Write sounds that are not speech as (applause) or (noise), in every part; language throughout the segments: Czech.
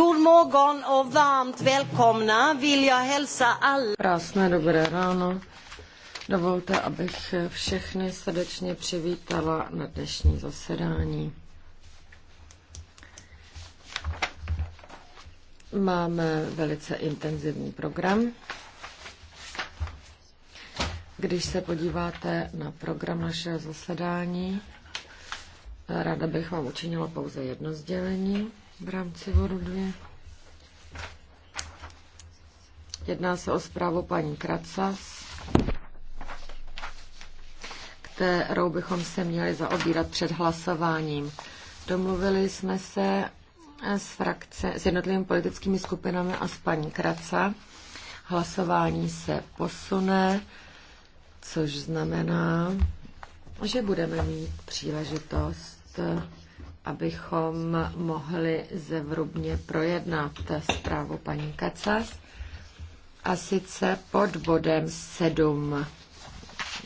God morgon och varmt välkomna vill jag hälsa alla. Krásné dobré ráno. Dovolte, abych všechny srdečně přivítala na dnešní zasedání. Máme velice intenzivní program. Když se podíváte na program našeho zasedání, ráda bych vám učinila pouze jedno sdělení v rámci vodu 2. Jedná se o zprávu paní Kracas, kterou bychom se měli zaobírat před hlasováním. Domluvili jsme se s, frakce, s jednotlivými politickými skupinami a s paní Kraca. Hlasování se posune, což znamená, že budeme mít příležitost abychom mohli zevrubně projednat zprávu paní Kacas. A sice pod bodem 7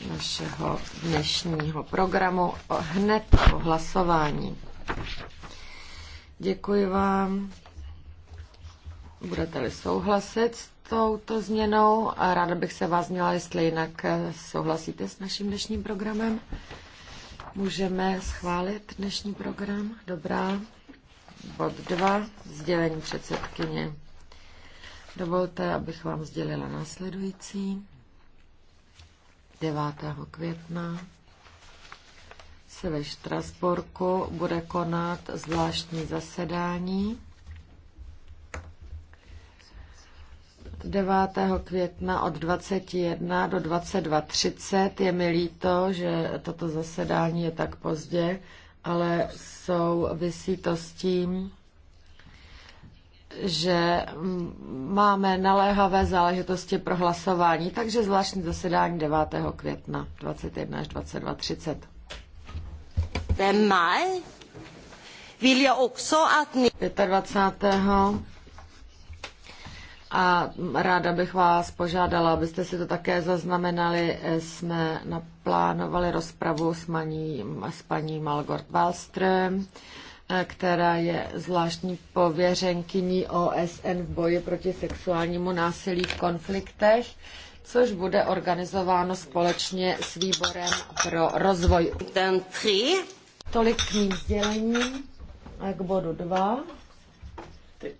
našeho dnešního programu hned po hlasování. Děkuji vám. Budete-li souhlasit s touto změnou? A ráda bych se vás měla, jestli jinak eh, souhlasíte s naším dnešním programem. Můžeme schválit dnešní program? Dobrá. Bod 2. Sdělení předsedkyně. Dovolte, abych vám sdělila následující. 9. května se ve Štrasborku bude konat zvláštní zasedání 9. května od 21 do 22.30. Je mi líto, že toto zasedání je tak pozdě, ale vysí to s tím, že máme naléhavé záležitosti pro hlasování, takže zvláštní zasedání 9. května 21 až 22.30. Ten maj vil jag 25. A ráda bych vás požádala, abyste si to také zaznamenali. Jsme naplánovali rozpravu s, maní, s paní Malgort Wallström, eh, která je zvláštní pověřenkyní OSN v boji proti sexuálnímu násilí v konfliktech, což bude organizováno společně s výborem pro rozvoj. Tolik k mým sdělením k bodu 2.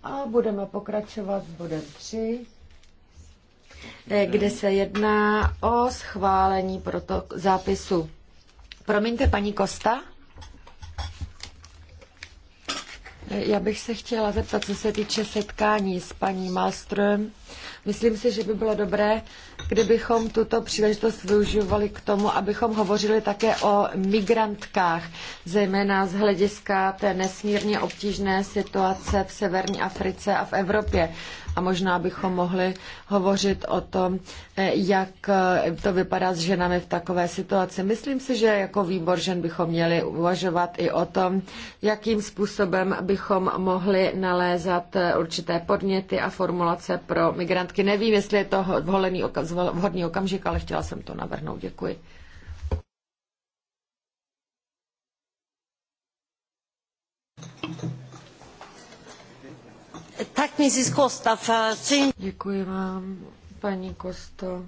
A budeme pokračovat s bodem 3, kde se jedná o schválení proto zápisu. Promiňte, paní Kosta? Já bych se chtěla zeptat, co se týče setkání s paní Malström. Myslím si, že by bylo dobré, kdybychom tuto příležitost využívali k tomu, abychom hovořili také o migrantkách, zejména z hlediska té nesmírně obtížné situace v severní Africe a v Evropě. A možná bychom mohli hovořit o tom, eh, jak eh, to vypadá s ženami v takové situaci. Myslím si, že jako výbor žen bychom měli uvažovat i o tom, jakým způsobem bychom mohli nalézat eh, určité podněty a formulace pro migrantky. Nevím, jestli je to vhodný okaz vhodný okamžik, ale chtěla jsem to navrhnout. Děkuji. Děkuji vám, paní Kosto,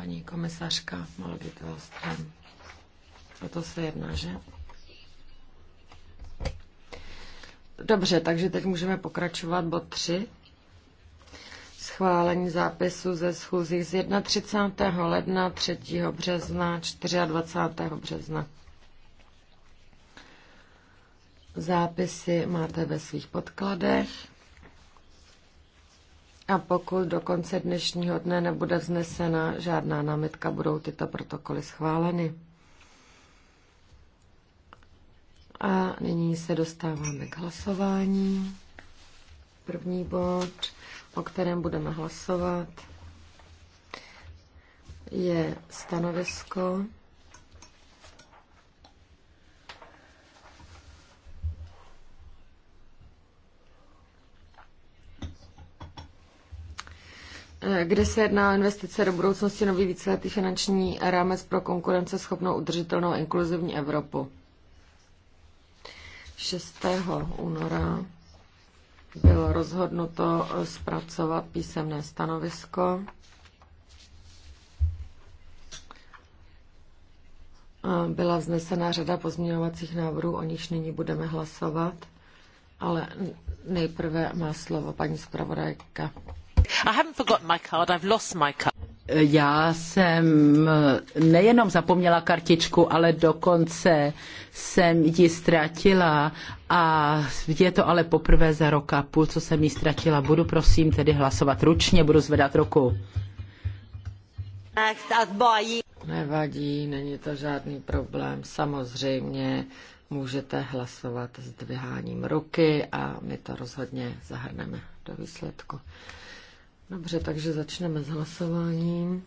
paní komisařka Margit Wallström. O to se jedná, že? Dobře, takže teď můžeme pokračovat bod 3. Schválení zápisu ze schůzí z 31. ledna, 3. března, 24. března. Zápisy máte ve svých podkladech. A pokud do konce dnešního dne nebude vznesena žádná námitka, budou tyto protokoly schváleny. A nyní se dostáváme k hlasování. První bod, o kterém budeme hlasovat, je stanovisko kde se jedná o investice do budoucnosti nový víceletý finanční rámec pro konkurenceschopnou udržitelnou inkluzivní Evropu. 6. února bylo rozhodnuto zpracovat písemné stanovisko. Byla vznesena řada pozměňovacích návrhů, o nichž nyní budeme hlasovat, ale nejprve má slovo paní zpravodajka. I haven't forgotten my card, I've lost my card. Já jsem eh, nejenom zapomněla kartičku, ale dokonce jsem ji ztratila a je to ale poprvé za rok a půl, co jsem ji ztratila. Budu prosím tedy hlasovat ručně, budu zvedat ruku. Nevadí, není to žádný problém. Samozřejmě můžete hlasovat s ruky a my to rozhodně zahrneme do výsledku. Dobře, takže začneme s hlasováním.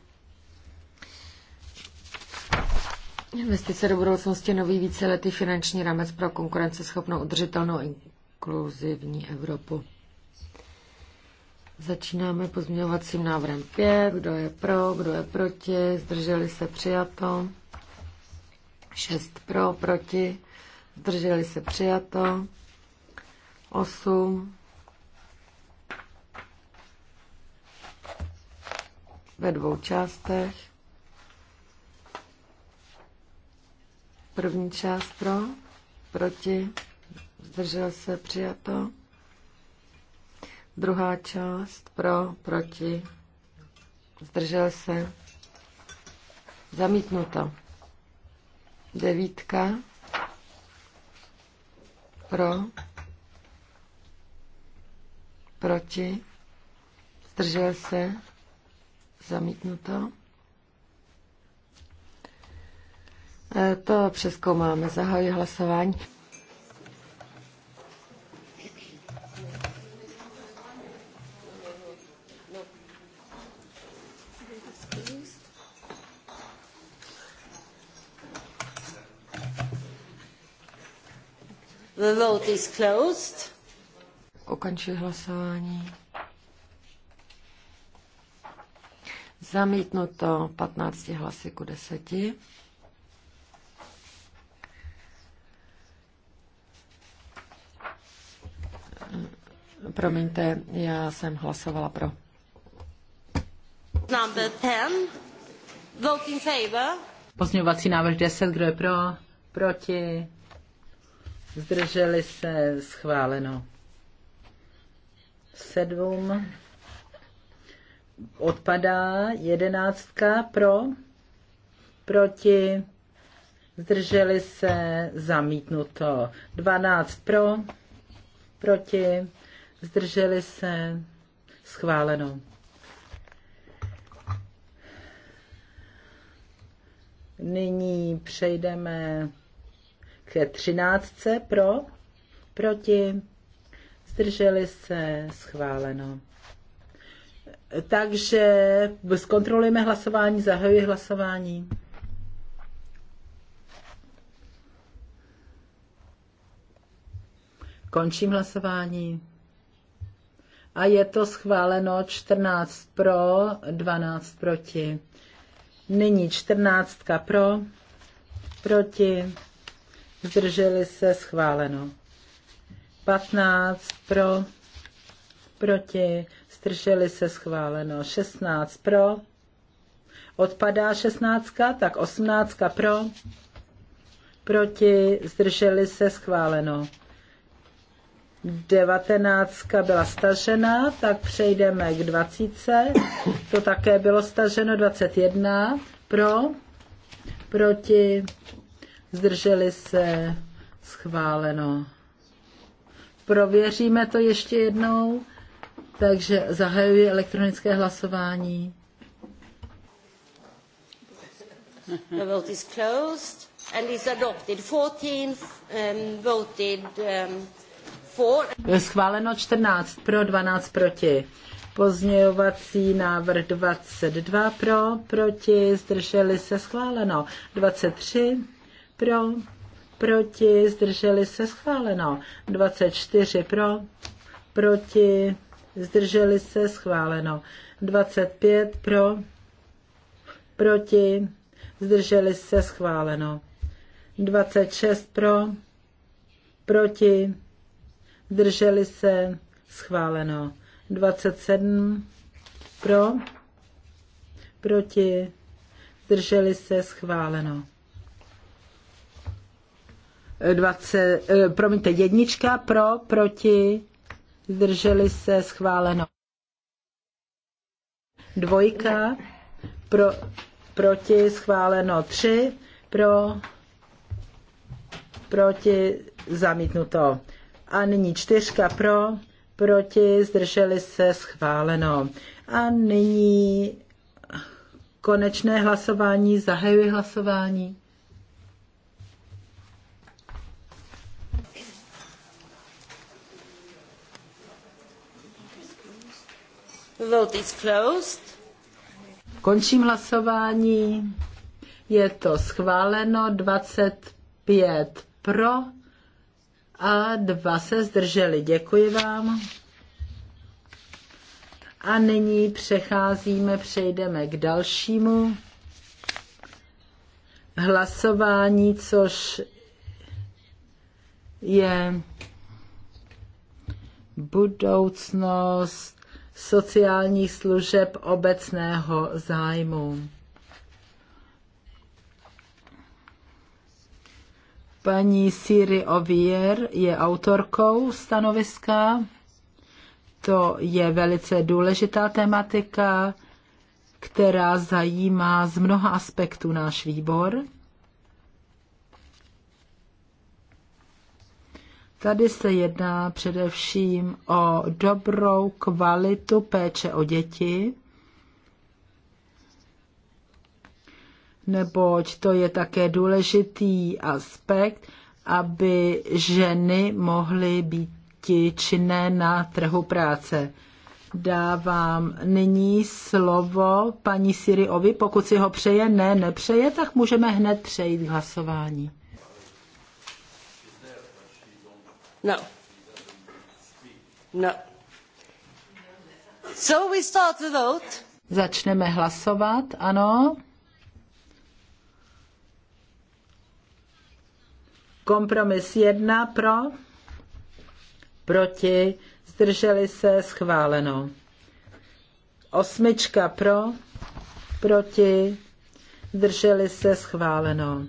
Investice do budoucnosti nový víceletý finanční rámec pro konkurenceschopnou, udržitelnou inkluzivní Evropu. Začínáme pozměňovacím návrhem 5. Kdo je pro, kdo je proti, zdrželi se přijato. 6 pro, proti, zdrželi se přijato. 8 ve dvou částech. První část pro, proti, zdržel se, přijato. Druhá část pro, proti, zdržel se, zamítnuto. Devítka pro, proti, zdržel se, Zamítnuto. E, to přeskoumáme. Zahajuji hlasování. The vote is closed. Ukončuji hlasování. Zamítnuto 15 hlasy ku 10. Promiňte, já jsem hlasovala pro. Number 10. Vote in favor. Pozměňovací návrh 10, kdo je pro? Proti? Zdrželi se, schváleno. Sedm odpadá, jedenáctka pro, proti, zdrželi se, zamítnuto, dvanáct pro, proti, zdrželi se, schváleno. Nyní přejdeme ke třináctce pro, proti, zdrželi se, schváleno. Takže zkontrolujeme hlasování, zahajuji hlasování. Končím hlasování. A je to schváleno 14 pro, 12 proti. Nyní 14 pro, proti, zdrželi se schváleno. 15 pro, proti, zdrželi se schváleno 16 pro, odpadá 16, tak 18 pro, proti, zdrželi se schváleno. 19 byla stažena, tak přejdeme k 20. To také bylo staženo 21 pro, proti, zdrželi se schváleno. Prověříme to ještě jednou. Takže zahajuji elektronické hlasování. The vote is closed and is adopted. 14 um, voted um, for. Schváleno 14 pro, 12 proti. Pozměňovací návrh 22 pro, proti, zdrželi se schváleno. 23 pro, proti, zdrželi se schváleno. 24 pro, proti, zdrželi se, schváleno. 25 pro, proti, zdrželi se, schváleno. 26 pro, proti, zdrželi se, schváleno. 27 pro, proti, zdrželi se, schváleno. 20, eh, promiňte, jednička pro, proti, zdrželi se, schváleno. Dvojka, pro, proti, schváleno. Tři, pro, proti, zamítnuto. A nyní čtyřka pro, proti, zdrželi se, schváleno. A nyní konečné hlasování, zahajuji hlasování. Vote is closed. Končím hlasování. Je to schváleno 25 pro a dva se zdrželi. Děkuji vám. A nyní přecházíme, přejdeme k dalšímu hlasování, což je budoucnost sociálních služeb obecného zájmu. Paní Siri Ovier je autorkou stanoviska. To je velice důležitá tematika, která zajímá z mnoha aspektů náš výbor. Tady se jedná především o dobrou kvalitu péče o děti, neboť to je také důležitý aspekt, aby ženy mohly být činné na trhu práce. Dávám nyní slovo paní Siriovi, Pokud si ho přeje, ne, nepřeje, tak můžeme hned přejít k hlasování. No. No. So we start the vote. Začneme hlasovat, ano. Kompromis jedna pro, proti, zdrželi se, schváleno. Osmička pro, proti, zdrželi se, schváleno.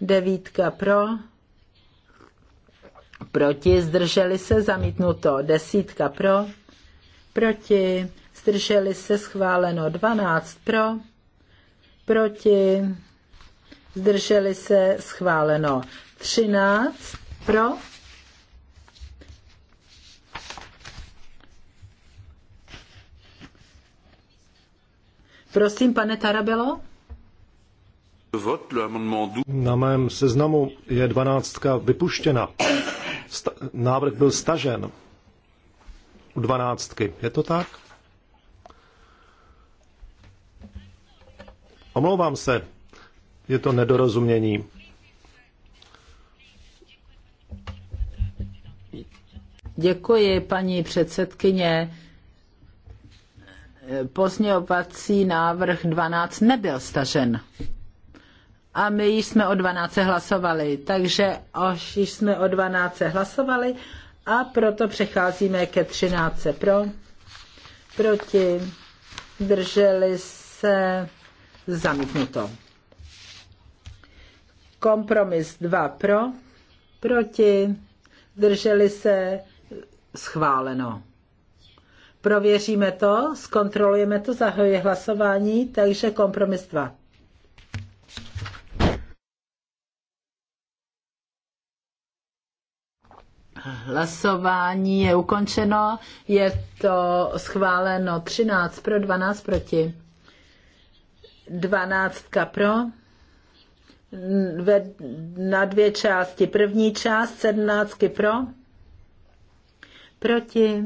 Devítka pro, proti, zdrželi se, zamítnuto. Desítka pro, proti, zdrželi se, schváleno. Dvanáct pro, proti, zdrželi se, schváleno. Třináct pro, Prosím, pane Tarabelo. Na mém seznamu je dvanáctka vypuštěna návrh byl stažen u dvanáctky. Je to tak? Omlouvám se, je to nedorozumění. Děkuji, paní předsedkyně. Pozměňovací návrh 12 nebyl stažen a my jsme o 12 hlasovali. Takže až jsme o 12 hlasovali a proto přecházíme ke 13 pro, proti, drželi se zamítnuto. Kompromis 2 pro, proti, drželi se schváleno. Prověříme to, zkontrolujeme to, zahajuje hlasování, takže kompromis 2. Hlasování je ukončeno. Je to schváleno 13 pro, 12 proti. 12 pro. Ve, na dvě části. První část 17 pro. Proti.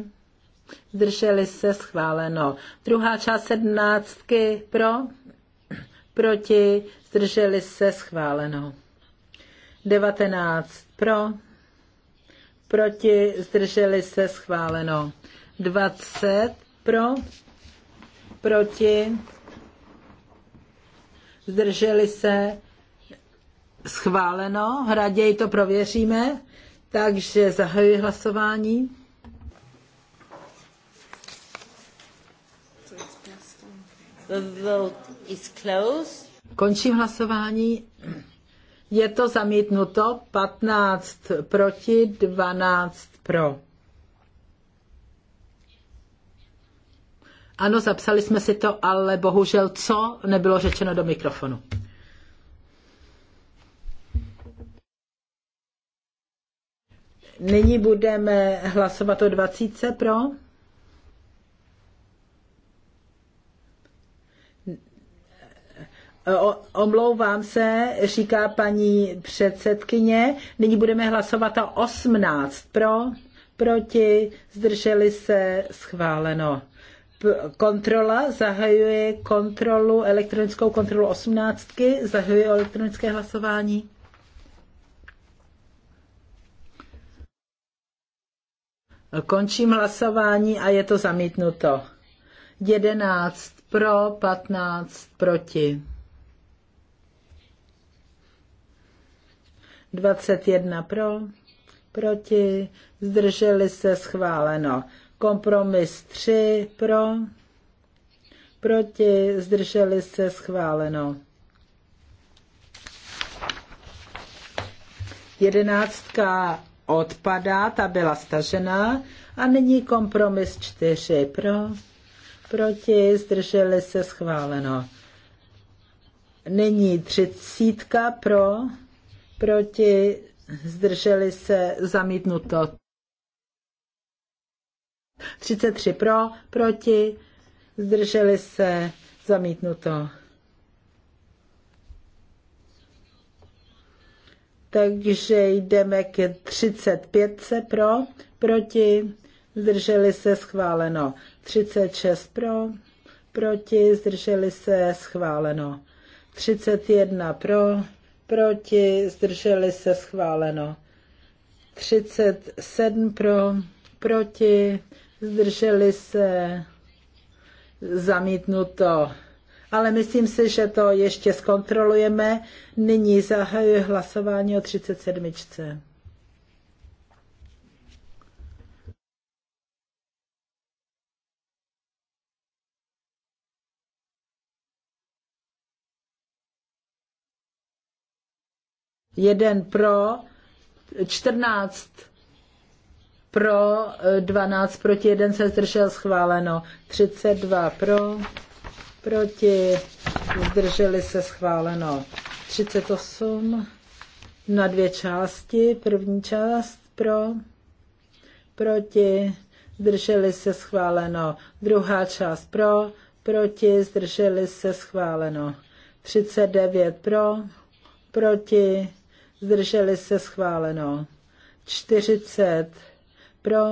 Zdrželi se schváleno. Druhá část 17 pro. Proti. Zdrželi se schváleno. 19 pro proti, zdrželi se, schváleno. 20 pro, proti, zdrželi se, schváleno, raději to prověříme, takže zahajuji hlasování. The vote is closed. Končím hlasování. Je to zamítnuto 15 proti 12 pro. Ano, zapsali jsme si to, ale bohužel co nebylo řečeno do mikrofonu. Nyní budeme hlasovat o 20 pro. Omlouvám se, říká paní předsedkyně. Nyní budeme hlasovat o 18 pro, proti, zdrželi se, schváleno. kontrola, zahajuje kontrolu, elektronickou kontrolu 18, zahajuje elektronické hlasování. Končím hlasování a je to zamítnuto. 11 pro, 15 proti. 21 pro, proti, zdrželi se schváleno. Kompromis 3 pro, proti, zdrželi se schváleno. Jedenáctka odpadá, ta byla stažená. A nyní kompromis 4 pro, proti, zdrželi se schváleno. Nyní třicítka pro, proti, zdrželi se, zamítnuto. 33 pro, proti, zdrželi se, zamítnuto. Takže jdeme k 35 se pro, proti, zdrželi se, schváleno. 36 pro, proti, zdrželi se, schváleno. 31 pro, proti, zdrželi se schváleno. 37 pro, proti, zdrželi se zamítnuto. Ale myslím si, že to ještě zkontrolujeme. Nyní zahajuji hlasování o 37. jeden pro, 14 pro, 12 proti, jeden se zdržel schváleno, 32 pro, proti, zdrželi se schváleno, 38 na dvě části, první část pro, proti, zdrželi se schváleno, druhá část pro, proti, zdrželi se schváleno, 39 pro, proti, zdrželi se schváleno. 40 pro,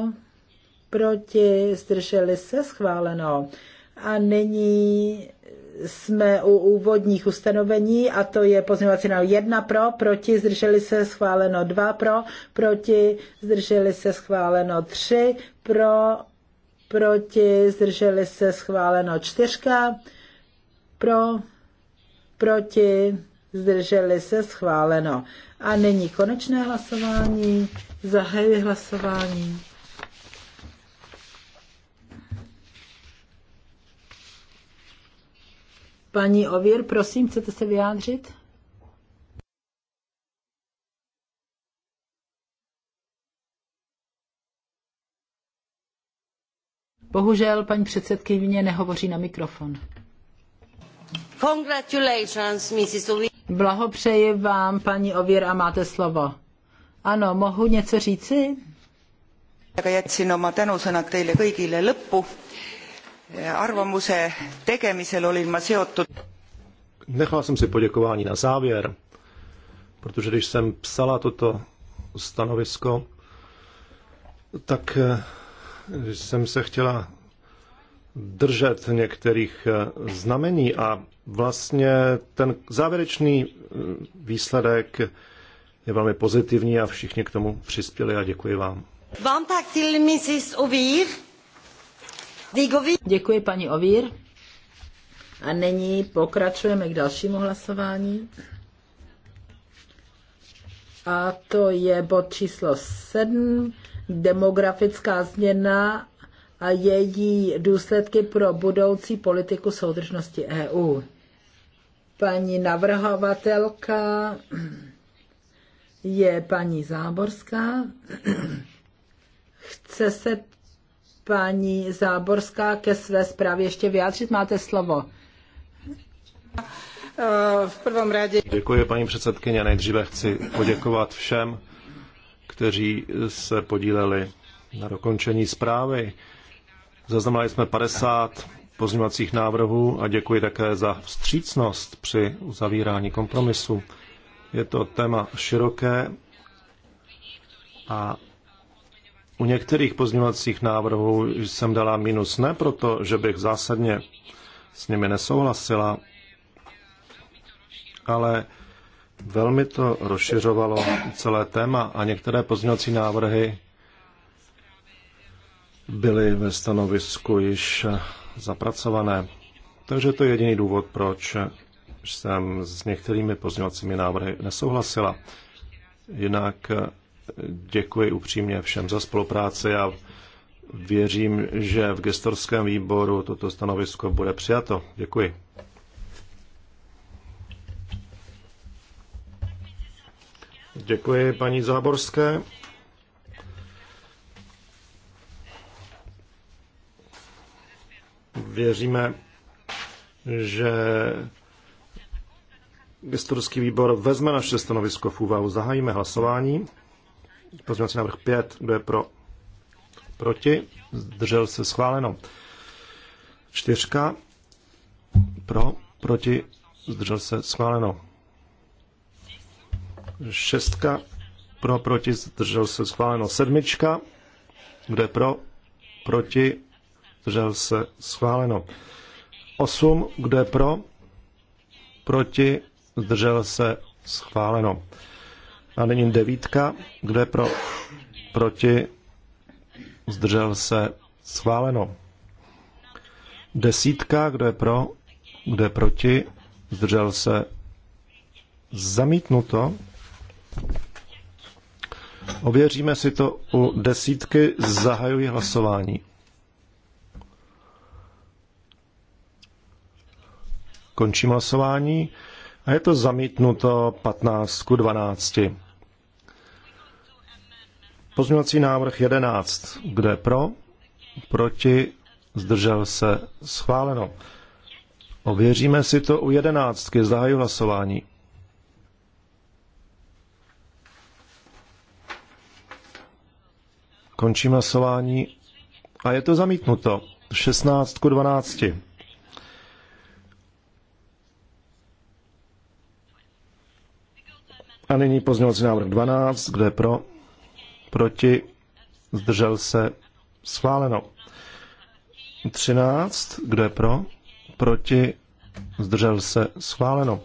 proti, zdrželi se schváleno. A nyní jsme u úvodních ustanovení a to je pozměňovací návrh 1 pro, proti, zdrželi se schváleno 2 pro, proti, zdrželi se schváleno 3 pro, proti, zdrželi se schváleno 4 pro, proti, zdrželi se, schváleno. A nyní konečné hlasování, zahajuji hlasování. Paní Ovír, prosím, chcete se vyjádřit? Bohužel paní předsedkyně nehovoří na mikrofon. Congratulations, Mrs. Ovír. Blahopřeji vám, paní Ověr, a máte slovo. Ano, mohu něco říci? aga jätsin oma tänusõnad teile kõigile lõppu. arvamuse tegemisel olin ma seotud. Nechal jsem si poděkování na závěr, protože když jsem psala toto stanovisko, tak eh, jsem se chtěla držet některých eh, znamení a vlastně ten závěrečný eh, výsledek je velmi pozitivní a všichni k tomu přispěli a děkuji vám. Vám tak till Mrs. Ovír. Děkuji paní Ovír. A nyní pokračujeme k dalšímu hlasování. A to je bod číslo 7, demografická změna a její důsledky pro budoucí politiku soudržnosti EU. Paní navrhovatelka je paní Záborská. Chce se paní Záborská ke své zprávě ještě vyjádřit? Máte slovo. Eh, v prvom rádě. Děkuji, paní předsedkyně. Nejdříve chci poděkovat všem, kteří se podíleli na dokončení zprávy. Zaznamenali jsme 50 pozměňovacích návrhů a děkuji také za vstřícnost při uzavírání kompromisu. Je to téma široké a u některých pozměňovacích návrhů jsem dala minus ne proto, že bych zásadně s nimi nesouhlasila, ale velmi to rozšiřovalo celé téma a některé pozměňovací návrhy byly ve stanovisku již zapracované. Takže to je jediný důvod, proč jsem s některými pozměňovacími návrhy nesouhlasila. Jinak děkuji upřímně všem za spolupráci a věřím, že v gestorském výboru toto stanovisko bude přijato. Děkuji. Děkuji paní Záborské. Věříme, že gestorský výbor vezme naše stanovisko v úvahu. Zahájíme hlasování. Pozměňovací návrh 5, kdo je pro? Proti? Zdržel se schváleno. Čtyřka. Pro? Proti? Zdržel se schváleno. Šestka. Pro? Proti? Zdržel se schváleno. Sedmička. Kdo je pro? Proti? zdržel se, schváleno. 8, kdo je pro, proti, zdržel se, schváleno. A nyní devítka, kdo je pro, proti, zdržel se, schváleno. Desítka, kdo je pro, kdo je proti, zdržel se, zamítnuto. Ověříme si to u desítky, zahajuji hlasování. Končím hlasování a je to zamítnuto 15 k 12. Pozměňovací návrh 11. Kdo je pro? Proti? Zdržel se? Schváleno. Ověříme si to u 11. Zahajuji hlasování. Končím hlasování a je to zamítnuto. 16 k 12. A nyní pozměňovací návrh 12, kde pro, proti, zdržel se, schváleno. 13, kde pro, proti, zdržel se, schváleno.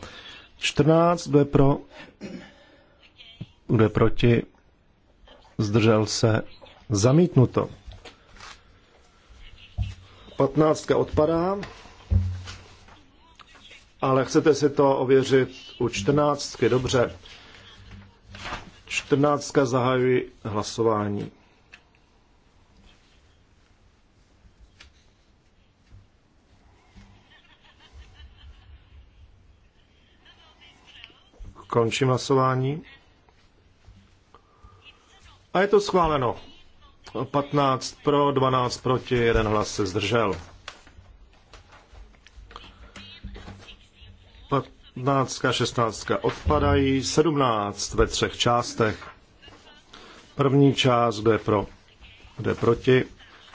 14, kde pro, kde proti, zdržel se, zamítnuto. 15 odpadá, ale chcete si to ověřit u 14, dobře. 14. zahajuji hlasování. Končím hlasování. A je to schváleno. 15 pro, 12 proti, jeden hlas se zdržel. 15 a 16 odpadají, 17 ve třech částech. První část, kdo je pro, kdo je proti,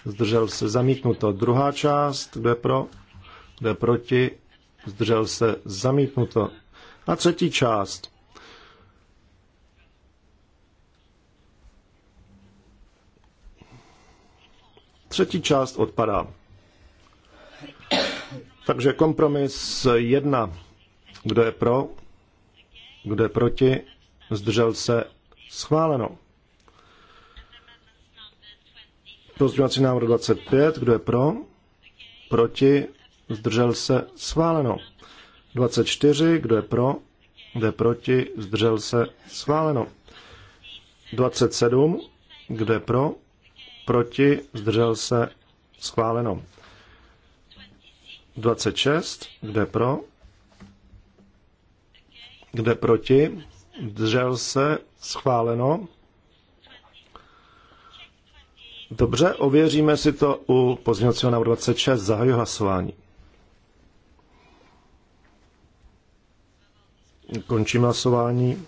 zdržel se zamítnuto. Druhá část, kdo je pro, kdo je proti, zdržel se zamítnuto. A třetí část. Třetí část odpadá. Takže kompromis jedna. Kdo je pro? Kdo je proti? Zdržel se? Schváleno. Pozdravací návrh 25. Kdo je pro? Proti? Zdržel se? Schváleno. 24. Kdo je pro? Kdo je proti? Zdržel se? Schváleno. 27. Kdo je pro? Proti? Zdržel se? Schváleno. 26. Kdo je pro? Kde proti? Držel se? Schváleno. Dobře, ověříme si to u pozměňovacího návrhu 26. Zahajuji hlasování. Končím hlasování.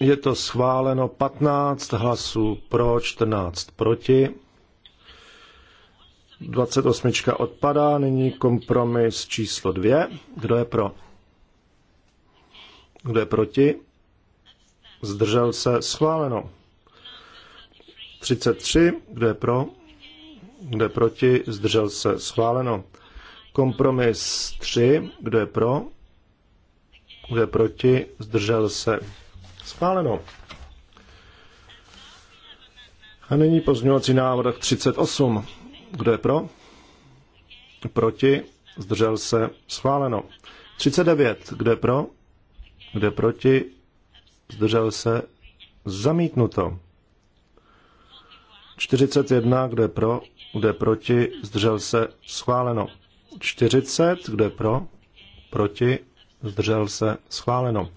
Je to schváleno 15 hlasů pro, 14 proti. 28 odpadá, nyní kompromis číslo 2. Kdo je pro? Kdo je proti? Zdržel se schváleno. 33. Kdo je pro? Kdo je proti? Zdržel se schváleno. Kompromis 3. Kdo je pro? Kdo je proti? Zdržel se schváleno. A nyní pozměňovací návrh 38. Kdo je pro? Proti? Zdržel se? Schváleno. 39. Kdo je pro? Kdo je proti? Zdržel se? Zamítnuto. 41. Kdo je pro? Kdo je proti? Zdržel se? Schváleno. 40. Kdo je pro? Proti? Zdržel se? Schváleno.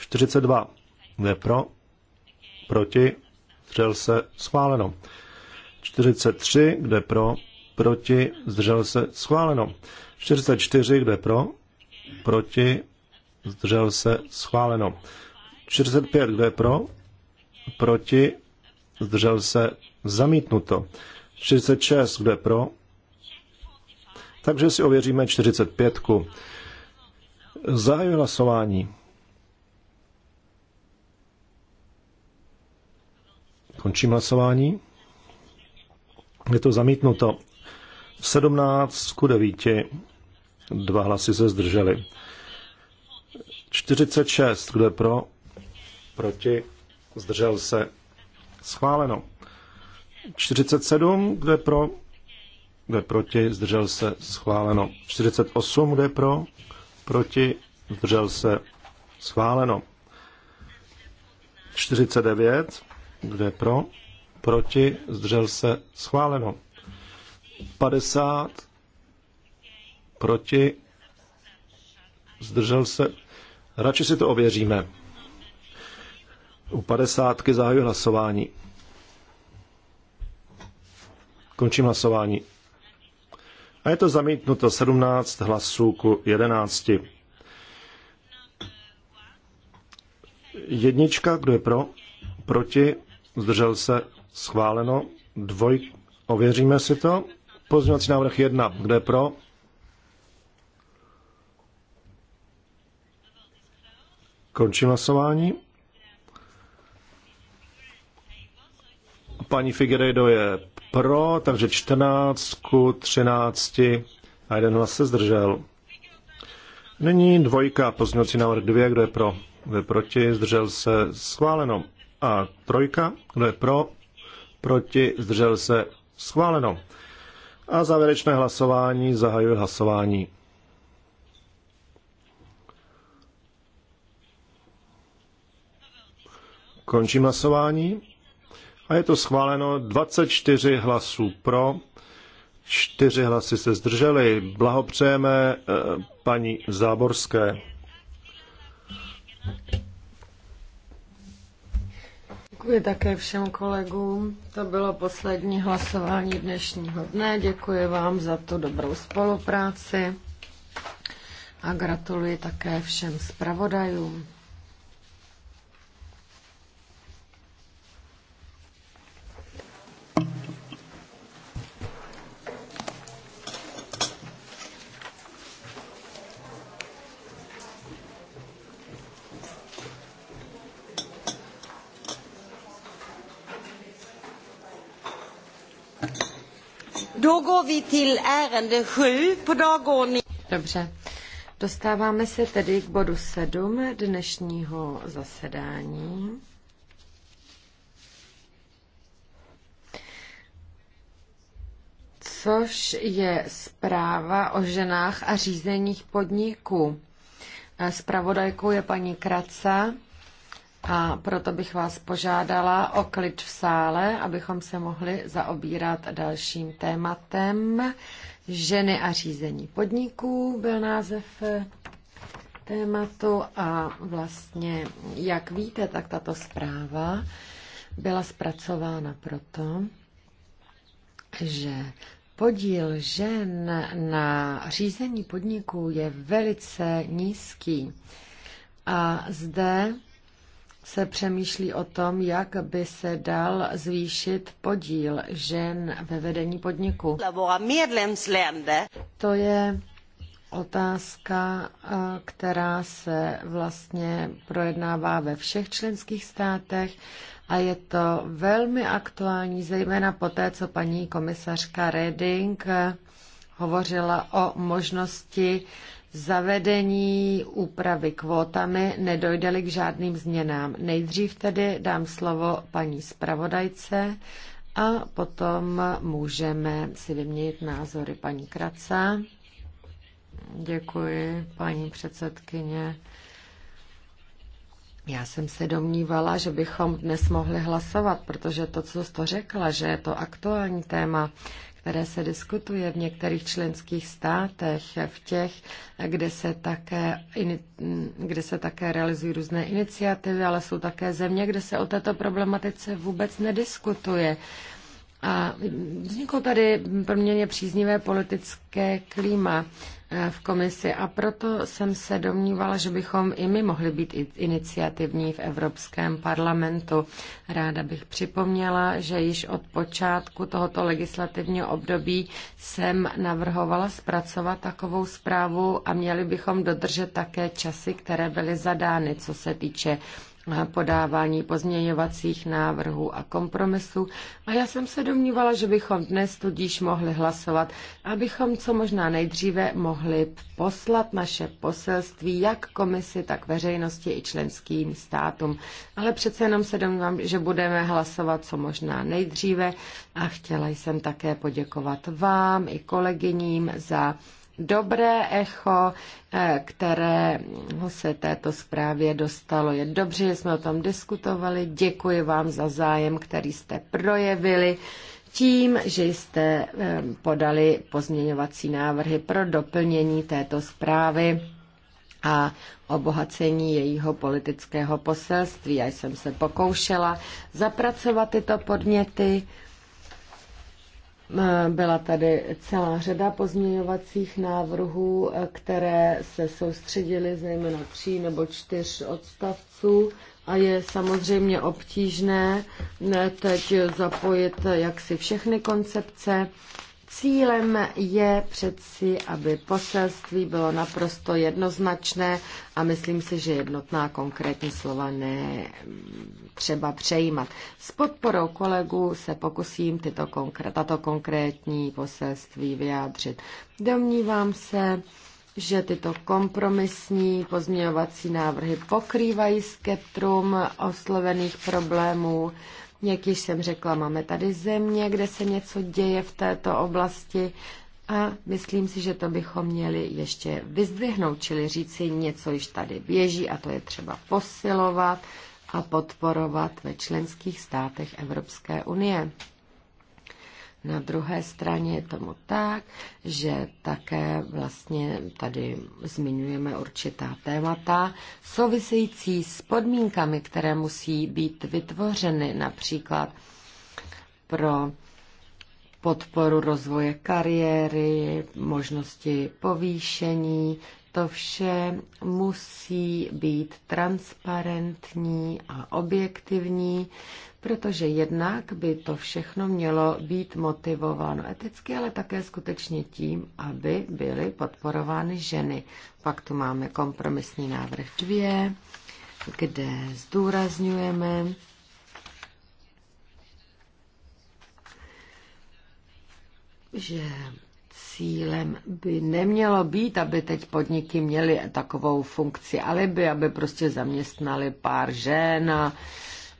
42. Kdo je pro? Proti? Zdržel se? Schváleno. 43, kde pro, proti, zdržel se, schváleno. 44, kde pro, proti, zdržel se, schváleno. 45, kde pro, proti, zdržel se, zamítnuto. 46, kde pro, takže si ověříme 45. Zahajuji hlasování. Končím hlasování. Je to zamítnuto. 17 ku 9. Dva hlasy se zdrželi. 46. Kdo je pro? Proti? Zdržel se. Schváleno. 47. Kdo je pro? Kdo je proti? Zdržel se. Schváleno. 48. Kdo je pro? Proti? Zdržel se. Schváleno. 49. Kdo je pro? proti, zdržel se, schváleno. 50 proti, zdržel se, radši si to ověříme. U 50 zahajuji hlasování. Končím hlasování. A je to zamítnuto 17 hlasů ku 11. Jednička, kdo je pro? Proti? Zdržel se? Schváleno. Dvoj. Ověříme si to. Pozměňovací návrh 1. Kde pro? Končím hlasování. Paní Figueiredo je pro, takže 14 ku 13 a jeden hlas se zdržel. Nyní dvojka, pozměňovací návrh 2, kdo je pro, kdo je proti, zdržel se, schváleno. A trojka, kdo je pro, proti, zdržel se, schváleno. A závěrečné hlasování, zahajuje hlasování. Končím hlasování. A je to schváleno 24 hlasů pro, 4 hlasy se zdrželi. Blahopřejeme eh, paní Záborské. Děkuji také všem kolegům. To bylo poslední hlasování dnešního dne. Děkuji vám za tu dobrou spolupráci a gratuluji také všem zpravodajům. Dobře. Dostáváme se tedy k bodu 7 dnešního zasedání. Což je zpráva o ženách a řízeních podniků. Spravodajkou je paní Kraca. A proto bych vás požádala o klid v sále, abychom se mohli zaobírat dalším tématem. Ženy a řízení podniků byl název eh, tématu a vlastně, jak víte, tak tato zpráva byla zpracována proto, že podíl žen na řízení podniků je velice nízký. A zde se přemýšlí o tom, jak by se dal zvýšit podíl žen ve vedení podniku. To je otázka, eh, která se vlastně projednává ve všech členských státech a je to velmi aktuální, zejména po té, co paní komisařka Reding eh, hovořila o možnosti zavedení úpravy kvótami nedojde k žádným změnám. Nejdřív tedy dám slovo paní zpravodajce a potom můžeme si vyměnit názory paní Kraca. Děkuji, paní předsedkyně. Já jsem se domnívala, že bychom dnes mohli hlasovat, protože to, co jste řekla, že je to aktuální téma, které se diskutuje v některých členských státech, v těch, kde se také, kde se také realizují různé iniciativy, ale jsou také země, kde se o této problematice vůbec nediskutuje. A vzniklo tady poměrně příznivé politické klíma eh, v komisi a proto jsem se domnívala, že bychom i my mohli být iniciativní v Evropském parlamentu. Ráda bych připomněla, že již od počátku tohoto legislativního období jsem navrhovala zpracovat takovou zprávu a měli bychom dodržet také časy, které byly zadány, co se týče Eh, podávání pozměňovacích návrhů a kompromisů. A já jsem se domnívala, že bychom dnes tudíž mohli hlasovat, abychom co možná nejdříve mohli poslat naše poselství jak komisi, tak veřejnosti i členským státům. Ale přece jenom se domnívám, že budeme hlasovat co možná nejdříve a chtěla jsem také poděkovat vám i kolegyním za dobré echo, eh, které se této zprávě dostalo. Je dobře, že jsme o tom diskutovali. Děkuji vám za zájem, který jste projevili tím, že jste eh, podali pozměňovací návrhy pro doplnění této zprávy a obohacení jejího politického poselství. Já jsem se pokoušela zapracovat tyto podněty byla tady celá řada pozměňovacích návrhů, které se soustředily zejména tří nebo čtyř odstavců a je samozřejmě obtížné teď zapojit jaksi všechny koncepce Cílem je přeci, aby poselství bylo naprosto jednoznačné a myslím si, že jednotná konkrétní slova ne třeba přejímat. S podporou kolegů se pokusím tyto konkr- tato konkrétní poselství vyjádřit. Domnívám se, že tyto kompromisní pozměňovací návrhy pokrývají skeptrum oslovených problémů jak již jsem řekla, máme tady země, kde se něco děje v této oblasti a myslím si, že to bychom měli ještě vyzdvihnout, čili říci něco již tady běží a to je třeba posilovat a podporovat ve členských státech Evropské unie. Na druhé straně je tomu tak, že také vlastně tady zmiňujeme určitá témata související s podmínkami, které musí být vytvořeny například pro podporu rozvoje kariéry, možnosti povýšení, to vše musí být transparentní a objektivní, protože jednak by to všechno mělo být motivováno eticky, ale také skutečně tím, aby byly podporovány ženy. Pak tu máme kompromisní návrh dvě, kde zdůrazňujeme, že cílem by nemělo být, aby teď podniky měly takovou funkci alibi, aby prostě zaměstnali pár žen a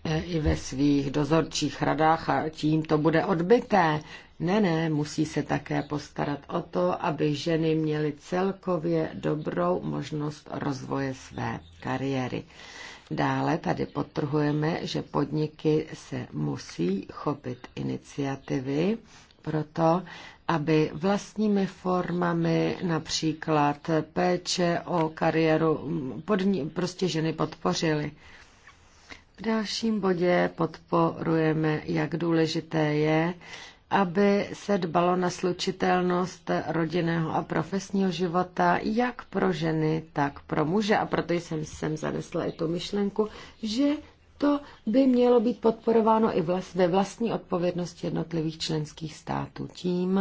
E, i ve svých dozorčích radách a tím to bude odbyté. Ne, ne, musí se také postarat o to, aby ženy měly celkově dobrou možnost rozvoje své kariéry. Dále tady potrhujeme, že podniky se musí chopit iniciativy proto, aby vlastními formami, například péče o kariéru, podni- prostě ženy podpořily dalším bodě podporujeme, jak důležité je, aby se dbalo na slučitelnost rodinného a profesního života jak pro ženy, tak pro muže. A proto jsem sem zanesla i tu myšlenku, že to by mělo být podporováno i ve vlastní odpovědnosti jednotlivých členských států tím,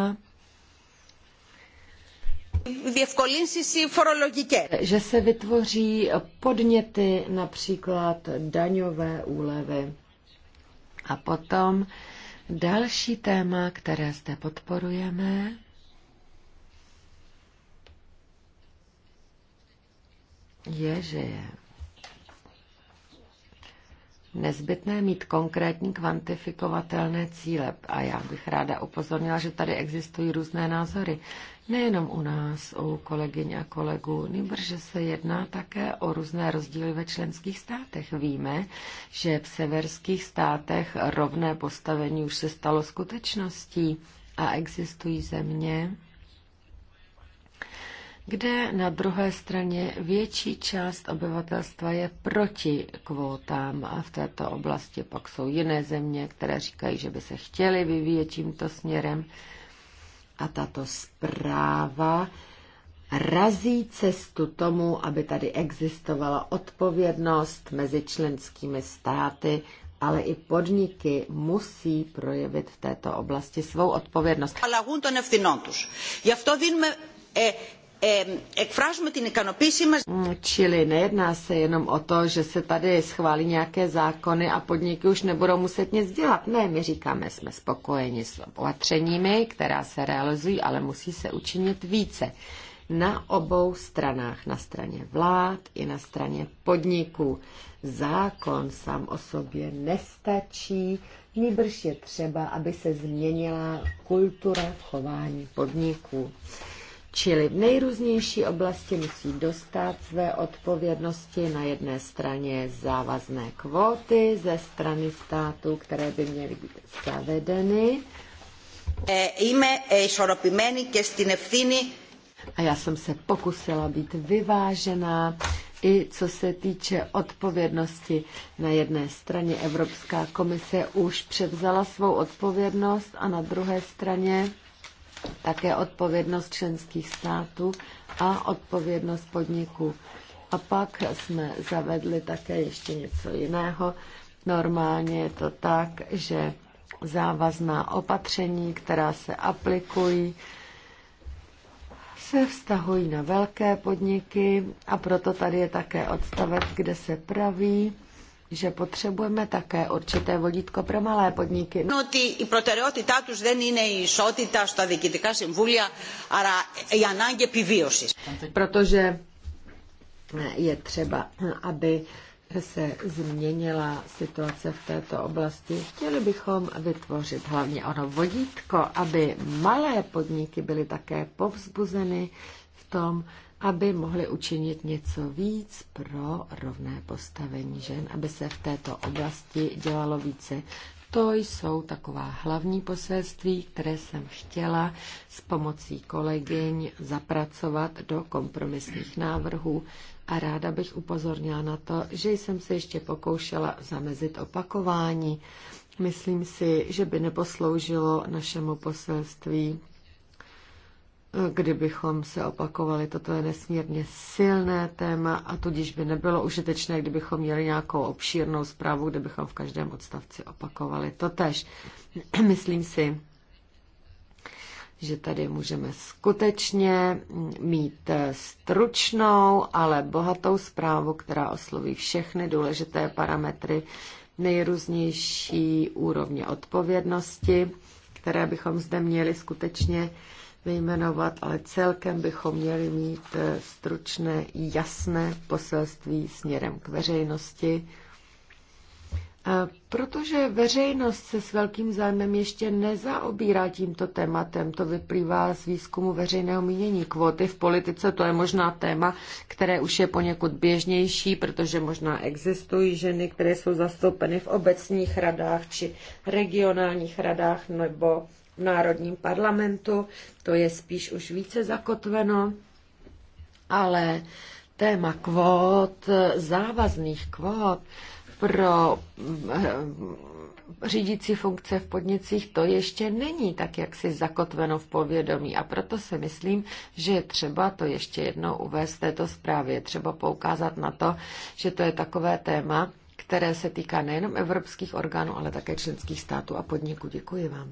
že se vytvoří podněty, například daňové úlevy. A potom další téma, které zde podporujeme, je, že je nezbytné mít konkrétní kvantifikovatelné cíle. A já bych ráda upozornila, že tady existují různé názory nejenom u nás, u kolegyň a kolegů, že se jedná také o různé rozdíly ve členských státech. Víme, že v severských státech rovné postavení už se stalo skutečností a existují země, kde na druhé straně větší část obyvatelstva je proti kvótám a v této oblasti pak jsou jiné země, které říkají, že by se chtěly vyvíjet tímto směrem a tato zpráva razí cestu tomu, aby tady existovala odpovědnost mezi členskými státy, ale i podniky musí projevit v této oblasti svou odpovědnost. Eh, εκφράζουμε την ικανοποίησή μας. Mm, čili nejedná se jenom o to, že se tady schválí nějaké zákony a podniky už nebudou muset nic dělat. Ne, my říkáme, jsme spokojeni s opatřeními, která se realizují, ale musí se učinit více. Na obou stranách, na straně vlád i na straně podniků. Zákon sám o sobě nestačí, nýbrž je třeba, aby se změnila kultura v chování podniků. Čili v nejrůznější oblasti musí dostat své odpovědnosti na jedné straně závazné kvóty ze strany států, které by měly být zavedeny. E, e, a já jsem se pokusila být vyvážená i co se týče odpovědnosti. Na jedné straně Evropská komise už převzala svou odpovědnost a na druhé straně také odpovědnost členských států a odpovědnost podniků. A pak jsme zavedli také ještě něco jiného. Normálně je to tak, že závazná opatření, která se aplikují, se vztahují na velké podniky a proto tady je také odstavec, kde se praví, že potřebujeme také určité vodítko pro malé podniky. Ότι η προτεραιότητά τους δεν είναι šoty, ισότητα στα διοικητικά a άρα já ανάγκη επιβίωσης. Protože je třeba, aby se změnila situace v této oblasti. Chtěli bychom vytvořit hlavně ono vodítko, aby malé podniky byly také povzbuzeny v tom, aby mohli učinit něco víc pro rovné postavení žen, aby se v této oblasti dělalo více. To jsou taková hlavní poselství, které jsem chtěla s pomocí kolegyň zapracovat do kompromisních návrhů a ráda bych upozornila na to, že jsem se ještě pokoušela zamezit opakování. Myslím si, že by neposloužilo našemu poselství kdybychom se opakovali. Toto je nesmírně silné téma a tudíž by nebylo užitečné, kdybychom měli nějakou obšírnou zprávu, kde bychom v každém odstavci opakovali totež. (clears throat) Myslím si, že tady můžeme skutečně mít stručnou, ale bohatou zprávu, která osloví všechny důležité parametry nejrůznější úrovně odpovědnosti, které bychom zde měli skutečně vyjmenovat, ale celkem bychom měli mít eh, stručné, jasné poselství směrem k veřejnosti, eh, Protože veřejnost se s velkým zájmem ještě nezaobírá tímto tématem, to vyplývá z výzkumu veřejného mínění. Kvóty v politice, to je možná téma, které už je poněkud běžnější, protože možná existují ženy, které jsou zastoupeny v obecních radách či regionálních radách nebo v Národním parlamentu, to je spíš už více zakotveno, ale téma kvót, závazných kvót pro eh, řídící funkce v podnicích, to ještě není tak, jak si zakotveno v povědomí. A proto si myslím, že je třeba to ještě jednou uvést v této zprávě. Třeba poukázat na to, že to je takové téma, které se týká nejenom evropských orgánů, ale také členských států a podniků. Děkuji vám.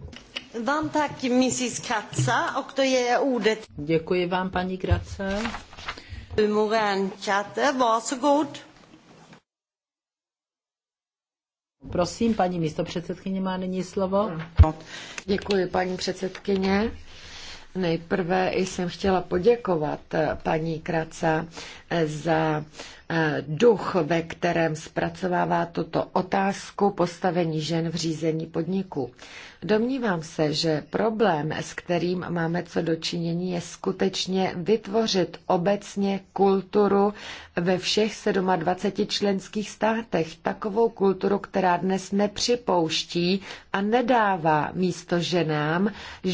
Vám tak, Mrs. Kratza, o kdo je údet. Děkuji vám, paní Kratze. Morán Čate, varsågod. Prosím, paní místo předsedkyně má nyní slovo. Děkuji, paní předsedkyně. Nejprve jsem chtěla poděkovat paní Kraca za duch, ve kterém zpracovává tuto otázku postavení žen v řízení podniku. Domnívám se, že problém, s kterým máme co dočinění, je skutečně vytvořit obecně kulturu ve všech 27 členských státech. Takovou kulturu, která dnes nepřipouští a nedává místo ženám,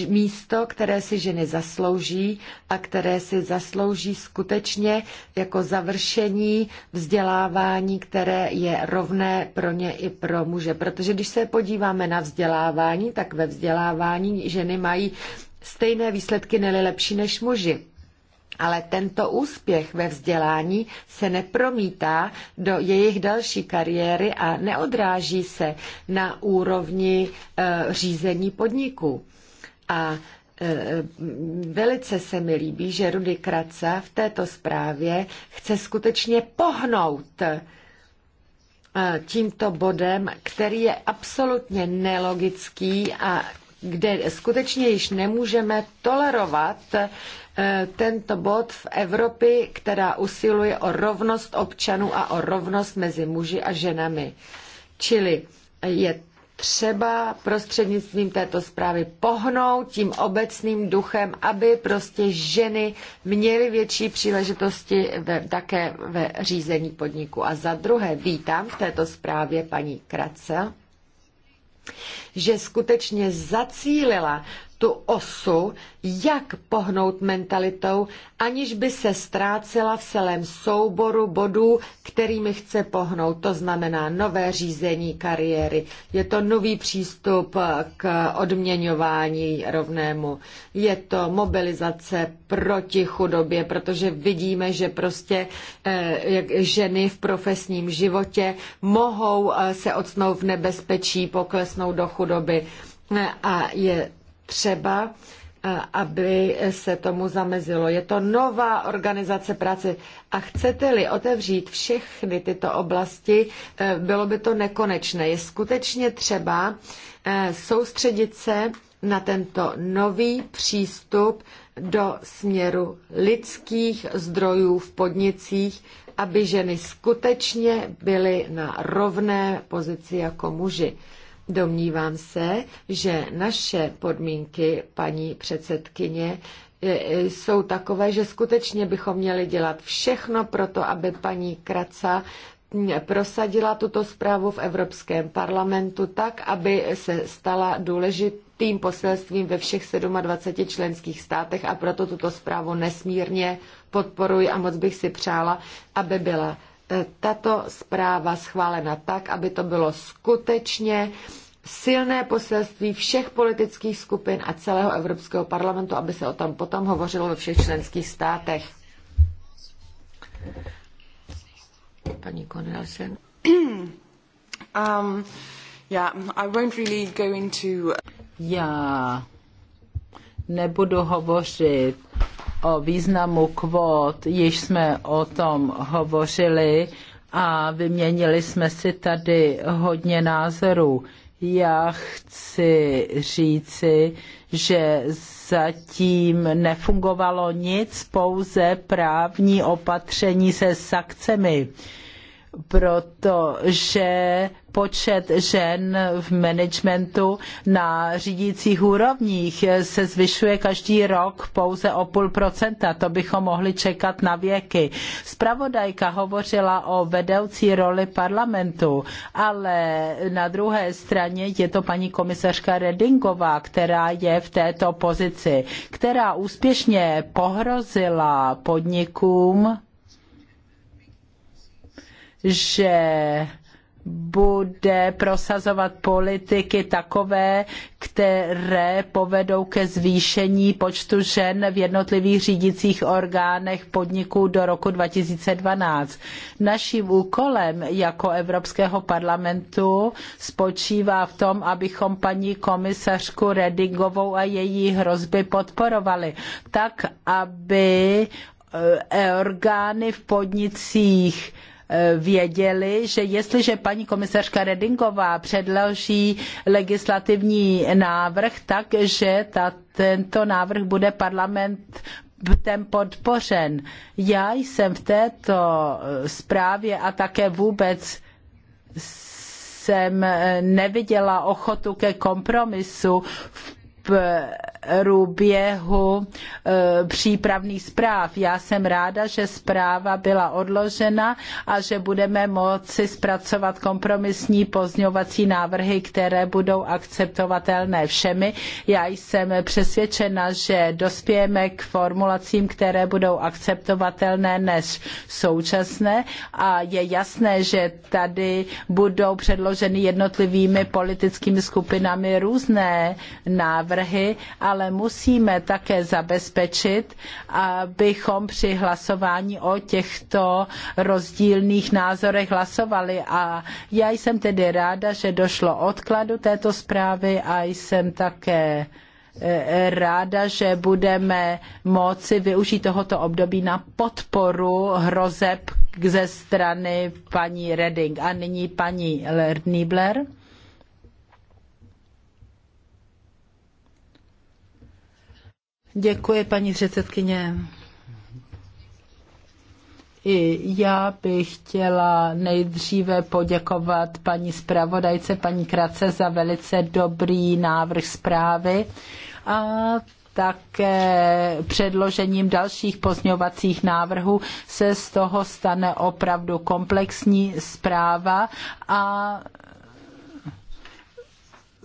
místo, které si ženy zaslouží a které si zaslouží skutečně jako završení vzdělávání, které je rovné pro ně i pro muže. Protože když se podíváme na vzdělávání, tak ve vzdělávání ženy mají stejné výsledky, neli lepší než muži. Ale tento úspěch ve vzdělání se nepromítá do jejich další kariéry a neodráží se na úrovni e, řízení podniků. A e, Velice se mi líbí, že Rudy Kraca v této zprávě chce skutečně pohnout Eh, tímto bodem, který je absolutně nelogický a kde skutečně již nemůžeme tolerovat eh, tento bod v Evropě, která usiluje o rovnost občanů a o rovnost mezi muži a ženami. Čili je třeba prostřednictvím této zprávy pohnout tím obecným duchem, aby prostě ženy měly větší příležitosti ve, také ve řízení podniku. A za druhé vítám v této zprávě paní Kracel, že skutečně zacílila tu osu, jak pohnout mentalitou, aniž by se ztrácela v celém souboru bodů, kterými chce pohnout. To znamená nové řízení kariéry, je to nový přístup k odměňování rovnému, je to mobilizace proti chudobě, protože vidíme, že prostě eh, jak ženy v profesním životě mohou eh, se odstnout v nebezpečí, poklesnou do chudoby. Eh, a je třeba, eh, aby se tomu zamezilo. Je to nová organizace práce a chcete-li otevřít všechny tyto oblasti, eh, bylo by to nekonečné. Je skutečně třeba eh, soustředit se na tento nový přístup do směru lidských zdrojů v podnicích, aby ženy skutečně byly na rovné pozici jako muži. Domnívám se, že naše podmínky, paní předsedkyně, e, e, jsou takové, že skutečně bychom měli dělat všechno pro to, aby paní Kraca prosadila tuto zprávu v Evropském parlamentu tak, aby se stala důležitým poselstvím ve všech 27 členských státech a proto tuto zprávu nesmírně podporuji a moc bych si přála, aby byla tato zpráva schválena tak, aby to bylo skutečně silné poselství všech politických skupin a celého Evropského parlamentu, aby se o tom potom hovořilo ve všech členských státech. Paní Cornelsen. Um, yeah, I won't really go into... Já nebudu hovořit o významu kvót, již jsme o tom hovořili a vyměnili jsme si tady hodně názorů. Já chci říci, že zatím nefungovalo nic, pouze právní opatření se sankcemi. Uh, protože počet žen v managementu na řídících úrovních se zvyšuje každý rok pouze o půl procenta. To bychom mohli čekat na věky. Spravodajka hovořila o vedoucí roli parlamentu, ale na druhé straně je to paní komisařka Redingová, která je v této pozici, která úspěšně pohrozila podnikům, že bude prosazovat politiky takové, které povedou ke zvýšení počtu žen v jednotlivých řídících orgánech podniků do roku 2012. Naším úkolem jako Evropského parlamentu spočívá v tom, abychom paní komisařku Redingovou a její hrozby podporovali, tak aby eh, orgány v podnicích Eh, věděli, že jestliže paní komisařka Redingová předloží legislativní návrh, tak že ta, tento návrh bude parlament ten podpořen. Já jsem v této zprávě a také vůbec jsem eh, neviděla ochotu ke kompromisu v průběhu eh, přípravných zpráv. Já jsem ráda, že zpráva byla odložena a že budeme moci zpracovat kompromisní pozňovací návrhy, které budou akceptovatelné všemi. Já jsem přesvědčena, že dospějeme k formulacím, které budou akceptovatelné než současné a je jasné, že tady budou předloženy jednotlivými politickými skupinami různé návrhy návrhy, ale musíme také zabezpečit, abychom při hlasování o těchto rozdílných názorech hlasovali. A já jsem tedy ráda, že došlo odkladu této zprávy a jsem také e, e, ráda, že budeme moci využít tohoto období na podporu hrozeb ze strany paní Reding. A nyní paní Niebler. Děkuji, paní předsedkyně. I já bych chtěla nejdříve poděkovat paní zpravodajce, paní Krace, za velice dobrý návrh zprávy a také předložením dalších pozňovacích návrhů se z toho stane opravdu komplexní zpráva a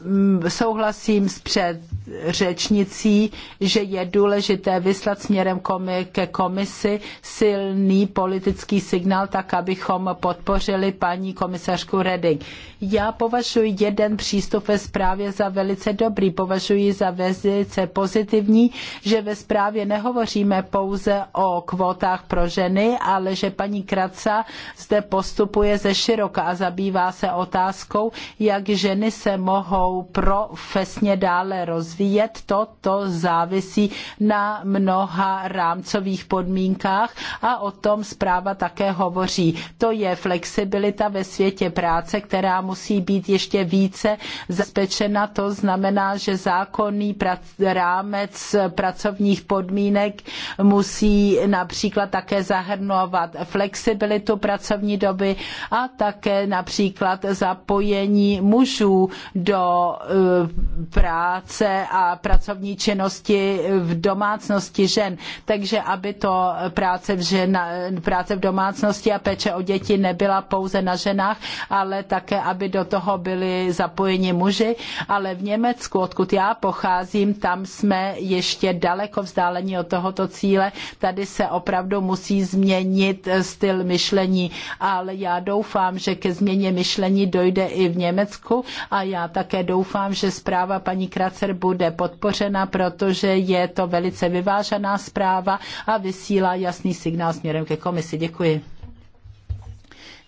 mm, souhlasím s před řečnicí, že je důležité vyslat směrem komi, ke komisi silný politický signál, tak abychom podpořili paní komisařku Reding. Já považuji jeden přístup ve zprávě za velice dobrý, považuji za velice pozitivní, že ve zprávě nehovoříme pouze o kvótách pro ženy, ale že paní Kraca zde postupuje ze široka a zabývá se otázkou, jak ženy se mohou profesně dále rozvíjet rozvíjet, toto závisí na mnoha rámcových podmínkách a o tom zpráva také hovoří. To je flexibilita ve světě práce, která musí být ještě více zabezpečena. To znamená, že zákonný rámec pracovních podmínek musí například také zahrnovat flexibilitu pracovní doby a také například zapojení mužů do eh, práce a pracovní činnosti v domácnosti žen. Takže aby to práce v, žena, práce v domácnosti a péče o děti nebyla pouze na ženách, ale také, aby do toho byli zapojeni muži. Ale v Německu, odkud já pocházím, tam jsme ještě daleko vzdáleni od tohoto cíle. Tady se opravdu musí změnit styl myšlení, ale já doufám, že ke změně myšlení dojde i v Německu a já také doufám, že zpráva paní Kracer bude bude podpořena, protože je to velice vyvážená zpráva a vysílá jasný signál směrem ke komisi. Děkuji.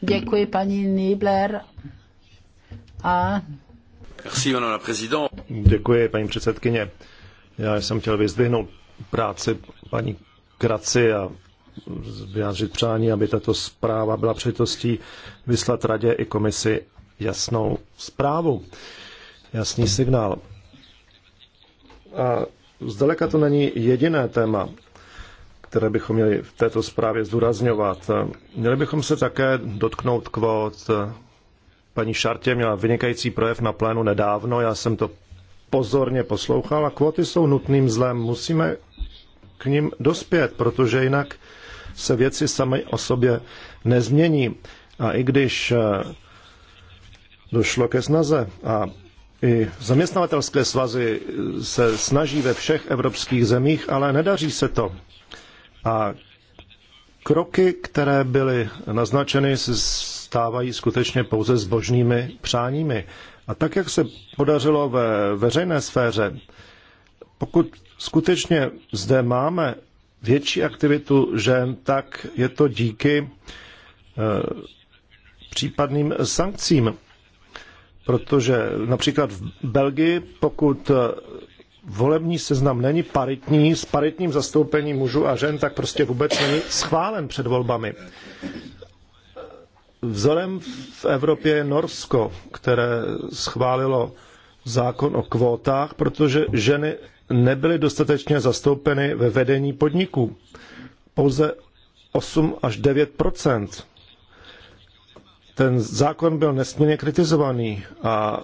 Děkuji paní Nibler. A... Děkuji, paní předsedkyně. Já jsem chtěl vyzdvihnout práci paní Kraci a vyjádřit přání, aby tato zpráva byla přitostí vyslat radě i komisi jasnou zprávu, jasný signál. A zdaleka to není jediné téma, které bychom měli v této zprávě zdůrazňovat. Měli bychom se také dotknout kvót. Paní Šartě měla vynikající projev na plénu nedávno, já jsem to pozorně poslouchal a kvóty jsou nutným zlem. Musíme k ním dospět, protože jinak se věci sami o sobě nezmění. A i když eh, došlo ke snaze a i zaměstnavatelské svazy se snaží ve všech evropských zemích, ale nedaří se to. A kroky, které byly naznačeny, se stávají skutečně pouze zbožnými přáními. A tak, jak se podařilo ve veřejné sféře, pokud skutečně zde máme větší aktivitu žen, tak je to díky eh, případným sankcím. Protože například v Belgii, pokud eh, volební seznam není paritní, s paritním zastoupením mužů a žen, tak prostě vůbec není schválen před volbami. Vzorem v Evropě je Norsko, které schválilo zákon o kvótách, protože ženy nebyly dostatečně zastoupeny ve vedení podniků. Pouze 8 až 9 ten zákon byl nesmírně kritizovaný a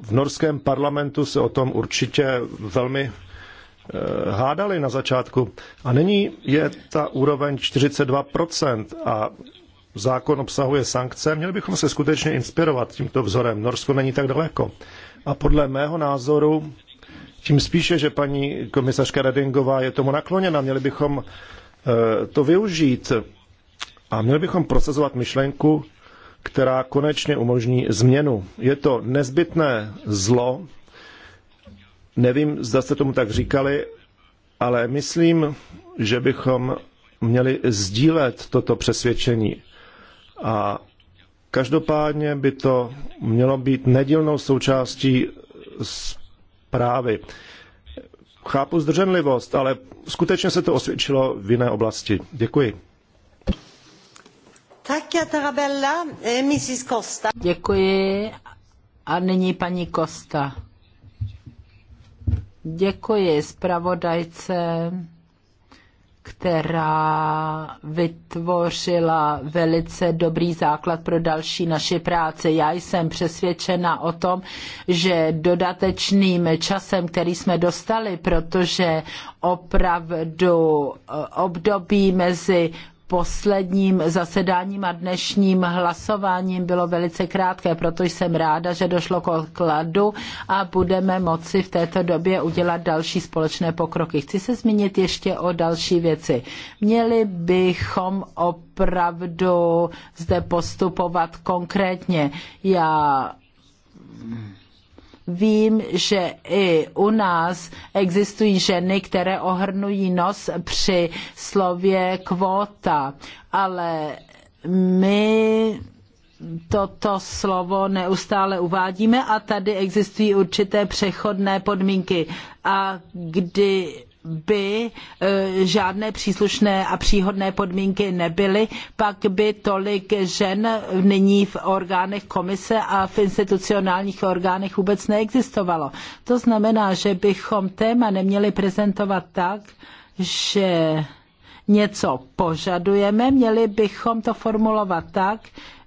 v norském parlamentu se o tom určitě velmi eh, hádali na začátku. A nyní je ta úroveň 42% a zákon obsahuje sankce. Měli bychom se skutečně inspirovat tímto vzorem. Norsko není tak daleko. A podle mého názoru, tím spíše, že paní komisařka Redingová je tomu nakloněna, měli bychom eh, to využít a měli bychom procesovat myšlenku, která konečně umožní změnu. Je to nezbytné zlo, nevím, zda jste tomu tak říkali, ale myslím, že bychom měli sdílet toto přesvědčení. A každopádně by to mělo být nedílnou součástí zprávy. Chápu zdrženlivost, ale skutečně se to osvědčilo v jiné oblasti. Děkuji. Eh, Děkuji. A nyní paní Costa. Děkuji zpravodajce, která vytvořila velice dobrý základ pro další naši práci. Já jsem přesvědčena o tom, že dodatečným časem, který jsme dostali, protože opravdu eh, období mezi posledním zasedáním a dnešním hlasováním bylo velice krátké, proto jsem ráda, že došlo k kladu a budeme moci v této době udělat další společné pokroky. Chci se zmínit ještě o další věci. Měli bychom opravdu zde postupovat konkrétně. Já Vím, že i u nás existují ženy, které ohrnují nos při slově kvóta, ale my toto slovo neustále uvádíme a tady existují určité přechodné podmínky. A kdy by e, žádné příslušné a příhodné podmínky nebyly, pak by tolik žen nyní v orgánech komise a v institucionálních orgánech vůbec neexistovalo. To znamená, že bychom téma neměli prezentovat tak, že něco požadujeme, měli bychom to formulovat tak,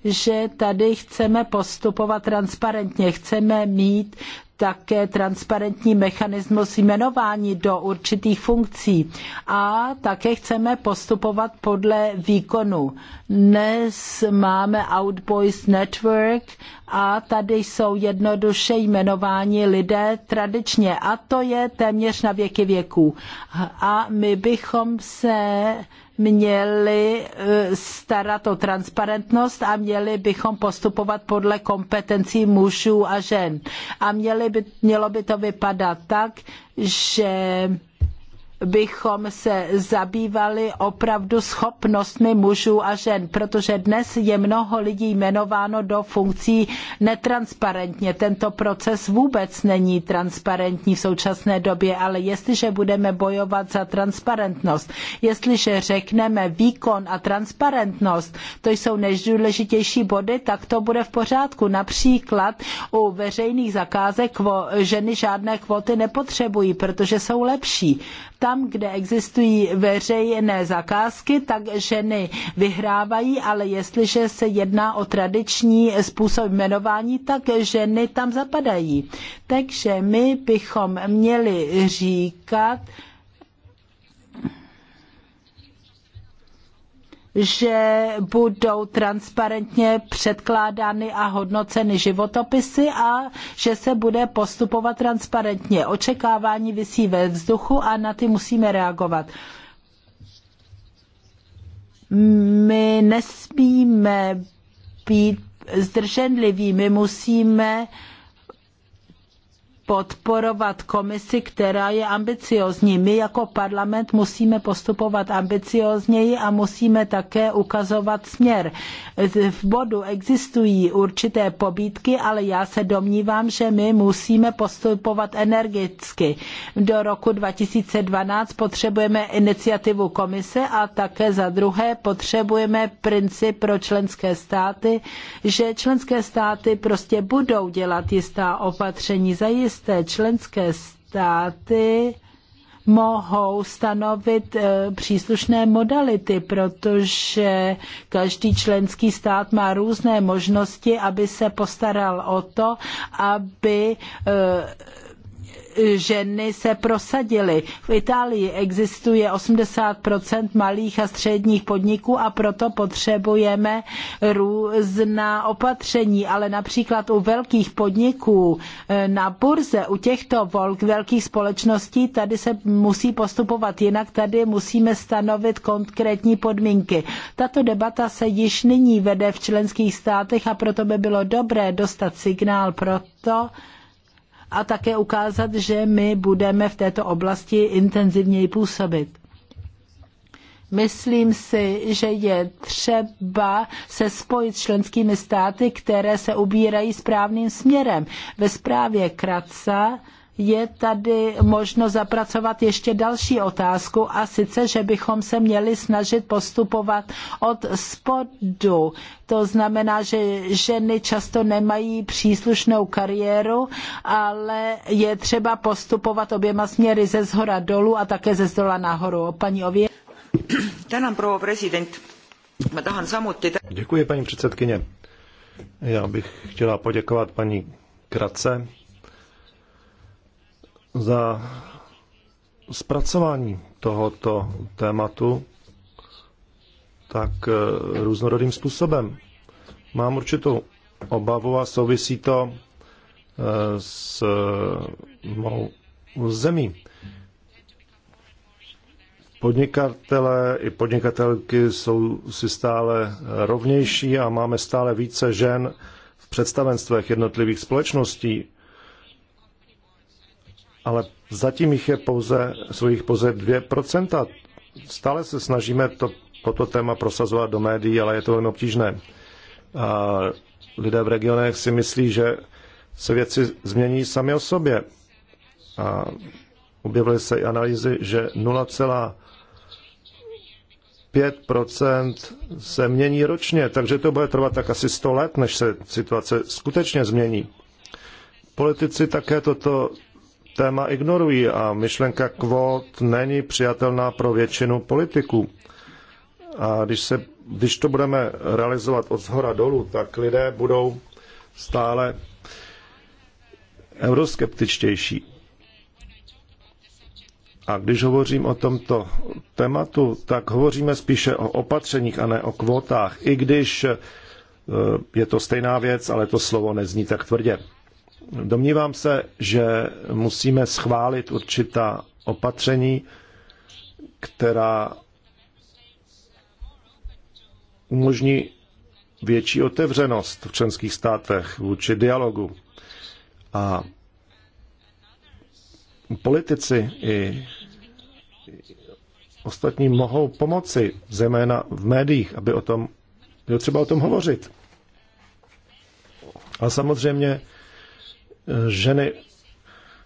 že tady chceme postupovat transparentně, chceme mít také transparentní mechanismus jmenování do určitých funkcí a také chceme postupovat podle výkonu. Dnes máme Outboys Network a tady jsou jednoduše jmenováni lidé tradičně a to je téměř na věky věků. A my bychom se měli eh, starat o transparentnost a měli bychom postupovat podle kompetencí mužů a žen. A měli by, mělo by to vypadat tak, že bychom se zabývali opravdu schopnostmi mužů a žen, protože dnes je mnoho lidí jmenováno do funkcí netransparentně. Tento proces vůbec není transparentní v současné době, ale jestliže budeme bojovat za transparentnost, jestliže řekneme výkon a transparentnost, to jsou nejdůležitější body, tak to bude v pořádku. Například u veřejných zakázek ženy žádné kvóty nepotřebují, protože jsou lepší tam, kde existují veřejné zakázky, tak ženy vyhrávají, ale jestliže se jedná o tradiční způsob jmenování, tak ženy tam zapadají. Takže my bychom měli říkat, že budou transparentně předkládány a hodnoceny životopisy a že se bude postupovat transparentně. Očekávání visí ve vzduchu a na ty musíme reagovat. My nesmíme být zdrženliví, my musíme podporovat komisi, která je ambiciózní. My jako parlament musíme postupovat ambiciózněji a musíme také ukazovat směr. V bodu existují určité pobídky, ale já se domnívám, že my musíme postupovat energicky. Do roku 2012 potřebujeme iniciativu komise a také za druhé potřebujeme princip pro členské státy, že členské státy prostě budou dělat jistá opatření, zajistit jisté členské státy mohou stanovit eh, příslušné modality, protože každý členský stát má různé možnosti, aby se postaral o to, aby eh, ženy se prosadily. V Itálii existuje 80 malých a středních podniků a proto potřebujeme různá opatření, ale například u velkých podniků eh, na burze, u těchto velkých společností, tady se musí postupovat jinak, tady musíme stanovit konkrétní podmínky. Tato debata se již nyní vede v členských státech a proto by bylo dobré dostat signál pro to, a také ukázat, že my budeme v této oblasti intenzivněji působit. Myslím si, že je třeba se spojit s členskými státy, které se ubírají správným směrem. Ve zprávě Kratsa je tady možno zapracovat ještě další otázku a sice, že bychom se měli snažit postupovat od spodu. To znamená, že ženy často nemají příslušnou kariéru, ale je třeba postupovat oběma směry ze zhora dolů a také ze zdola nahoru. Paní Ově. Tänan, proua president. Děkuji, paní předsedkyně. Já bych chtěla poděkovat paní Krace za zpracování tohoto tématu tak eh, různorodým způsobem. Mám určitou obavu a souvisí to eh, s eh, mou zemí. Podnikatele i podnikatelky jsou si stále rovnější a máme stále více žen v představenstvech jednotlivých společností ale zatím jich je pouze, jsou jich pouze 2%. Stále se snažíme to, toto téma prosazovat do médií, ale je to velmi obtížné. A lidé v regionech si myslí, že se věci změní sami o sobě. A objevily se i analýzy, že 0,5% se mění ročně, takže to bude trvat tak asi 100 let, než se situace skutečně změní. Politici také toto téma ignorují a myšlenka kvót není přijatelná pro většinu politiků. A když, se, když to budeme realizovat od zhora dolů, tak lidé budou stále euroskeptičtější. A když hovořím o tomto tématu, tak hovoříme spíše o opatřeních a ne o kvótách, i když eh, je to stejná věc, ale to slovo nezní tak tvrdě. Domnívám se, že musíme schválit určitá opatření, která umožní větší otevřenost v členských státech vůči dialogu. A politici i ostatní mohou pomoci, zejména v médiích, aby o tom bylo třeba o tom hovořit. A samozřejmě ženy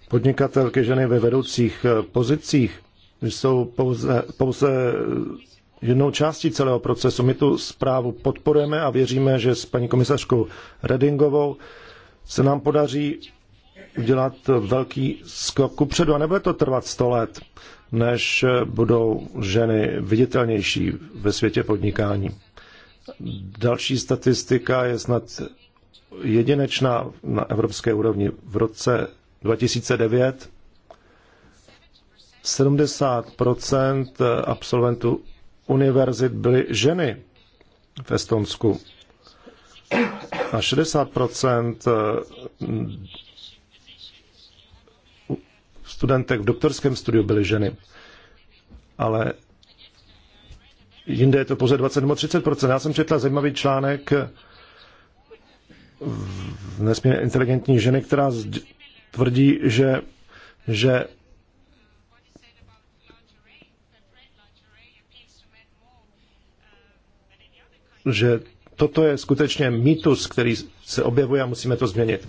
podnikatelky, ženy ve vedoucích eh, pozicích jsou pouze, pouze jednou částí celého procesu. My tu zprávu podporujeme a věříme, že s paní komisařkou Redingovou se nám podaří udělat velký skok kupředu. A nebude to trvat 100 let, než budou ženy viditelnější ve světě podnikání. Další statistika je snad jedinečná na evropské úrovni. V roce 2009 70 absolventů univerzit byly ženy v Estonsku a 60 eh, studentek v doktorském studiu byly ženy. Ale jinde je to pouze 20 nebo 30 Já jsem četla zajímavý článek nesmírně inteligentní ženy, která tvrdí, že, že že toto je skutečně mýtus, který se objevuje a musíme to změnit.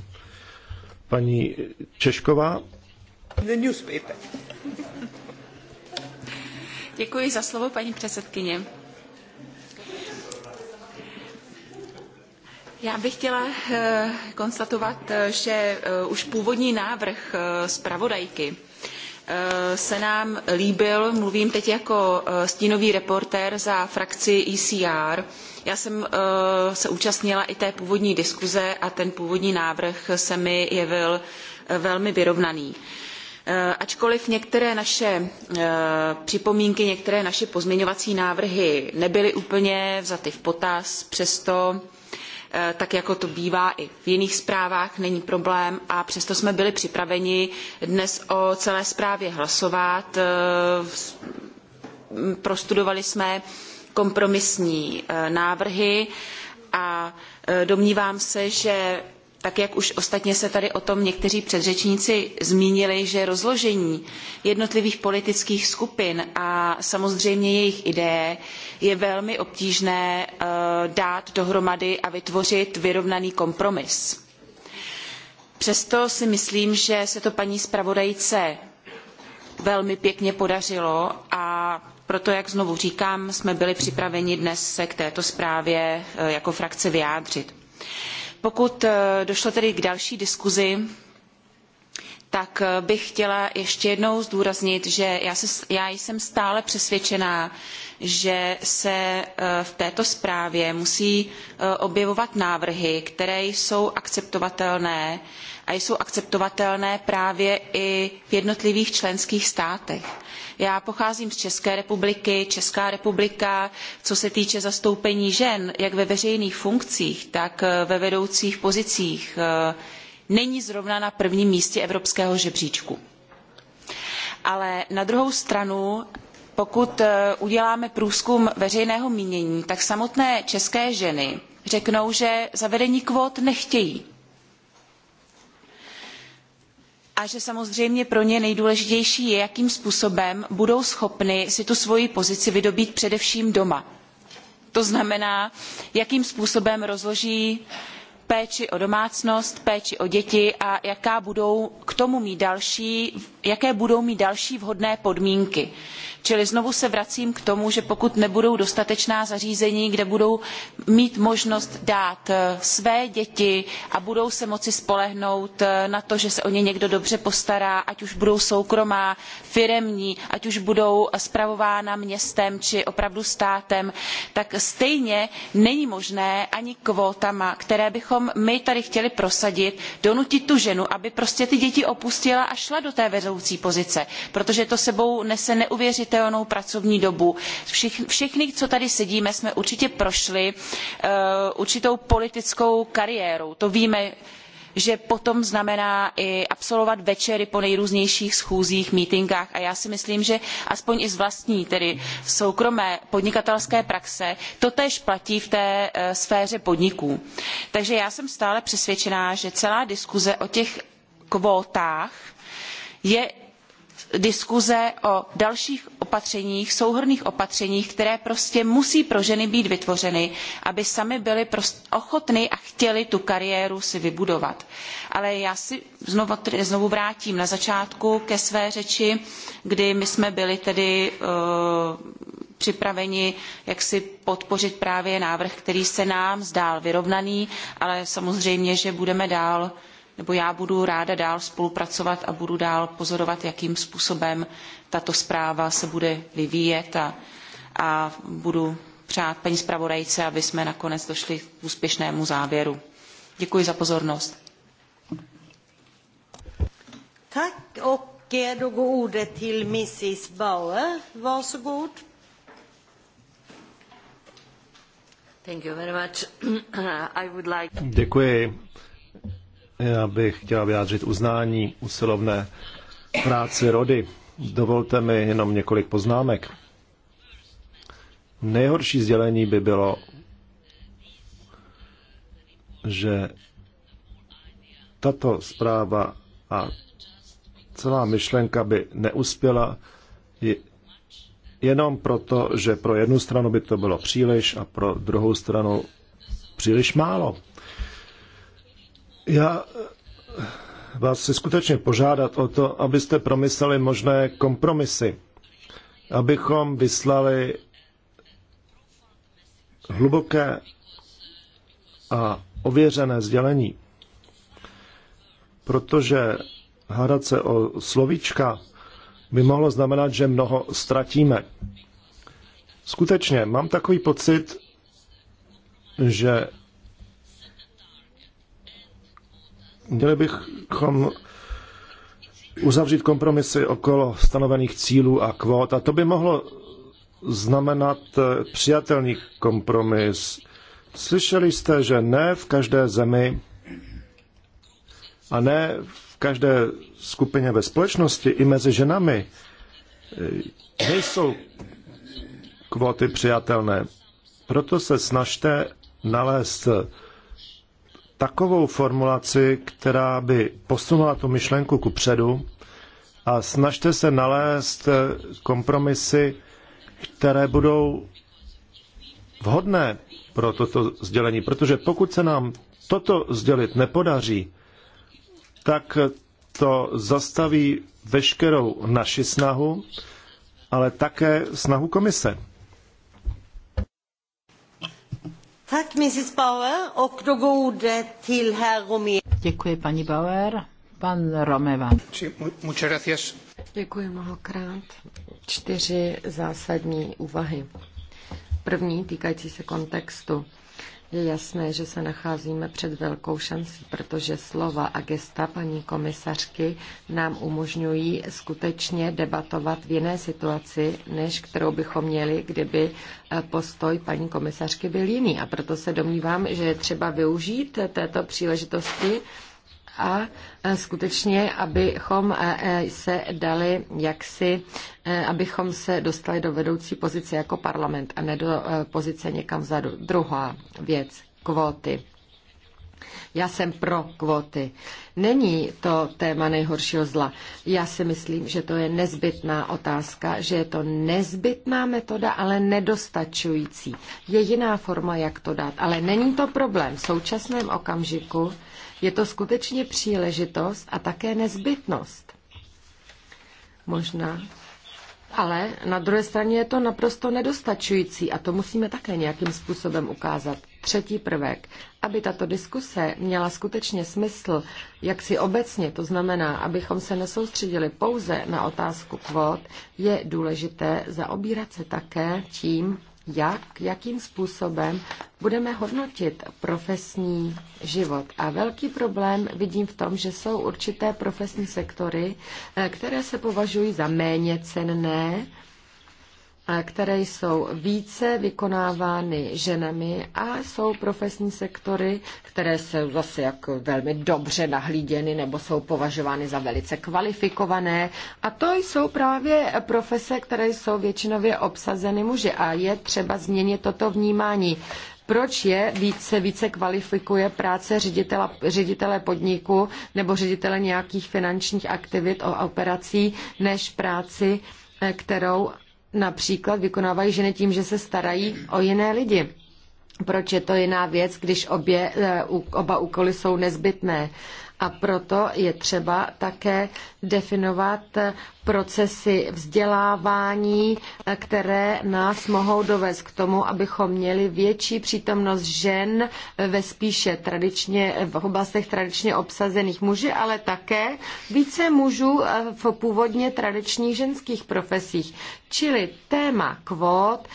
Paní Češková. The newspaper. Děkuji za slovo, paní předsedkyně Já bych chtěla eh, konstatovat, eh, že eh, už původní návrh zpravodajky se nám líbil, mluvím teď jako stínový reportér za frakci ECR. Já jsem se účastnila i té původní diskuze a ten původní návrh se mi jevil velmi vyrovnaný. Ačkoliv některé naše připomínky, některé naše pozměňovací návrhy nebyly úplně vzaty v potaz, přesto Eh, tak jako to bývá i v jiných zprávách, není problém a přesto jsme byli připraveni dnes o celé zprávě hlasovat. Eh, prostudovali jsme kompromisní eh, návrhy a domnívám se, že tak jak už ostatně se tady o tom někteří předřečníci zmínili, že rozložení jednotlivých politických skupin a samozřejmě jejich ideje je velmi obtížné eh, dát dohromady a vytvořit vyrovnaný kompromis. Přesto si myslím, že se to paní zpravodajce velmi pěkně podařilo a proto, jak znovu říkám, jsme byli připraveni dnes se k této zprávě eh, jako frakce vyjádřit. Pokud eh, došlo tedy k další diskuzi, tak eh, bych chtěla ještě jednou zdůraznit, že já, se, já jsem stále přesvědčená, že se eh, v této zprávě musí objevovat návrhy, které jsou akceptovatelné a jsou akceptovatelné právě i v jednotlivých členských státech. Já pocházím z České republiky. Česká republika, co se týče zastoupení žen, jak ve veřejných funkcích, tak ve vedoucích pozicích, eh, není zrovna na prvním místě evropského žebříčku. Ale na druhou stranu pokud eh, uděláme průzkum veřejného mínění, tak samotné české ženy řeknou, že zavedení kvót nechtějí. a že samozřejmě pro ně nejdůležitější je, jakým způsobem budou schopny si tu svoji pozici vydobít především doma. To znamená, jakým způsobem rozloží péči o domácnost, péči o děti a jaká budou k tomu mít další, jaké budou mít další vhodné podmínky. Čili znovu se vracím k tomu, že pokud nebudou dostatečná zařízení, kde budou mít možnost dát eh, své děti a budou se moci spolehnout eh, na to, že se o ně někdo dobře postará, ať už budou soukromá, firemní, ať už budou spravována městem či opravdu státem, tak stejně není možné ani kvótama, které bychom bychom my tady chtěli prosadit donutit tu ženu aby prostě ty děti opustila a šla do té vedoucí pozice protože to sebou nese neuvěřitelnou pracovní dobu. Všichni, co tady sedíme jsme určitě prošli uh, určitou politickou kariérou to víme že potom znamená i absolvovat večery po nejrůznějších schůzích, mítinkách a já si myslím, že aspoň i z vlastní, tedy soukromé podnikatelské praxe, to tež platí v té eh, sféře podniků. Takže já jsem stále přesvědčená, že celá diskuze o těch kvótách je diskuze o dalších opatřeních, souhrnných opatřeních, které prostě musí pro ženy být vytvořeny, aby sami byly ochotny a chtěli tu kariéru si vybudovat. Ale já si znovu, znovu vrátím na začátku ke své řeči, kdy my jsme byli tedy uh, připraveni jaksi podpořit právě návrh, který se nám zdál vyrovnaný, ale samozřejmě, že budeme dál nebo já budu ráda dál spolupracovat a budu dál pozorovat, jakým způsobem tato zpráva se bude vyvíjet a, a budu přát paní zpravodajce, aby jsme nakonec došli k úspěšnému závěru. Děkuji za pozornost. Tak, okay, då går Mrs Bauer. Varsågod. Thank you very much. (clears throat) I would like... Děkuji. Já bych chtěla vyjádřit uznání usilovné práci Rody. Dovolte mi jenom několik poznámek. Nejhorší sdělení by bylo, že tato zpráva a celá myšlenka by neuspěla jenom proto, že pro jednu stranu by to bylo příliš a pro druhou stranu příliš málo. Já eh, vás si skutečně požádat o to, abyste promysleli možné kompromisy, abychom vyslali hluboké a ověřené sdělení. Protože hádat se o slovíčka by mohlo znamenat, že mnoho ztratíme. Skutečně, mám takový pocit, že Měli bychom uzavřít kompromisy okolo stanovených cílů a kvót a to by mohlo znamenat eh, přijatelný kompromis. Slyšeli jste, že ne v každé zemi a ne v každé skupině ve společnosti i mezi ženami eh, nejsou kvóty přijatelné. Proto se snažte nalézt takovou formulaci, která by posunula tu myšlenku ku předu a snažte se nalézt eh, kompromisy, které budou vhodné pro toto sdělení, protože pokud se nám toto sdělit nepodaří, tak to zastaví veškerou naši snahu, ale také snahu komise. Děkuji, paní Bauer. Pan Romeva. Děkuji mnohokrát. Čtyři zásadní úvahy. První týkající se kontextu. Je jasné, že se nacházíme před velkou šancí, protože slova a gesta paní komisařky nám umožňují skutečně debatovat v jiné situaci, než kterou bychom měli, kdyby eh, postoj paní komisařky byl jiný. A proto se domnívám, že je třeba využít této příležitosti a e, skutečně, abychom e, e, se dali jaksi, abychom se dostali do vedoucí pozice jako parlament a ne do pozice někam vzadu. Druhá věc, kvóty. Já jsem pro kvóty. Není to téma nejhoršího zla. Já si myslím, že to je nezbytná otázka, že je to nezbytná metoda, ale nedostačující. Je jiná forma, jak to dát. Ale není to problém. V současném okamžiku je to skutečně příležitost a také nezbytnost. Možná. Ale na druhé straně je to naprosto nedostačující a to musíme také nějakým způsobem ukázat. Třetí prvek. Aby tato diskuse měla skutečně smysl, jak si obecně, to znamená, abychom se nesoustředili pouze na otázku kvót, je důležité zaobírat se také tím, jak, jakým způsobem budeme hodnotit profesní život. A velký problém vidím v tom, že jsou určité profesní sektory, eh, které se považují za méně cenné, které jsou více vykonávány ženami a jsou profesní sektory, které jsou zase jak velmi dobře nahlíděny nebo jsou považovány za velice kvalifikované. A to jsou právě profese, které jsou většinově obsazeny muži a je třeba změnit toto vnímání proč je více, více kvalifikuje práce ředitela, ředitele podniku nebo ředitele nějakých finančních aktivit a operací než práci, eh, kterou například vykonávají ženy tím, že se starají o jiné lidi. Proč je to jiná věc, když obě, eh, oba úkoly jsou nezbytné? A proto je třeba také definovat procesy vzdělávání, které nás mohou dovést k tomu, abychom měli větší přítomnost žen ve spíše tradičně, v oblastech tradičně obsazených muži, ale také více mužů v původně tradičních ženských profesích. Čili téma kvót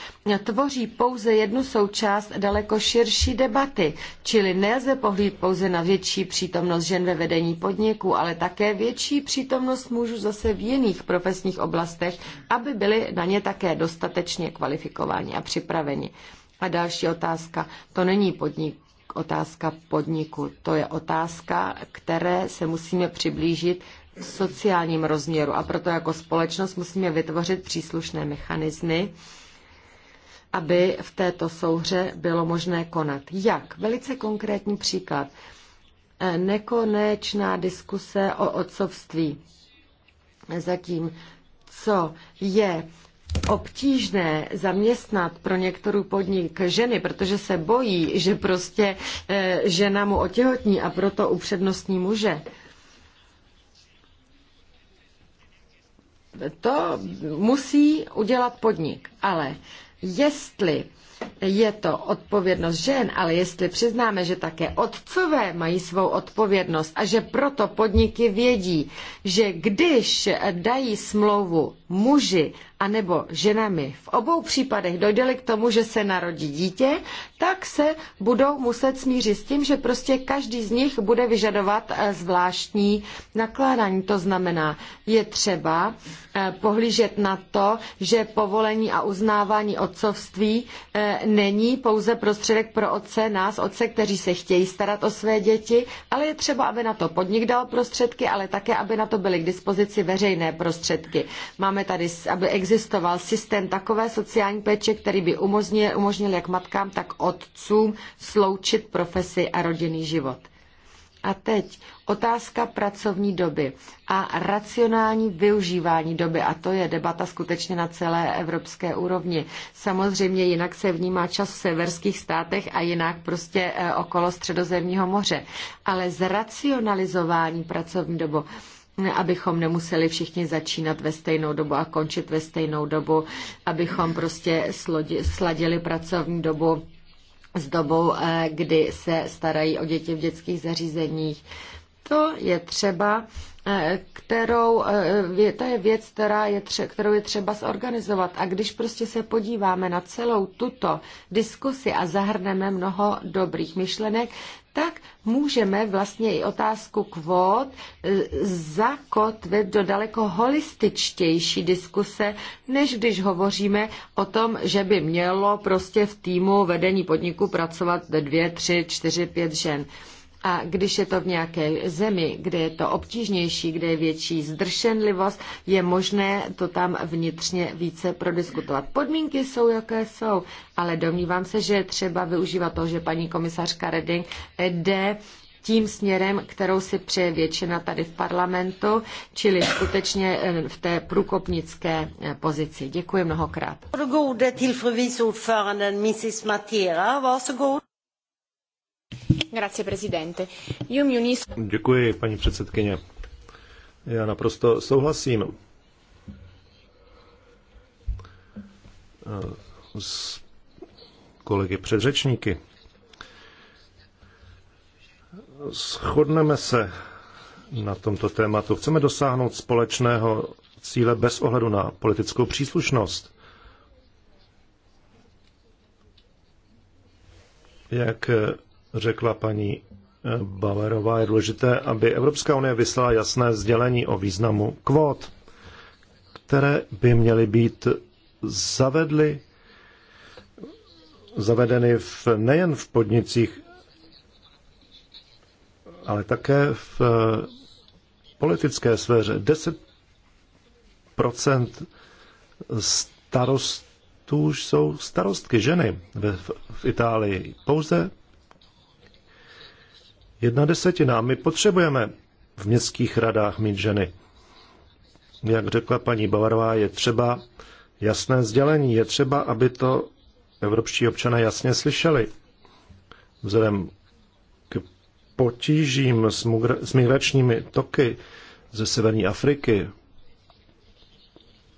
tvoří pouze jednu součást daleko širší debaty, čili nelze pohlíd pouze na větší přítomnost žen ve vedení podniku, ale také větší přítomnost mužů zase v jiných profesních oblastech, aby byli na ně také dostatečně kvalifikováni a připraveni. A další otázka. To není podnik, otázka podniku. To je otázka, které se musíme přiblížit v sociálním rozměru. A proto jako společnost musíme vytvořit příslušné mechanismy, aby v této souhře bylo možné konat. Jak? Velice konkrétní příklad nekonečná diskuse o otcovství. Zatím, co je obtížné zaměstnat pro některou podnik ženy, protože se bojí, že prostě eh, žena mu otěhotní a proto upřednostní muže. To musí udělat podnik, ale jestli je to odpovědnost žen, ale jestli přiznáme, že také otcové mají svou odpovědnost a že proto podniky vědí, že když dají smlouvu muži anebo ženami, v obou případech dojde k tomu, že se narodí dítě, tak se budou muset smířit s tím, že prostě každý z nich bude vyžadovat eh, zvláštní nakládání. To znamená, je třeba eh, pohlížet na to, že povolení a uznávání otcovství eh, není pouze prostředek pro otce, nás, otce, kteří se chtějí starat o své děti, ale je třeba, aby na to podnik dal prostředky, ale také, aby na to byly k dispozici veřejné prostředky. Máme tady, aby existoval systém takové sociální péče, který by umožnil, umožnil jak matkám, tak otcům sloučit profesi a rodinný život. A teď otázka pracovní doby a racionální využívání doby. A to je debata skutečně na celé evropské úrovni. Samozřejmě jinak se vnímá čas v severských státech a jinak prostě eh, okolo středozemního moře. Ale zracionalizování pracovní dobu hm, abychom nemuseli všichni začínat ve stejnou dobu a končit ve stejnou dobu, abychom prostě sladili pracovní dobu s dobou, eh, kdy se starají o děti v dětských zařízeních. To je třeba, eh, kterou, eh, to je věc, která je tře, kterou je třeba zorganizovat. A když prostě se podíváme na celou tuto diskusi a zahrneme mnoho dobrých myšlenek, tak můžeme vlastně i otázku kvót e, zakotvit do daleko holističtější diskuse, než když hovoříme o tom, že by mělo prostě v týmu vedení podniku pracovat dvě, tři, čtyři, pět žen. A když je to v nějaké zemi, kde je to obtížnější, kde je větší zdršenlivost, je možné to tam vnitřně více prodiskutovat. Podmínky jsou, jaké jsou, ale domnívám se, že je třeba využívat to, že paní komisařka Reding jde tím směrem, kterou si přeje většina tady v parlamentu, čili skutečně eh, v té průkopnické eh, pozici. Děkuji mnohokrát. Děkuji, paní předsedkyně. Já naprosto souhlasím eh, s kolegy předřečníky. Shodneme se na tomto tématu. Chceme dosáhnout společného cíle bez ohledu na politickou příslušnost. Jak řekla paní eh, Bauerová, je důležité, aby Evropská unie vyslala jasné sdělení o významu kvót, které by měly být zavedly, zavedeny v, nejen v podnicích, ale také v eh, politické sféře. 10 starostů jsou starostky ženy v, v Itálii. Pouze jedna desetina. My potřebujeme v městských radách mít ženy. Jak řekla paní Bavarová, je třeba jasné sdělení, je třeba, aby to evropští občané jasně slyšeli. Vzhledem k potížím s, migračními toky ze severní Afriky,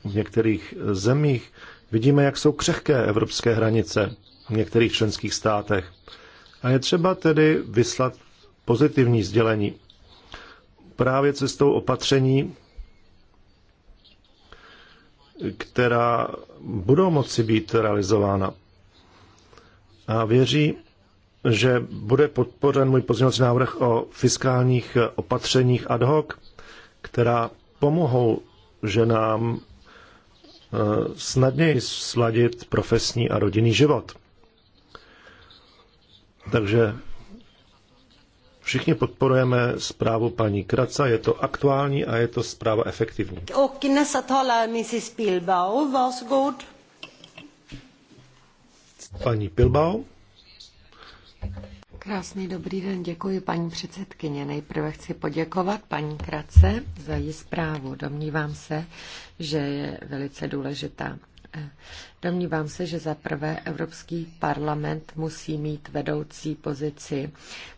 v některých zemích vidíme, jak jsou křehké evropské hranice v některých členských státech. A je třeba tedy vyslat pozitivní sdělení. Právě cestou opatření, která budou moci být realizována. A věří, že bude podpořen můj pozměňovací návrh o fiskálních opatřeních ad hoc, která pomohou ženám eh, snadněji sladit profesní a rodinný život. Takže Všichni podporujeme zprávu paní Kraca, je to aktuální a je to zpráva efektivní. Paní Bilbao. Krásný dobrý den, děkuji paní předsedkyně. Nejprve chci poděkovat paní Krace za její zprávu. Domnívám se, že je velice důležitá. Domnívám se, že za prvé Evropský parlament musí mít vedoucí pozici,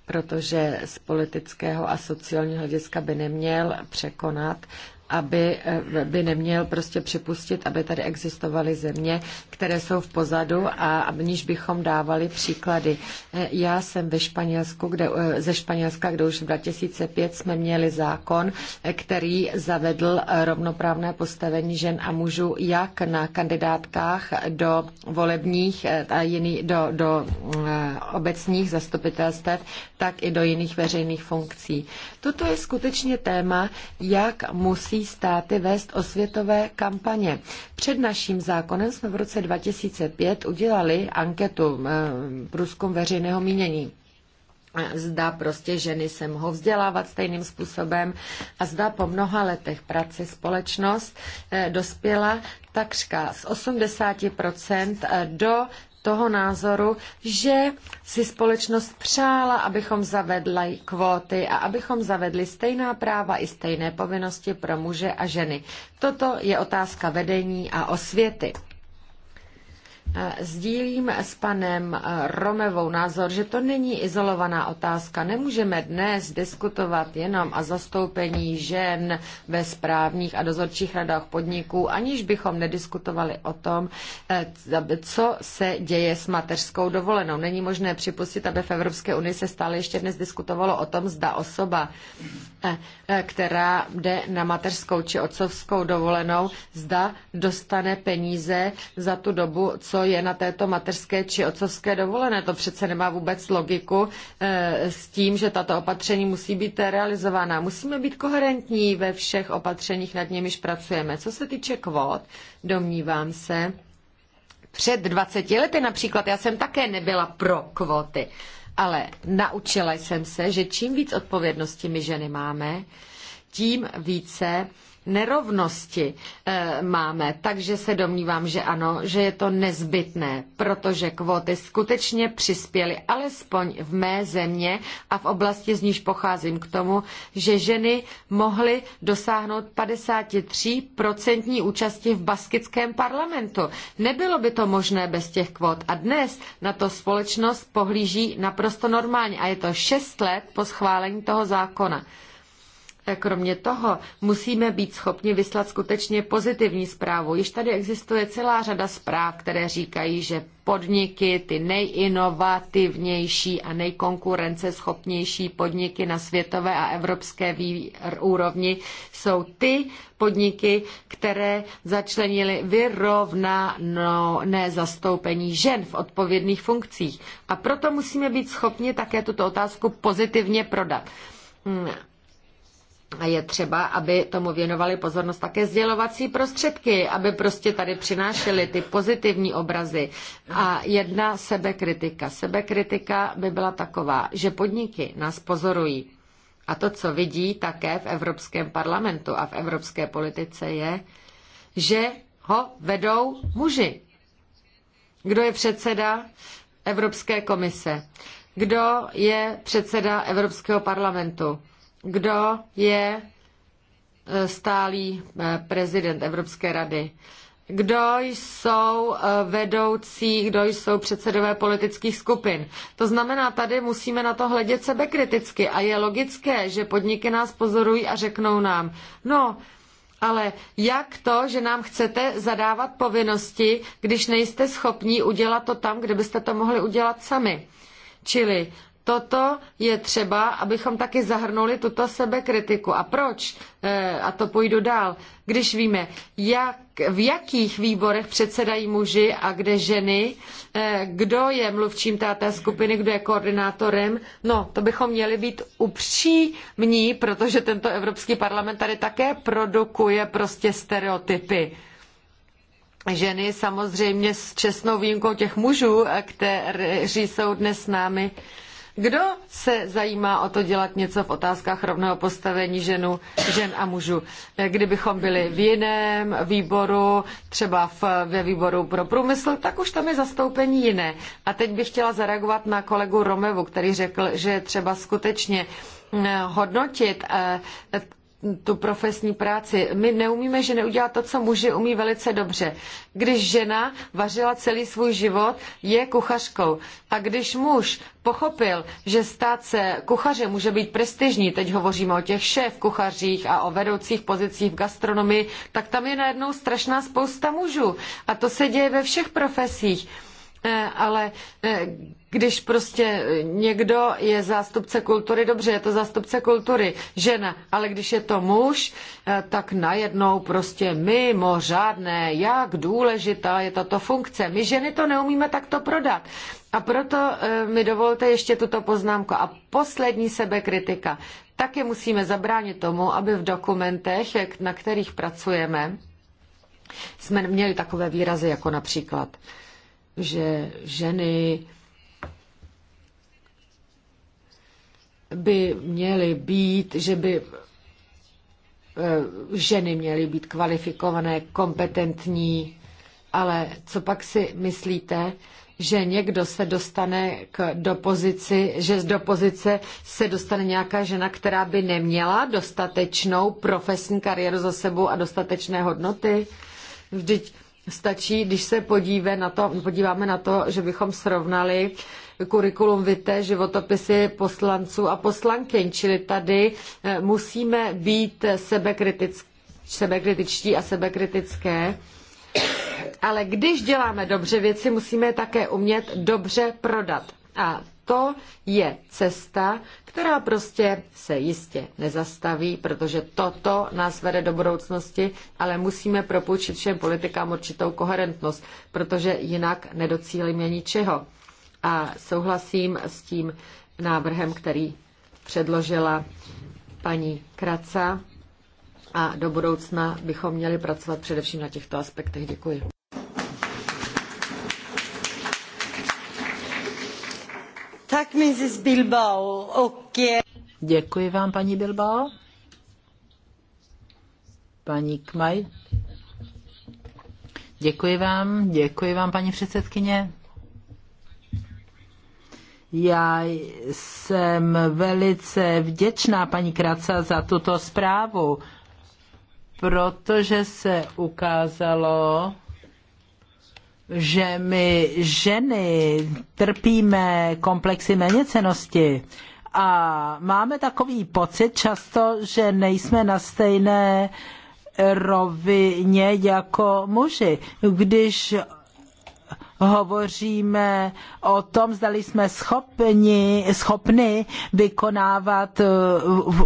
protože z politického a sociálního hlediska by neměl překonat aby eh, by neměl prostě připustit, aby tady existovaly země, které jsou v pozadu a aniž bychom dávali příklady. Eh, já jsem ve Španělsku, kde, eh, ze Španělska, kde už v 2005 jsme měli zákon, který zavedl rovnoprávné postavení žen a mužů jak na kandidátkách do volebních a jiný, do, do obecních zastupitelstev, tak i do jiných veřejných funkcí. Toto je skutečně téma, jak musí členský státy vést osvětové kampaně. Před naším zákonem jsme v roce 2005 udělali anketu eh, průzkum veřejného mínění zda prostě ženy se mohou vzdělávat stejným způsobem a zda po mnoha letech práce společnost eh, dospěla takřka z 80% do toho názoru, že si společnost přála, abychom zavedli kvóty a abychom zavedli stejná práva i stejné povinnosti pro muže a ženy. Toto je otázka vedení a osvěty. Eh, sdílím s panem eh, Romevou názor, že to není izolovaná otázka. Nemůžeme dnes diskutovat jenom o zastoupení žen ve správních a dozorčích radách podniků, aniž bychom nediskutovali o tom, eh, co se děje s mateřskou dovolenou. Není možné připustit, aby v Evropské unii se stále ještě dnes diskutovalo o tom, zda osoba, která jde na mateřskou či otcovskou dovolenou, zda dostane peníze za tu dobu, co co je na této mateřské či otcovské dovolené. To přece nemá vůbec logiku eh, s tím, že tato opatření musí být realizována. Musíme být koherentní ve všech opatřeních, nad nimiž pracujeme. Co se týče kvót, domnívám se, před 20 lety například já jsem také nebyla pro kvóty, ale naučila jsem se, že čím víc odpovědnosti my ženy máme, tím více nerovnosti eh, máme, takže se domnívám, že ano, že je to nezbytné, protože kvóty skutečně přispěly alespoň v mé země a v oblasti, z níž pocházím k tomu, že ženy mohly dosáhnout 53% účasti v baskickém parlamentu. Nebylo by to možné bez těch kvót a dnes na to společnost pohlíží naprosto normálně a je to 6 let po schválení toho zákona. Kromě toho musíme být schopni vyslat skutečně pozitivní zprávu. Již tady existuje celá řada zpráv, které říkají, že podniky, ty nejinovativnější a nejkonkurenceschopnější podniky na světové a evropské úrovni jsou ty podniky, které začlenily vyrovnané zastoupení žen v odpovědných funkcích. A proto musíme být schopni také tuto otázku pozitivně prodat hmm, a je třeba, aby tomu věnovali pozornost také sdělovací prostředky, aby prostě tady přinášely ty pozitivní obrazy. A jedna sebekritika. Sebekritika by byla taková, že podniky nás pozorují. A to, co vidí také v Evropském parlamentu a v evropské politice, je, že ho vedou muži. Kdo je předseda Evropské komise? Kdo je předseda Evropského parlamentu? kdo je eh, stálý eh, prezident Evropské rady. Kdo jsou eh, vedoucí, kdo jsou předsedové politických skupin. To znamená, tady musíme na to hledět sebekriticky a je logické, že podniky nás pozorují a řeknou nám, no, ale jak to, že nám chcete zadávat povinnosti, když nejste schopní udělat to tam, kde byste to mohli udělat sami? Čili Toto je třeba, abychom taky zahrnuli tuto sebekritiku. A proč? E, a to půjdu dál. Když víme, jak, v jakých výborech předsedají muži a kde ženy, e, kdo je mluvčím té skupiny, kdo je koordinátorem, no, to bychom měli být upřímní, protože tento Evropský parlament tady také produkuje prostě stereotypy ženy samozřejmě s čestnou výjimkou těch mužů, e, kteří jsou dnes s námi, kdo se zajímá o to dělat něco v otázkách rovného postavení ženu, žen a mužů? Kdybychom byli v jiném výboru, třeba v, ve výboru pro průmysl, tak už tam je zastoupení jiné. A teď bych chtěla zareagovat na kolegu Romevu, který řekl, že třeba skutečně eh, hodnotit eh, tu profesní práci. My neumíme ženy udělat to, co muži umí velice dobře. Když žena vařila celý svůj život, je kuchařkou. A když muž pochopil, že stát se kuchaře může být prestižní, teď hovoříme o těch šéf kuchařích a o vedoucích pozicích v gastronomii, tak tam je najednou strašná spousta mužů. A to se děje ve všech profesích. Eh, ale eh, když prostě někdo je zástupce kultury, dobře, je to zástupce kultury, žena, ale když je to muž, eh, tak najednou prostě mimořádné, jak důležitá je tato funkce. My ženy to neumíme takto prodat. A proto eh, mi dovolte ještě tuto poznámku. A poslední sebekritika. Také musíme zabránit tomu, aby v dokumentech, na kterých pracujeme, jsme měli takové výrazy, jako například, že ženy by měly být, že by eh, ženy měly být kvalifikované, kompetentní, ale co pak si myslíte, že někdo se dostane k, do pozici, že do pozice se dostane nějaká žena, která by neměla dostatečnou profesní kariéru za sebou a dostatečné hodnoty? Vždyť stačí, když se podíve na to, podíváme na to, že bychom srovnali kurikulum vitae, životopisy poslanců a poslankyň, čili tady eh, musíme být sebekritický, sebekritičtí a sebekritické. Ale když děláme dobře věci, musíme je také umět dobře prodat. A to je cesta, která prostě se jistě nezastaví, protože toto nás vede do budoucnosti, ale musíme propůjčit všem politikám určitou koherentnost, protože jinak nedocílíme ničeho a souhlasím s tím návrhem, který předložila paní Kraca a do budoucna bychom měli pracovat především na těchto aspektech. Děkuji. Tak, Mrs. Bilbao. ok. Děkuji vám, paní Bilbao. Paní Kmaj. Děkuji vám, děkuji vám, paní předsedkyně. Já jsem velice vděčná paní Kraca za tuto zprávu, protože se ukázalo, že my ženy trpíme komplexy méněcenosti a máme takový pocit často, že nejsme na stejné rovině jako muži. Když hovoříme o tom, zdali jsme schopni, schopni vykonávat eh,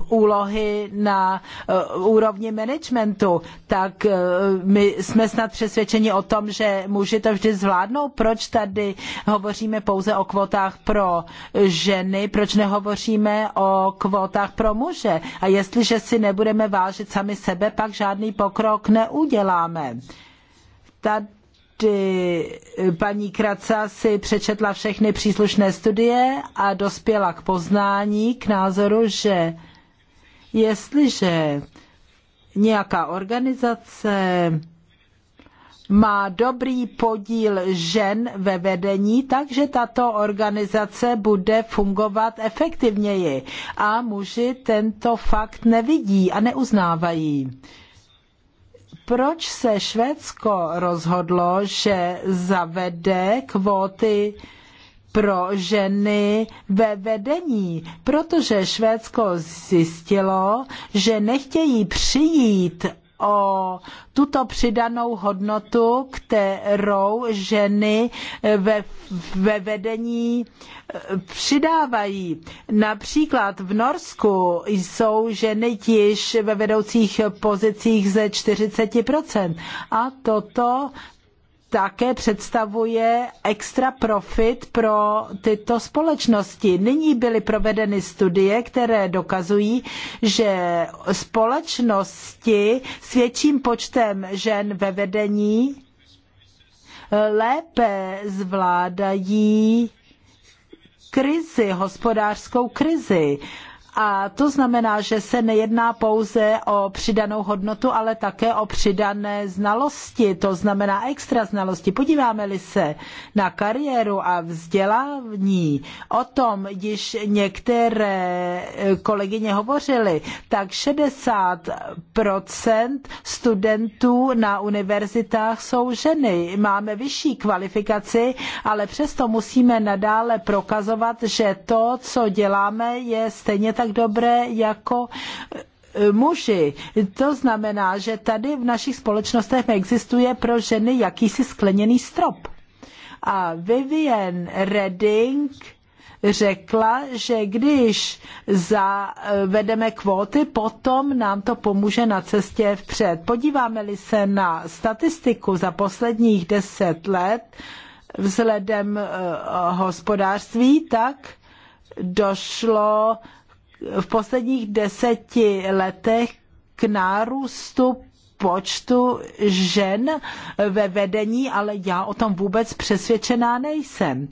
úlohy na eh, úrovni managementu, tak eh, my jsme snad přesvědčeni o tom, že muži to vždy zvládnou. Proč tady hovoříme pouze o kvotách pro ženy, proč nehovoříme o kvotách pro muže? A jestliže si nebudeme vážit sami sebe, pak žádný pokrok neuděláme. Tady Eh, paní Kraca si přečetla všechny příslušné studie a dospěla k poznání, k názoru, že jestliže nějaká organizace má dobrý podíl žen ve vedení, takže tato organizace bude fungovat efektivněji. A muži tento fakt nevidí a neuznávají proč se Švédsko rozhodlo, že zavede kvóty pro ženy ve vedení, protože Švédsko zjistilo, že nechtějí přijít o tuto přidanou hodnotu, kterou ženy ve, ve vedení eh, přidávají. Například v Norsku jsou ženy již ve vedoucích pozicích ze 40%. A toto také představuje extra profit pro tyto společnosti. Nyní byly provedeny studie, které dokazují, že společnosti s větším počtem žen ve vedení lépe zvládají krizi, hospodářskou krizi. A to znamená, že se nejedná pouze o přidanou hodnotu, ale také o přidané znalosti, to znamená extra znalosti. Podíváme-li se na kariéru a vzdělání, o tom již některé kolegyně hovořily, tak 60 studentů na univerzitách jsou ženy. Máme vyšší kvalifikaci, ale přesto musíme nadále prokazovat, že to, co děláme, je stejně tak tak dobré jako e, muži. To znamená, že tady v našich společnostech existuje pro ženy jakýsi skleněný strop. A Vivian Redding řekla, že když zavedeme kvóty, potom nám to pomůže na cestě vpřed. Podíváme-li se na statistiku za posledních deset let vzhledem e, hospodářství, tak došlo v posledních deseti letech k nárůstu počtu žen ve vedení, ale já o tom vůbec přesvědčená nejsem.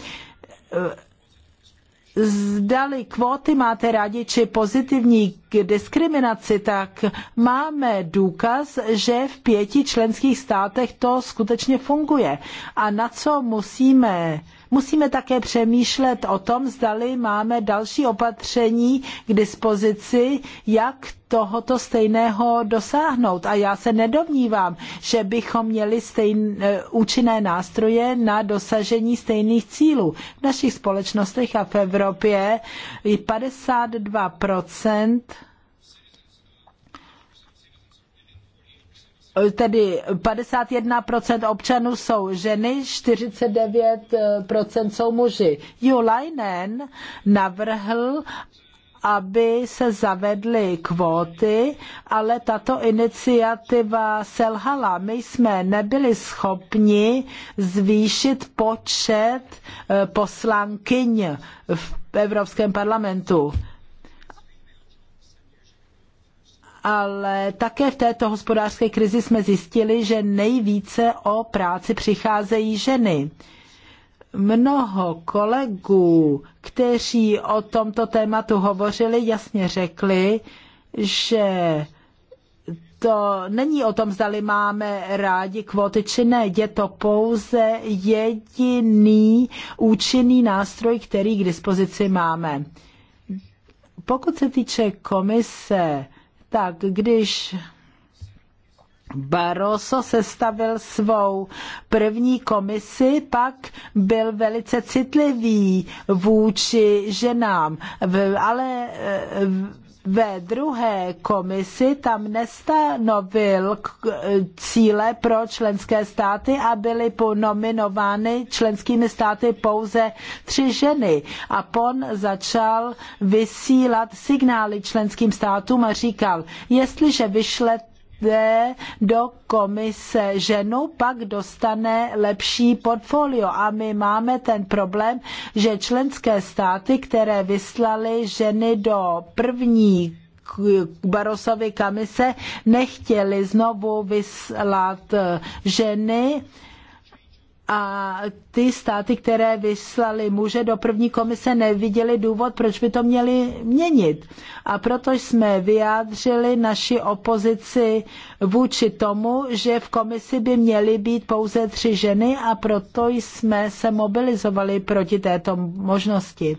Zdali kvóty máte rádi, či pozitivní k diskriminaci, tak máme důkaz, že v pěti členských státech to skutečně funguje. A na co musíme Musíme také přemýšlet o tom, zdali máme další opatření k dispozici, jak tohoto stejného dosáhnout. A já se nedomnívám, že bychom měli stejn, eh, účinné nástroje na dosažení stejných cílů. V našich společnostech a v Evropě 52 tedy 51% občanů jsou ženy, 49% jsou muži. Julainen navrhl, aby se zavedly kvóty, ale tato iniciativa selhala. My jsme nebyli schopni zvýšit počet eh, poslankyň v Evropském parlamentu ale také v této hospodářské krizi jsme zjistili, že nejvíce o práci přicházejí ženy. Mnoho kolegů, kteří o tomto tématu hovořili, jasně řekli, že to není o tom, zdali máme rádi kvóty či ne. Je to pouze jediný účinný nástroj, který k dispozici máme. Pokud se týče komise, tak když Barroso sestavil svou první komisi, pak byl velice citlivý vůči ženám, ale eh, ve druhé komisi tam nestanovil cíle pro členské státy a byly nominovány členskými státy pouze tři ženy. A PON začal vysílat signály členským státům a říkal, jestliže vyšlete jde do komise ženu, pak dostane lepší portfolio. A my máme ten problém, že členské státy, které vyslaly ženy do první Barosovy komise, nechtěli znovu vyslat ženy, a ty státy, které vyslali muže do první komise, neviděli důvod, proč by to měli měnit. A proto jsme vyjádřili naši opozici vůči tomu, že v komisi by měly být pouze tři ženy a proto jsme se mobilizovali proti této možnosti.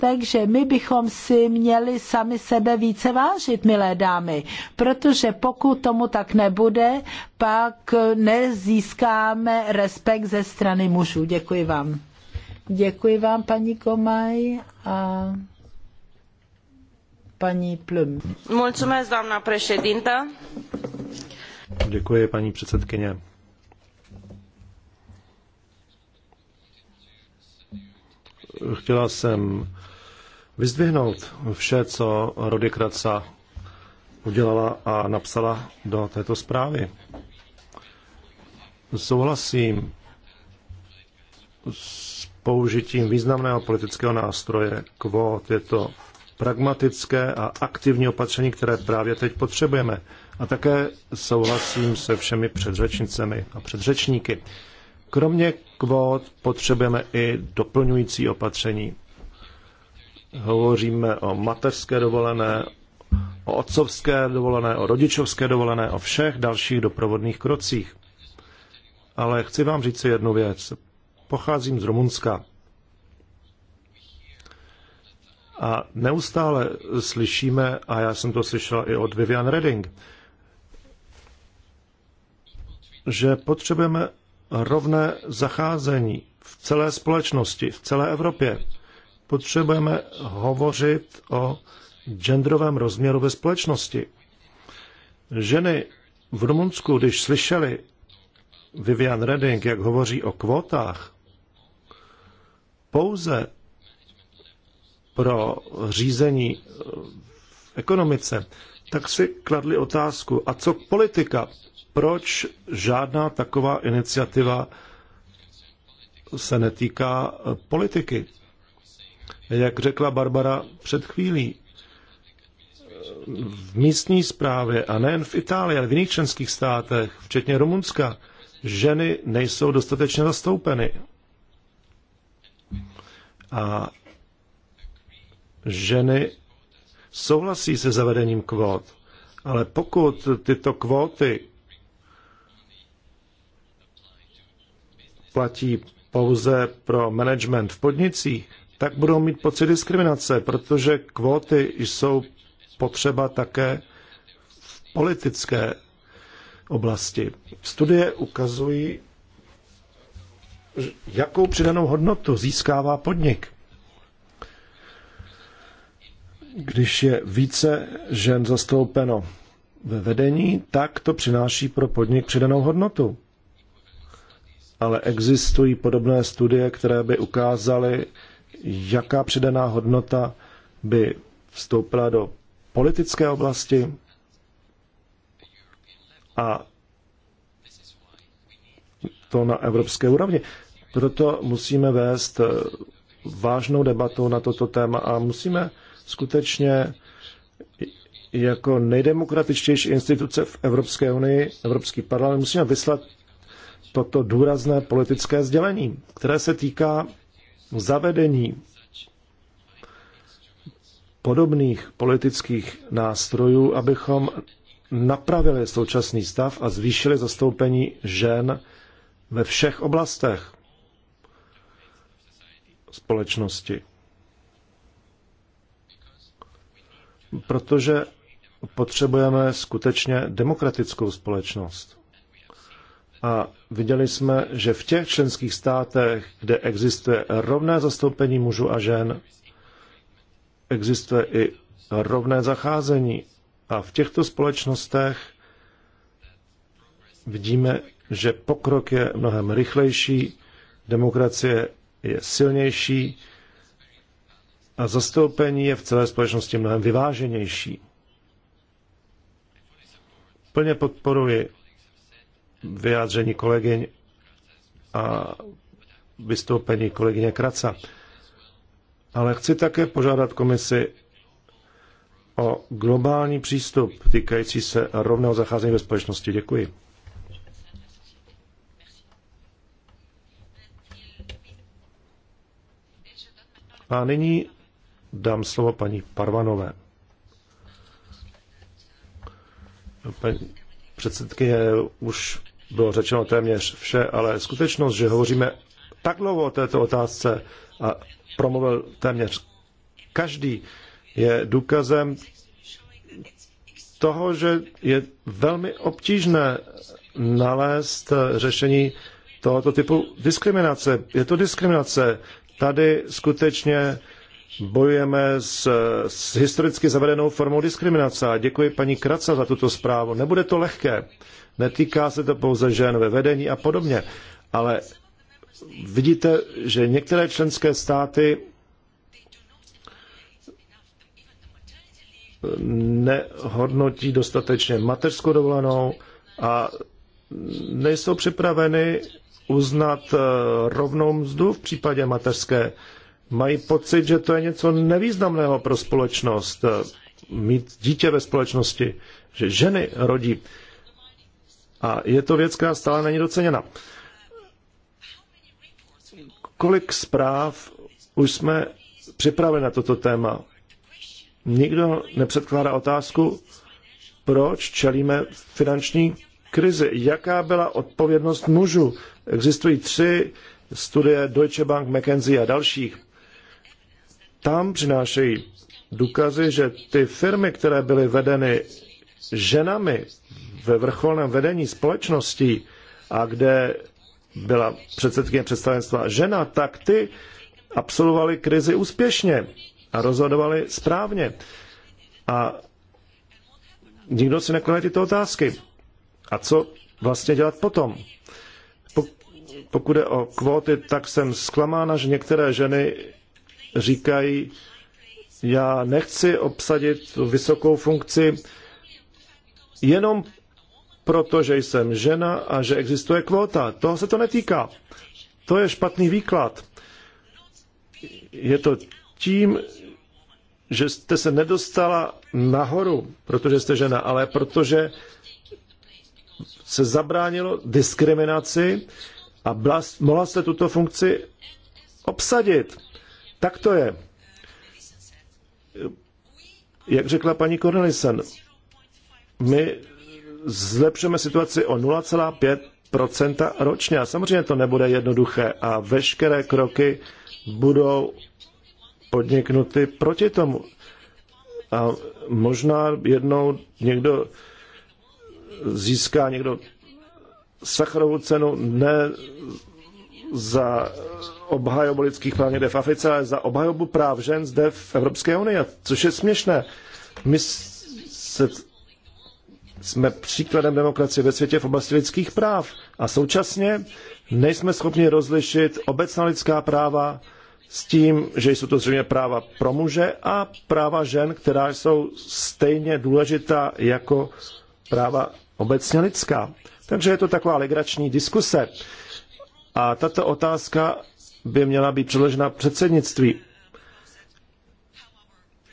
Takže my bychom si měli sami sebe více vážit, milé dámy, protože pokud tomu tak nebude, pak nezískáme respekt ze strany mužů. Děkuji vám. Děkuji vám, paní Komaj a paní Plum. Mulțumesc, doamna președintă. Děkuji, paní předsedkyně. Chtěla jsem vyzdvihnout vše, co Rody Kraca udělala a napsala do této zprávy. Souhlasím s použitím významného politického nástroje kvót. Je to pragmatické a aktivní opatření, které právě teď potřebujeme. A také souhlasím se všemi předřečnicemi a předřečníky. Kromě kvót potřebujeme i doplňující opatření Hovoříme o mateřské dovolené, o otcovské dovolené, o rodičovské dovolené, o všech dalších doprovodných krocích. Ale chci vám říct si jednu věc. Pocházím z Rumunska. A neustále slyšíme, a já jsem to slyšel i od Vivian Redding, že potřebujeme rovné zacházení v celé společnosti, v celé Evropě potřebujeme hovořit o genderovém rozměru ve společnosti. Ženy v Rumunsku, když slyšeli Vivian Redding, jak hovoří o kvótách, pouze pro řízení v ekonomice, tak si kladli otázku, a co politika? Proč žádná taková iniciativa se netýká politiky? Jak řekla Barbara před chvílí, v místní správě a nejen v Itálii, ale v jiných členských státech, včetně Rumunska, ženy nejsou dostatečně zastoupeny. A ženy souhlasí se zavedením kvót, ale pokud tyto kvóty platí pouze pro management v podnicích, tak budou mít pocit diskriminace, protože kvóty jsou potřeba také v politické oblasti. Studie ukazují, jakou přidanou hodnotu získává podnik. Když je více žen zastoupeno ve vedení, tak to přináší pro podnik přidanou hodnotu. Ale existují podobné studie, které by ukázaly, jaká přidaná hodnota by vstoupila do politické oblasti a to na evropské úrovni. Proto musíme vést eh, vážnou debatu na toto téma a musíme skutečně jako nejdemokratičtější instituce v Evropské unii, Evropský parlament, musíme vyslat toto důrazné politické sdělení, které se týká zavedení podobných politických nástrojů, abychom napravili současný stav a zvýšili zastoupení žen ve všech oblastech společnosti. Protože potřebujeme skutečně demokratickou společnost. A viděli jsme, že v těch členských státech, kde existuje rovné zastoupení mužů a žen, existuje i rovné zacházení. A v těchto společnostech vidíme, že pokrok je mnohem rychlejší, demokracie je silnější a zastoupení je v celé společnosti mnohem vyváženější. Plně podporuji vyjádření kolegyň a vystoupení kolegyně Kraca. Ale chci také požádat komisi o globální přístup týkající se rovného zacházení ve společnosti. Děkuji. A nyní dám slovo paní Parvanové předsedkyně eh, už bylo řečeno téměř vše, ale skutečnost, že hovoříme tak dlouho o této otázce a promluvil téměř každý, je důkazem toho, že je velmi obtížné nalézt eh, řešení tohoto typu diskriminace. Je to diskriminace. Tady skutečně bojujeme s, s historicky zavedenou formou diskriminace. A děkuji paní Kraca za tuto zprávu. Nebude to lehké. Netýká se to pouze žen ve vedení a podobně. Ale vidíte, že některé členské státy nehodnotí dostatečně mateřskou dovolenou a nejsou připraveny uznat eh, rovnou mzdu v případě mateřské mají pocit, že to je něco nevýznamného pro společnost, eh, mít dítě ve společnosti, že ženy rodí. A je to věc, která stále není doceněna. Kolik zpráv už jsme připravili na toto téma? Nikdo nepředkládá otázku, proč čelíme finanční krizi. Jaká byla odpovědnost mužů? Existují tři studie Deutsche Bank, McKenzie a dalších tam přinášejí důkazy, že ty firmy, které byly vedeny ženami ve vrcholném vedení společností a kde byla předsedkyně představenstva žena, tak ty absolvovali krizi úspěšně a rozhodovali správně. A nikdo si neklade tyto otázky. A co vlastně dělat potom? Pokud je o kvóty, tak jsem zklamána, že některé ženy říkají, já nechci obsadit vysokou funkci jenom proto, že jsem žena a že existuje kvóta. Toho se to netýká. To je špatný výklad. Je to tím, že jste se nedostala nahoru, protože jste žena, ale protože se zabránilo diskriminaci a mohla jste tuto funkci obsadit. Tak to je. Jak řekla paní Cornelissen, my zlepšeme situaci o 0,5% ročně. A samozřejmě to nebude jednoduché a veškeré kroky budou podniknuty proti tomu. A možná jednou někdo získá někdo sacharovou cenu ne za obhajobu lidských práv někde v Africe, ale za obhajobu práv žen zde v Evropské unii, což je směšné. My se, jsme příkladem demokracie ve světě v oblasti lidských práv a současně nejsme schopni rozlišit obecná lidská práva s tím, že jsou to zřejmě práva pro muže a práva žen, která jsou stejně důležitá jako práva obecně lidská. Takže je to taková legrační diskuse. A tato otázka by měla být předložena předsednictví.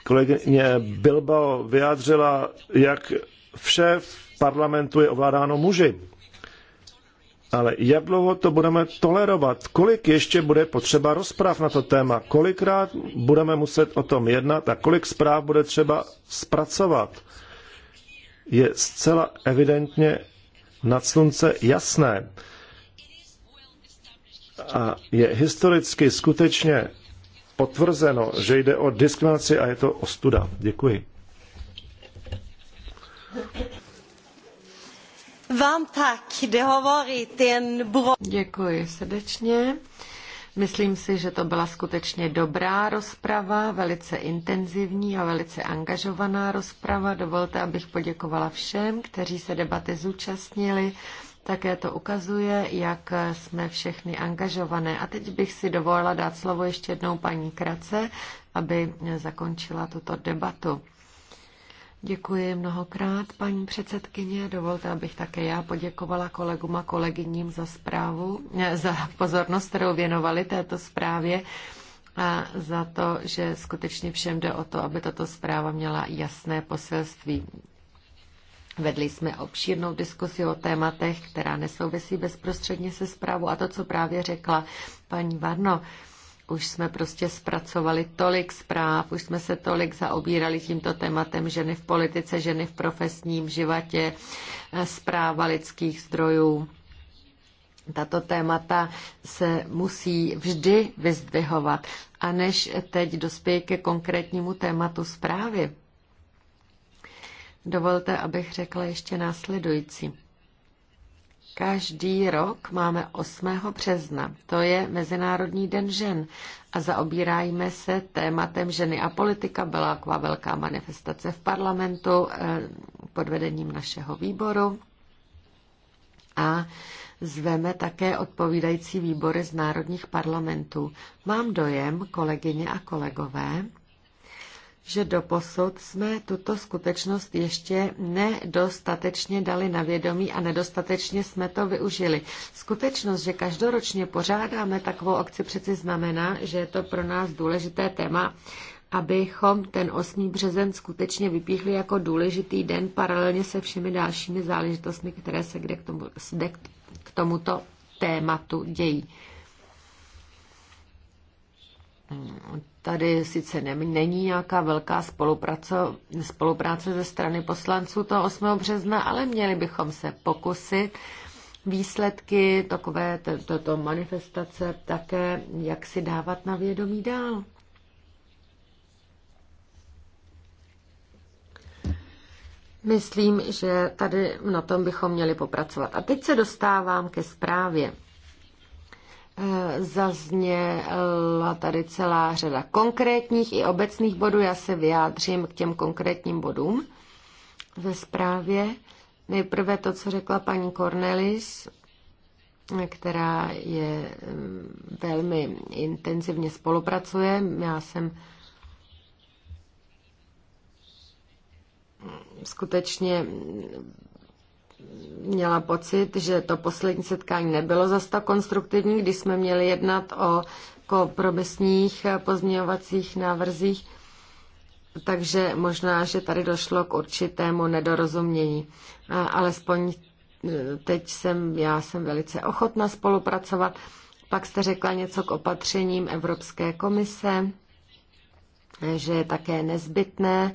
Kolegyně Bilbao vyjádřila, jak vše v parlamentu je ovládáno muži. Ale jak dlouho to budeme tolerovat? Kolik ještě bude potřeba rozpráv na to téma? Kolikrát budeme muset o tom jednat a kolik zpráv bude třeba zpracovat? Je zcela evidentně nad slunce jasné, a je historicky skutečně potvrzeno, že jde o diskriminaci a je to ostuda. Děkuji. Vám tak, jen Děkuji srdečně. Myslím si, že to byla skutečně dobrá rozprava, velice intenzivní a velice angažovaná rozprava. Dovolte, abych poděkovala všem, kteří se debaty zúčastnili také to ukazuje, jak jsme všechny angažované. A teď bych si dovolila dát slovo ještě jednou paní Krace, aby zakončila tuto debatu. Děkuji mnohokrát, paní předsedkyně. Dovolte, abych také já poděkovala kolegům a kolegyním za zprávu, eh, za pozornost, kterou věnovali této zprávě a za to, že skutečně všem jde o to, aby tato zpráva měla jasné poselství. Vedli jsme obšírnou diskusi o tématech, která nesouvisí bezprostředně se zprávou. A to, co právě řekla paní Varno, už jsme prostě zpracovali tolik zpráv, už jsme se tolik zaobírali tímto tématem ženy v politice, ženy v profesním životě, zpráva lidských zdrojů. Tato témata se musí vždy vyzdvihovat. A než teď dospěji ke konkrétnímu tématu zprávy, Dovolte, abych řekla ještě následující. Každý rok máme 8. března, to je Mezinárodní den žen a zaobírájíme se tématem ženy a politika. Byla taková velká manifestace v parlamentu eh, pod vedením našeho výboru a zveme také odpovídající výbory z národních parlamentů. Mám dojem, kolegyně a kolegové, že doposud jsme tuto skutečnost ještě nedostatečně dali na vědomí a nedostatečně jsme to využili. Skutečnost, že každoročně pořádáme takovou akci, přeci znamená, že je to pro nás důležité téma, abychom ten 8. březen skutečně vypíchli jako důležitý den paralelně se všemi dalšími záležitostmi, které se kde k, tomu, kde k tomuto tématu dějí. Tady sice není nějaká velká spolupráce, spolupráce ze strany poslanců toho 8. března, ale měli bychom se pokusit výsledky takové této manifestace také, jak si dávat na vědomí dál. Myslím, že tady na tom bychom měli popracovat. A teď se dostávám ke zprávě. Zazněla tady celá řada konkrétních i obecných bodů. Já se vyjádřím k těm konkrétním bodům ve zprávě. Nejprve to, co řekla paní Cornelis, která je mm, velmi intenzivně spolupracuje. Já jsem skutečně měla pocit, že to poslední setkání nebylo zas tak konstruktivní, když jsme měli jednat o kompromisních pozměňovacích návrzích, takže možná, že tady došlo k určitému nedorozumění. Alespoň e, teď jsem, já jsem velice ochotna spolupracovat. Pak jste řekla něco k opatřením Evropské komise, e, že je také nezbytné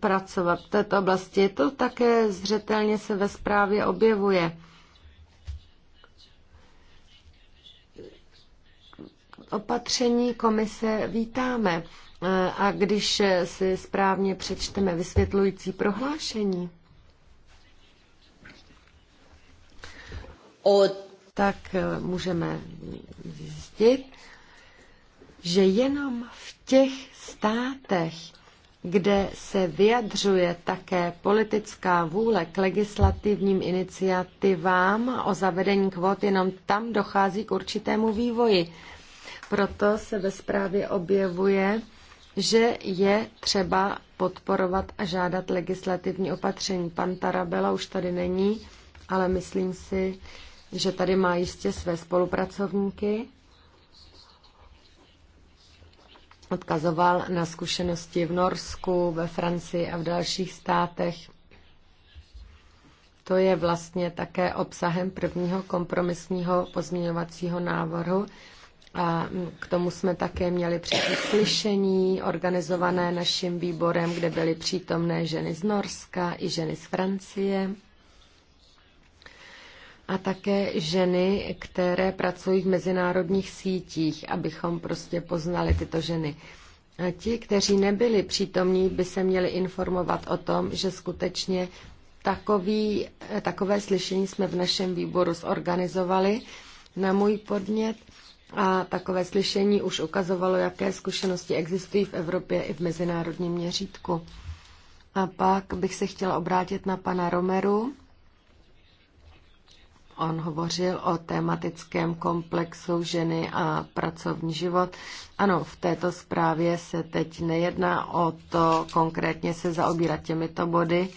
pracovat v této oblasti. To také zřetelně se ve zprávě objevuje. Opatření komise vítáme a když si správně přečteme vysvětlující prohlášení, tak můžeme zjistit, že jenom v těch státech, kde se vyjadřuje také politická vůle k legislativním iniciativám o zavedení kvót, jenom tam dochází k určitému vývoji. Proto se ve zprávě objevuje, že je třeba podporovat a žádat legislativní opatření. Pan Tarabela už tady není, ale myslím si, že tady má jistě své spolupracovníky odkazoval na zkušenosti v Norsku, ve Francii a v dalších státech. To je vlastně také obsahem prvního kompromisního pozměňovacího návrhu. A k tomu jsme také měli přijít slyšení organizované naším výborem, kde byly přítomné ženy z Norska i ženy z Francie a také ženy, které pracují v mezinárodních sítích, abychom prostě poznali tyto ženy. A ti, kteří nebyli přítomní, by se měli informovat o tom, že skutečně takový, takové slyšení jsme v našem výboru zorganizovali na můj podnět a takové slyšení už ukazovalo, jaké zkušenosti existují v Evropě i v mezinárodním měřítku. A pak bych se chtěla obrátit na pana Romeru On hovořil o tematickém komplexu ženy a pracovní život. Ano, v této zprávě se teď nejedná o to konkrétně se zaobírat těmito body.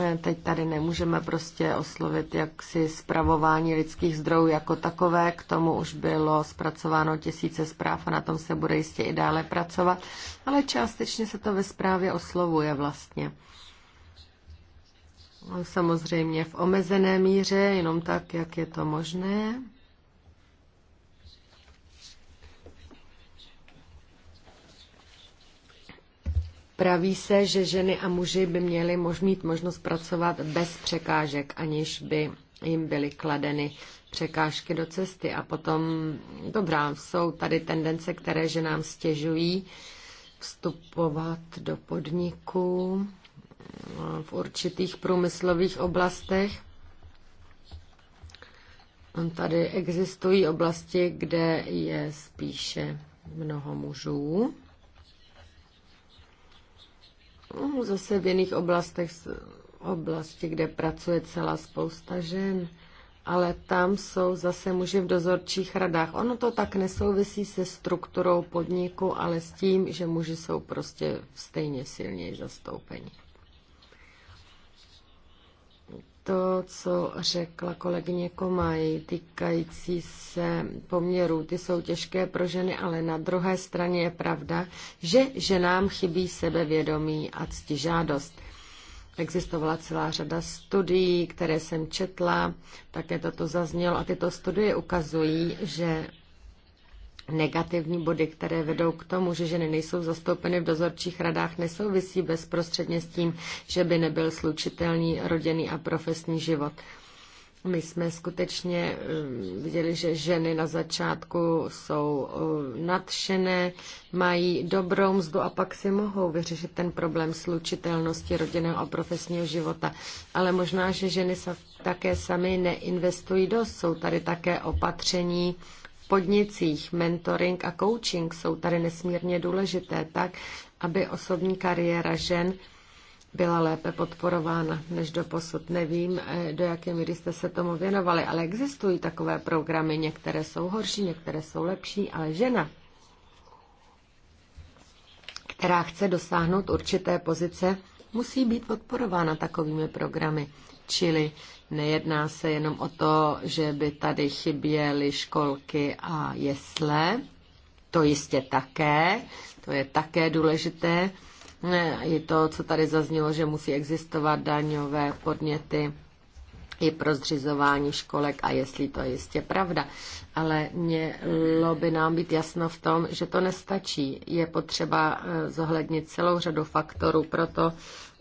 Eh, teď tady nemůžeme prostě oslovit jaksi zpravování lidských zdrojů jako takové. K tomu už bylo zpracováno tisíce zpráv a na tom se bude jistě i dále pracovat. Ale částečně se to ve zprávě oslovuje vlastně samozřejmě v omezené míře, jenom tak, jak je to možné. Praví se, že ženy a muži by měli mož, mít možnost pracovat bez překážek, aniž by jim byly kladeny překážky do cesty. A potom, dobrá, jsou tady tendence, které ženám stěžují vstupovat do podniku v určitých průmyslových oblastech. Tady existují oblasti, kde je spíše mnoho mužů. No, zase v jiných oblastech, oblasti, kde pracuje celá spousta žen, ale tam jsou zase muži v dozorčích radách. Ono to tak nesouvisí se strukturou podniku, ale s tím, že muži jsou prostě stejně silněji zastoupeni to, co řekla kolegyně Komaj, týkající se poměrů, ty jsou těžké pro ženy, ale na druhé straně je pravda, že ženám chybí sebevědomí a ctižádost. Existovala celá řada studií, které jsem četla, také toto zaznělo a tyto studie ukazují, že negativní body, které vedou k tomu, že ženy nejsou zastoupeny v dozorčích radách, nesouvisí bezprostředně s tím, že by nebyl slučitelný rodinný a profesní život. My jsme skutečně eh, viděli, že ženy na začátku jsou eh, nadšené, mají dobrou mzdu a pak si mohou vyřešit ten problém slučitelnosti rodinného a profesního života. Ale možná, že ženy také sami neinvestují dost. Jsou tady také opatření, podnicích. Mentoring a coaching jsou tady nesmírně důležité tak, aby osobní kariéra žen byla lépe podporována než do posud. Nevím, eh, do jaké míry jste se tomu věnovali, ale existují takové programy, některé jsou horší, některé jsou lepší, ale žena, která chce dosáhnout určité pozice, musí být podporována takovými programy. Čili Nejedná se jenom o to, že by tady chyběly školky a jesle, to jistě také, to je také důležité. Je to, co tady zaznělo, že musí existovat daňové podněty i pro zřizování školek a jestli to je jistě pravda. Ale mělo by nám být jasno v tom, že to nestačí. Je potřeba eh, zohlednit celou řadu faktorů pro to,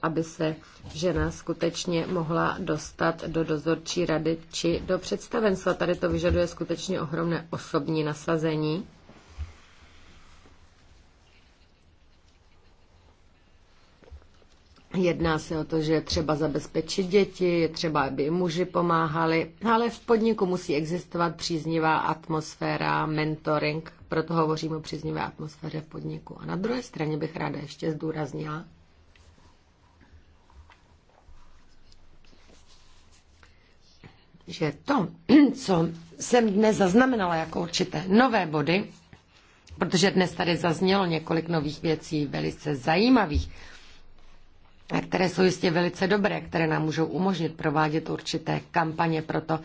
aby se žena skutečně mohla dostat do dozorčí rady či do představenstva. Tady to vyžaduje skutečně ohromné osobní nasazení. Jedná se o to, že je třeba zabezpečit děti, je třeba, aby muži pomáhali, ale v podniku musí existovat příznivá atmosféra, mentoring, proto hovořím o příznivé atmosféře v podniku. A na druhé straně bych ráda ještě zdůraznila, že to, co jsem dnes zaznamenala jako určité nové body, protože dnes tady zaznělo několik nových věcí, velice zajímavých, které jsou jistě velice dobré, které nám můžou umožnit provádět určité kampaně pro to,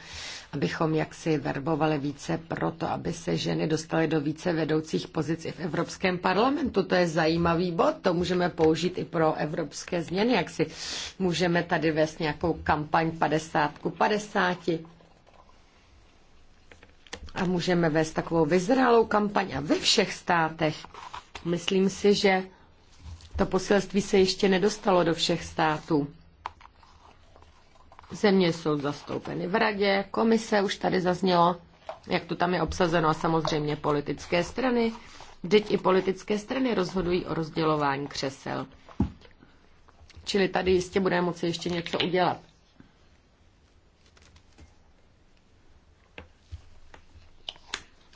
abychom jaksi verbovali více pro to, aby se ženy dostaly do více vedoucích pozic i v Evropském parlamentu. To je zajímavý bod, to můžeme použít i pro evropské změny, jak si můžeme tady vést nějakou kampaň 50 ku 50. A můžeme vést takovou vyzrálou kampaň a ve všech státech. Myslím si, že to poselství se ještě nedostalo do všech států. Země jsou zastoupeny v radě, komise už tady zaznělo, jak to tam je obsazeno a samozřejmě politické strany. Vždyť i politické strany rozhodují o rozdělování křesel. Čili tady jistě budeme moci ještě něco udělat.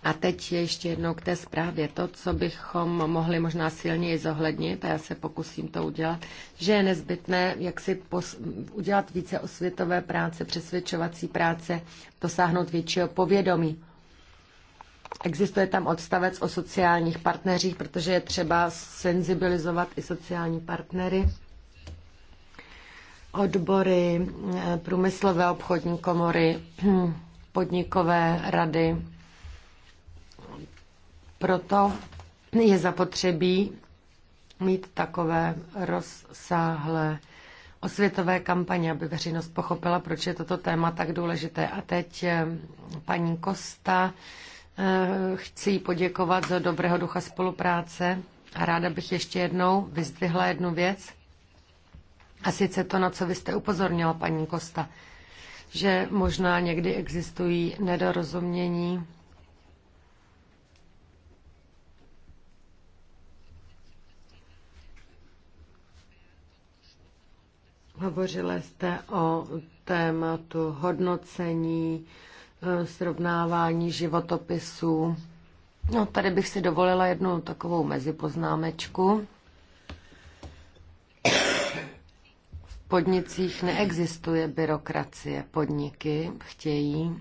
A teď ještě jednou k té zprávě. To, co bychom mohli možná silněji zohlednit, a já se pokusím to udělat, že je nezbytné, jak si udělat více osvětové práce, přesvědčovací práce, dosáhnout většího povědomí. Existuje tam odstavec o sociálních partneřích, protože je třeba senzibilizovat i sociální partnery odbory, eh, průmyslové obchodní komory, (clears throat) podnikové rady, proto je zapotřebí mít takové rozsáhlé osvětové kampaně, aby veřejnost pochopila, proč je toto téma tak důležité. A teď eh, paní Kosta, eh, chci jí poděkovat za dobrého ducha spolupráce a ráda bych ještě jednou vyzdvihla jednu věc. A sice to, na co vy jste upozornila, paní Kosta, že možná někdy existují nedorozumění Hovořili jste o tématu hodnocení, e, srovnávání životopisů. No, tady bych si dovolila jednu takovou mezipoznámečku. V podnicích neexistuje byrokracie. Podniky chtějí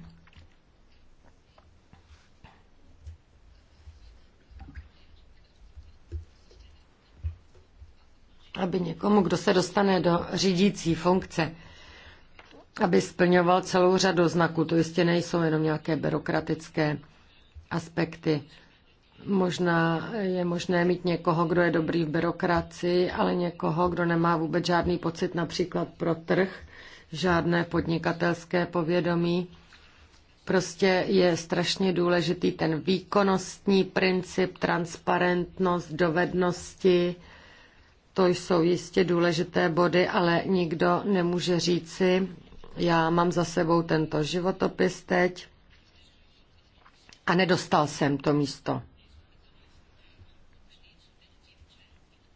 aby někomu, kdo se dostane do řídící funkce, aby splňoval celou řadu znaků. To jistě nejsou jenom nějaké byrokratické aspekty. Možná je možné mít někoho, kdo je dobrý v byrokracii, ale někoho, kdo nemá vůbec žádný pocit například pro trh, žádné podnikatelské povědomí. Prostě je strašně důležitý ten výkonnostní princip, transparentnost, dovednosti, to jsou jistě důležité body, ale nikdo nemůže říci, já mám za sebou tento životopis teď a nedostal jsem to místo.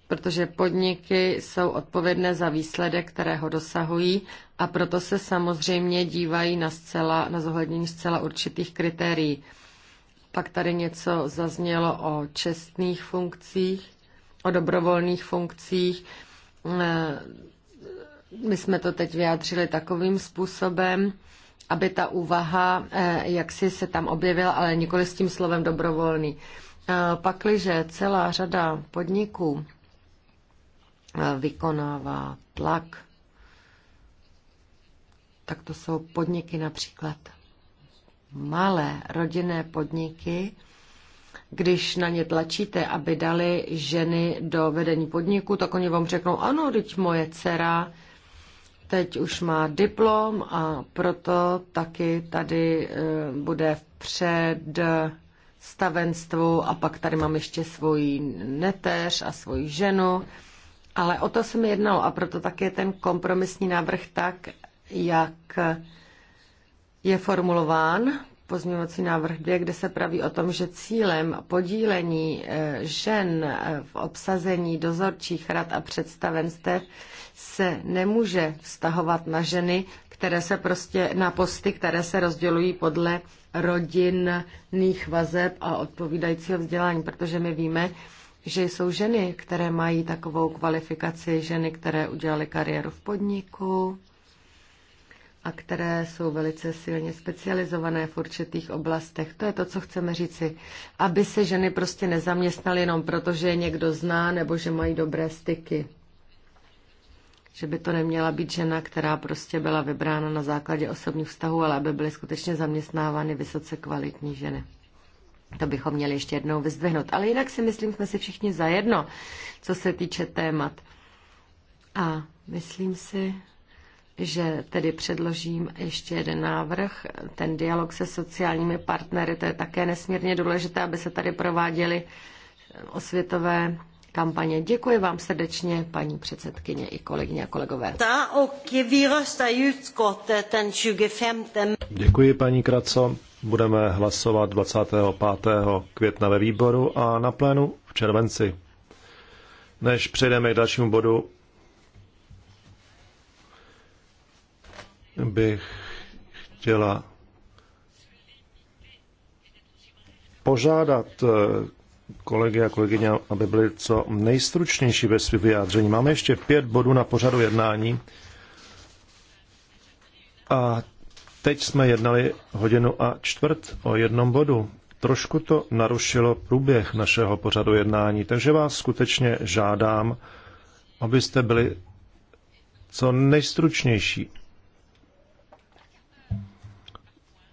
protože podniky jsou odpovědné za výsledek, kterého dosahují a proto se samozřejmě dívají na, zcela, na zohlednění zcela určitých kritérií. Pak tady něco zaznělo o čestných funkcích o dobrovolných funkcích. Eh, my jsme to teď vyjádřili takovým způsobem, aby ta úvaha, eh, jak si se tam objevila, ale nikoli s tím slovem dobrovolný. Eh, pakliže celá řada podniků vykonává tlak, tak to jsou podniky například malé rodinné podniky, když na ně tlačíte, aby dali ženy do vedení podniku, tak oni vám řeknou, ano, teď moje dcera teď už má diplom a proto taky tady eh, bude v stavenstvu a pak tady mám ještě svoji neteř a svoji ženu. Ale o to se mi jednalo a proto taky je ten kompromisní návrh tak, jak je formulován, pozměňovací návrh 2, kde se praví o tom, že cílem podílení eh, žen eh, v obsazení dozorčích rad a představenstev se nemůže vztahovat na ženy, které se prostě na posty, které se rozdělují podle rodinných vazeb a odpovídajícího vzdělání, protože my víme, že jsou ženy, které mají takovou kvalifikaci, ženy, které udělaly kariéru v podniku, a které jsou velice silně specializované v určitých oblastech. To je to, co chceme říci. Aby se ženy prostě nezaměstnaly jenom proto, že je někdo zná nebo že mají dobré styky. Že by to neměla být žena, která prostě byla vybrána na základě osobních vztahů, ale aby byly skutečně zaměstnávány vysoce kvalitní ženy. To bychom měli ještě jednou vyzdvihnout. Ale jinak si myslím, jsme si všichni zajedno, co se týče témat. A myslím si, že tedy předložím ještě jeden návrh. Ten dialog se sociálními partnery, to je také nesmírně důležité, aby se tady prováděly eh, osvětové kampaně. Děkuji vám srdečně, paní předsedkyně i kolegyně a kolegové. Děkuji, paní Kraco. Budeme hlasovat 25. května ve výboru a na plénu v červenci. Než přejdeme k dalšímu bodu, bych chtěla požádat eh, kolegy a kolegyně, aby byli co nejstručnější ve svých vyjádření. Máme ještě pět bodů na pořadu jednání a teď jsme jednali hodinu a čtvrt o jednom bodu. Trošku to narušilo průběh našeho pořadu jednání, takže vás skutečně žádám, abyste byli co nejstručnější.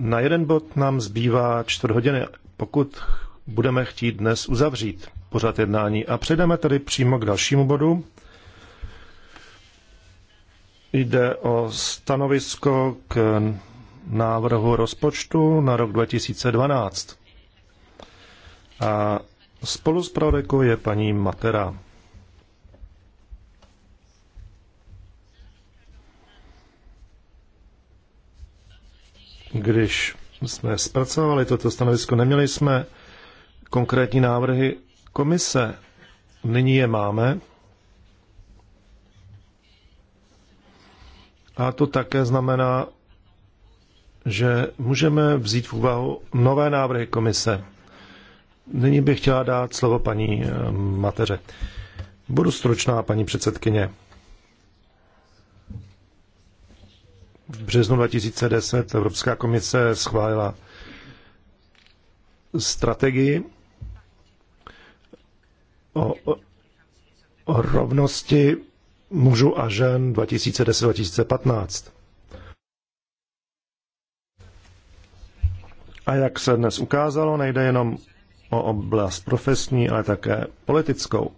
Na jeden bod nám zbývá čtvrt hodiny, pokud budeme chtít dnes uzavřít pořad jednání. A přejdeme tedy přímo k dalšímu bodu. Jde o stanovisko k návrhu rozpočtu na rok 2012. A spolu s je paní Matera. Když jsme zpracovali toto stanovisko, neměli jsme konkrétní návrhy komise. Nyní je máme. A to také znamená, že můžeme vzít v úvahu nové návrhy komise. Nyní bych chtěla dát slovo paní eh, mateře. Budu stručná, paní předsedkyně. V březnu 2010 Evropská komise schválila strategii o, o, o rovnosti mužů a žen 2010-2015. A jak se dnes ukázalo, nejde jenom o oblast profesní, ale také politickou.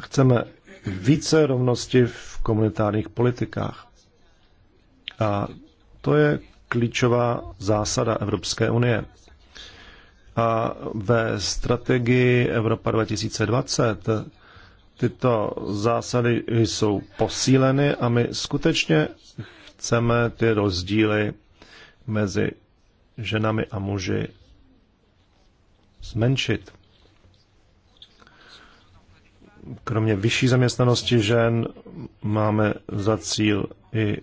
Chceme více rovnosti v komunitárních politikách. A to je klíčová zásada Evropské unie. A ve strategii Evropa 2020 tyto zásady jsou posíleny a my skutečně chceme ty rozdíly mezi ženami a muži zmenšit. Kromě vyšší zaměstnanosti žen máme za cíl i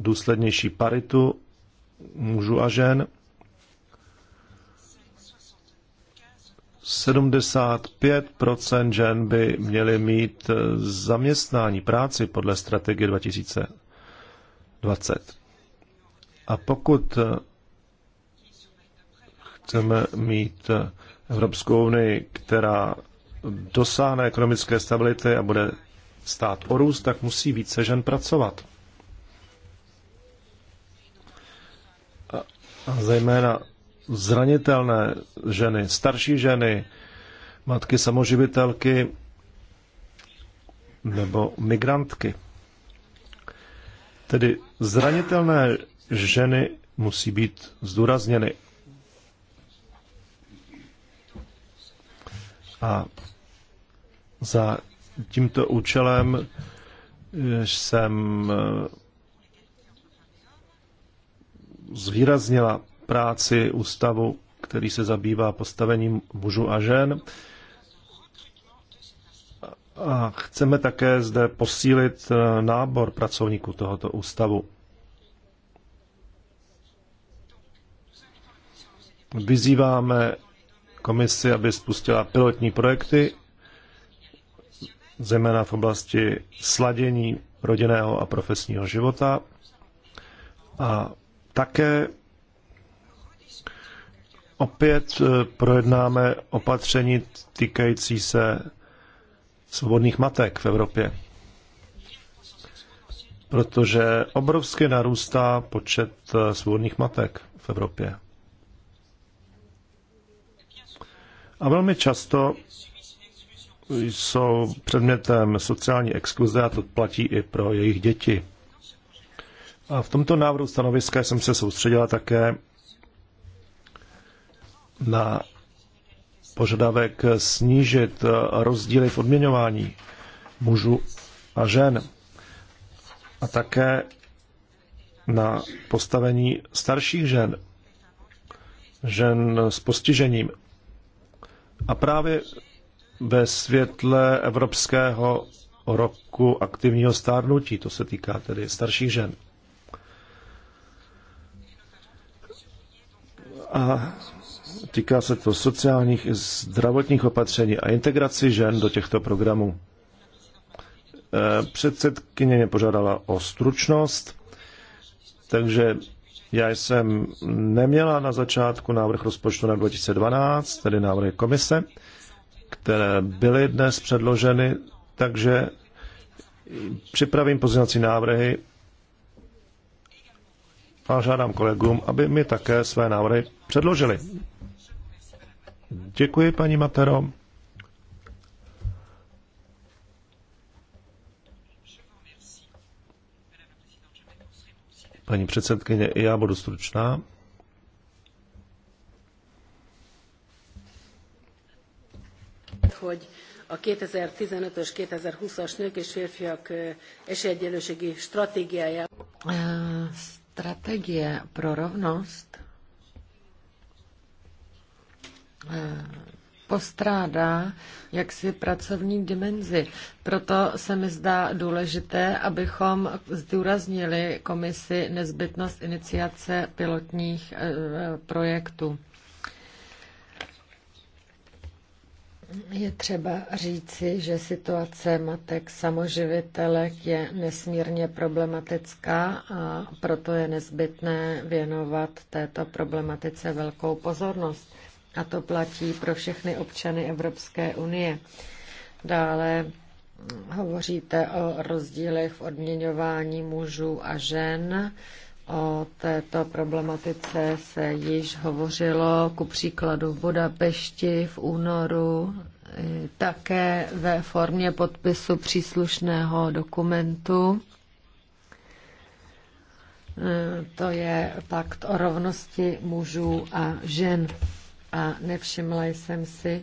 důslednější paritu mužů a žen. 75 žen by měly mít eh, zaměstnání, práci podle strategie 2020. A pokud eh, chceme mít eh, Evropskou unii, která dosáhne ekonomické stability a bude stát o růst, tak musí více žen pracovat. a zejména zranitelné ženy, starší ženy, matky samoživitelky nebo migrantky. Tedy zranitelné ženy musí být zdůrazněny. A za tímto účelem jsem zvýraznila práci ústavu, který se zabývá postavením mužů a žen. A chceme také zde posílit eh, nábor pracovníků tohoto ústavu. Vyzýváme komisi, aby spustila pilotní projekty, zejména v oblasti sladění rodinného a profesního života. A také opět eh, projednáme opatření týkající se svobodných matek v Evropě. Protože obrovsky narůstá počet eh, svobodných matek v Evropě. A velmi často jsou předmětem sociální exkluze a to platí i pro jejich děti. A v tomto návrhu stanoviska jsem se soustředila také na požadavek snížit rozdíly v odměňování mužů a žen a také na postavení starších žen, žen s postižením. A právě ve světle Evropského roku aktivního stárnutí, to se týká tedy starších žen. a týká se to sociálních i zdravotních opatření a integraci žen do těchto programů. E, předsedkyně mě požádala o stručnost, takže já jsem neměla na začátku návrh rozpočtu na 2012, tedy návrhy komise, které byly dnes předloženy, takže připravím pozměňovací návrhy a žádám kolegům, aby mi také své návrhy předložili. Děkuji, paní Matero. Paní předsedkyně, i já budu stručná. hogy a 2015 2020-as nők és férfiak esélyegyenlőségi stratégiájával strategie pro rovnost eh, postrádá jaksi pracovní dimenzi. Proto se mi zdá důležité, abychom zdůraznili komisi nezbytnost iniciace pilotních eh, projektů. Je třeba říci, že situace matek samoživitelek je nesmírně problematická a proto je nezbytné věnovat této problematice velkou pozornost. A to platí pro všechny občany Evropské unie. Dále hovoříte o rozdílech v odměňování mužů a žen O této problematice se již hovořilo ku příkladu v Budapešti v únoru, také ve formě podpisu příslušného dokumentu. E, to je pakt o rovnosti mužů a žen. A nevšimla jsem si,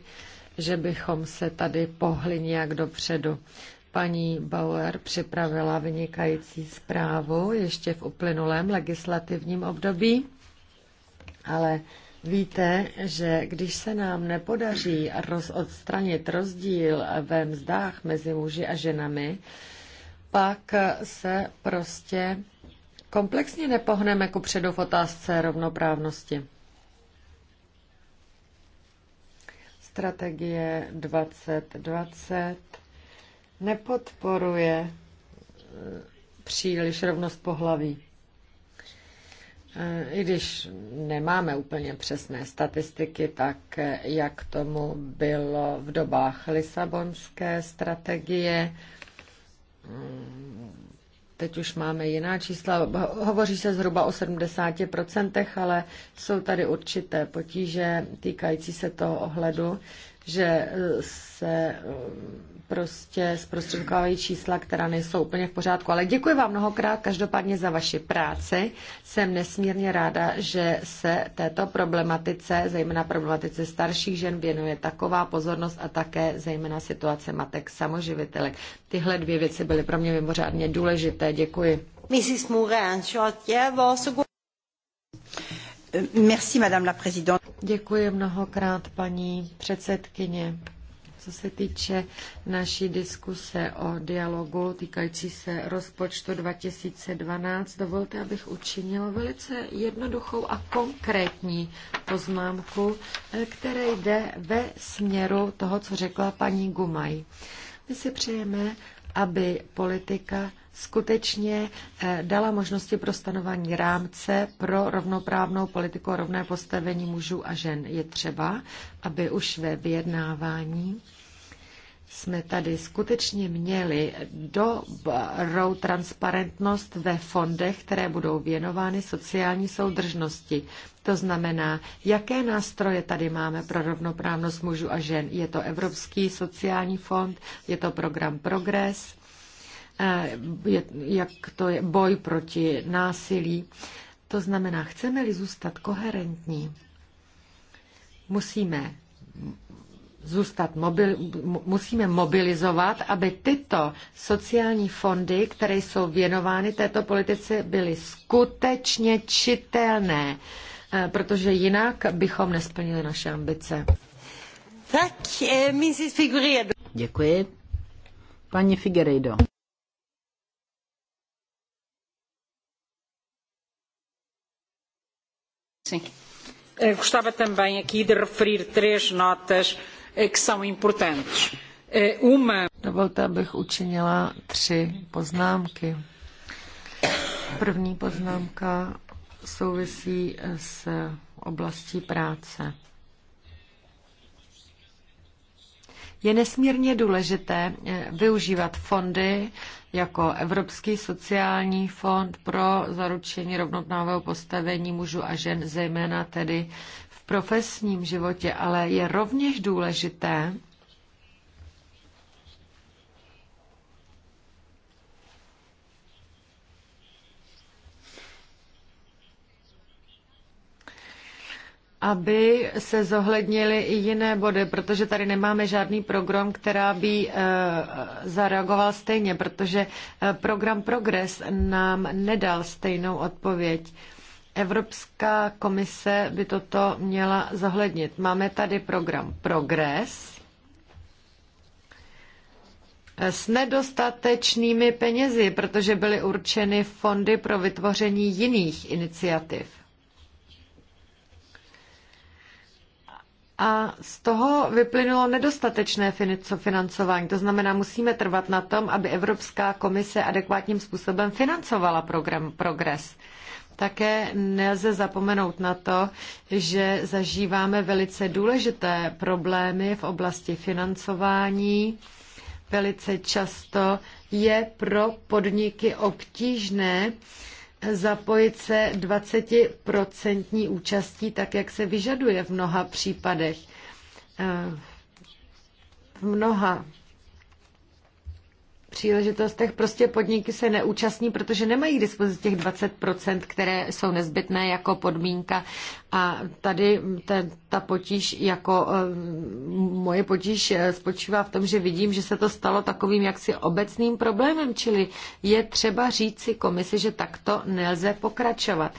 že bychom se tady pohli nějak dopředu paní Bauer připravila vynikající zprávu ještě v uplynulém legislativním období, ale víte, že když se nám nepodaří odstranit rozdíl ve mzdách mezi muži a ženami, pak se prostě komplexně nepohneme ku předu v otázce rovnoprávnosti. Strategie 2020 nepodporuje eh, příliš rovnost pohlaví. Eh, I když nemáme úplně přesné statistiky, tak eh, jak tomu bylo v dobách Lisabonské strategie, mm, teď už máme jiná čísla, hovoří se zhruba o 70%, ale jsou tady určité potíže týkající se toho ohledu, že eh, se eh, prostě zprostředkovávají čísla, která nejsou úplně v pořádku. Ale děkuji vám mnohokrát každopádně za vaši práci. Jsem nesmírně ráda, že se této problematice, zejména problematice starších žen, věnuje taková pozornost a také zejména situace matek samoživitelek. Tyhle dvě věci byly pro mě mimořádně důležité. Děkuji. Mrs. Morin, Děkuji mnohokrát, paní předsedkyně. Co se týče naší diskuse o dialogu týkající se rozpočtu 2012, dovolte, abych učinila velice jednoduchou a konkrétní poznámku, eh, které jde ve směru toho, co řekla paní Gumaj. My si přejeme, aby politika skutečně eh, dala možnosti pro stanování rámce pro rovnoprávnou politiku a rovné postavení mužů a žen. Je třeba, aby už ve vyjednávání jsme tady skutečně měli dobrou transparentnost ve fondech, které budou věnovány sociální soudržnosti. To znamená, jaké nástroje tady máme pro rovnoprávnost mužů a žen. Je to Evropský sociální fond, je to program Progress, Eh, jak to je boj proti násilí. To znamená, chceme-li zůstat koherentní, musíme zůstat mobil, musíme mobilizovat, aby tyto sociální fondy, které jsou věnovány této politice, byly skutečně čitelné, eh, protože jinak bychom nesplnili naše ambice. Tak, eh, Mrs. Figueredo. Děkuji. Paní Figueiredo. Sim. Eh, gostava também aqui de referir três notas eh, que são importantes. Eh, uma... Dovolte, abych učinila tři poznámky. První poznámka souvisí s oblastí práce. Je nesmírně důležité eh, využívat fondy jako Evropský sociální fond pro zaručení rovnoprávného postavení mužů a žen, zejména tedy v profesním životě, ale je rovněž důležité aby se zohlednily i jiné body, protože tady nemáme žádný program, která by eh, zareagoval stejně, protože eh, program Progress nám nedal stejnou odpověď. Evropská komise by toto měla zohlednit. Máme tady program Progress eh, s nedostatečnými penězi, protože byly určeny fondy pro vytvoření jiných iniciativ. a z toho vyplynulo nedostatečné financování. To znamená, musíme trvat na tom, aby Evropská komise adekvátním způsobem financovala program Progress. Také nelze zapomenout na to, že zažíváme velice důležité problémy v oblasti financování. Velice často je pro podniky obtížné zapojit se 20% účastí, tak jak se vyžaduje v mnoha případech. Eh, v mnoha příležitostech prostě podniky se neúčastní, protože nemají k dispozici těch 20%, které jsou nezbytné jako podmínka. A tady ten, ta potíž, jako eh, moje potíž eh, spočívá v tom, že vidím, že se to stalo takovým jaksi obecným problémem, čili je třeba říci komisi, že takto nelze pokračovat.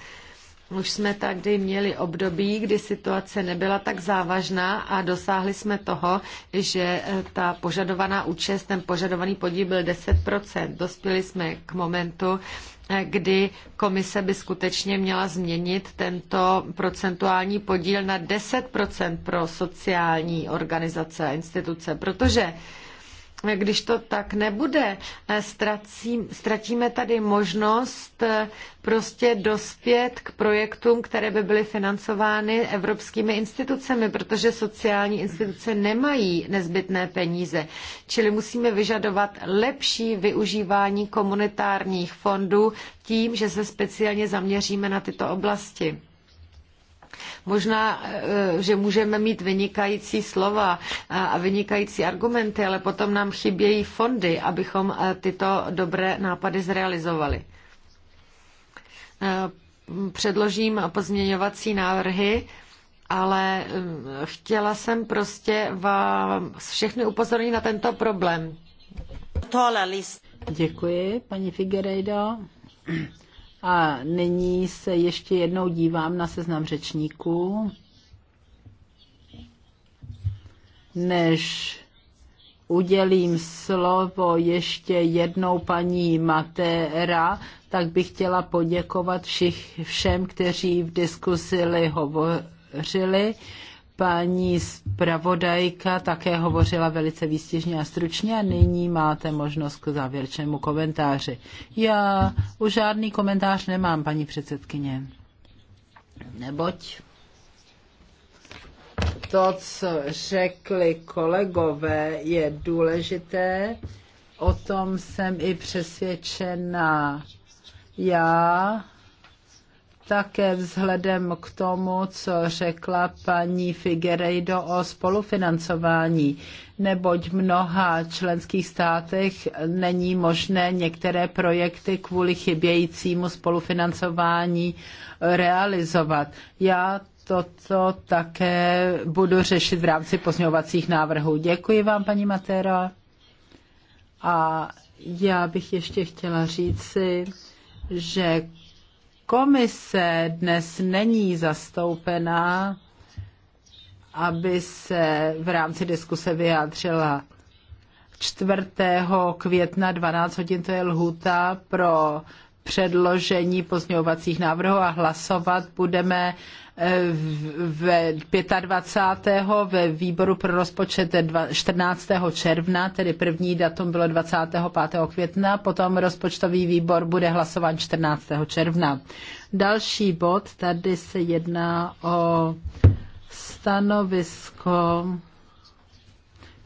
Už jsme tady měli období, kdy situace nebyla tak závažná a dosáhli jsme toho, že eh, ta požadovaná účast, ten požadovaný podíl byl 10%. Dospěli jsme k momentu, eh, kdy komise by skutečně měla změnit tento procentuální podíl na 10% pro sociální organizace a instituce, protože když to tak nebude, eh, ztracím, ztratíme tady možnost eh, prostě dospět k projektům, které by byly financovány evropskými institucemi, protože sociální instituce nemají nezbytné peníze. Čili musíme vyžadovat lepší využívání komunitárních fondů tím, že se speciálně zaměříme na tyto oblasti. Možná, eh, že můžeme mít vynikající slova a vynikající argumenty, ale potom nám chybějí fondy, abychom eh, tyto dobré nápady zrealizovali. Eh, předložím pozměňovací návrhy, ale chtěla jsem prostě vám všechny upozornit na tento problém. Děkuji, paní Figueiredo. A nyní se ještě jednou dívám na seznam řečníků. Než udělím slovo ještě jednou paní Matera, tak bych chtěla poděkovat všich, všem, kteří v diskusi hovořili. Paní zpravodajka také hovořila velice výstěžně a stručně a nyní máte možnost k závěrečnému komentáři. Já už žádný komentář nemám, paní předsedkyně. Neboť to, co řekli kolegové, je důležité. O tom jsem i přesvědčena já také vzhledem k tomu, co řekla paní Figueiredo o spolufinancování, neboť v mnoha členských státech není možné některé projekty kvůli chybějícímu spolufinancování realizovat. Já toto také budu řešit v rámci pozměňovacích návrhů. Děkuji vám, paní Matera. A já bych ještě chtěla říci, že komise dnes není zastoupená, aby se v rámci diskuse vyjádřila. 4. května 12 hodin to je lhuta pro předložení pozměňovacích návrhů a hlasovat budeme eh, ve 25. ve výboru pro rozpočet 14. června, tedy první datum bylo 25. května, potom rozpočtový výbor bude hlasován 14. června. Další bod, tady se jedná o stanovisko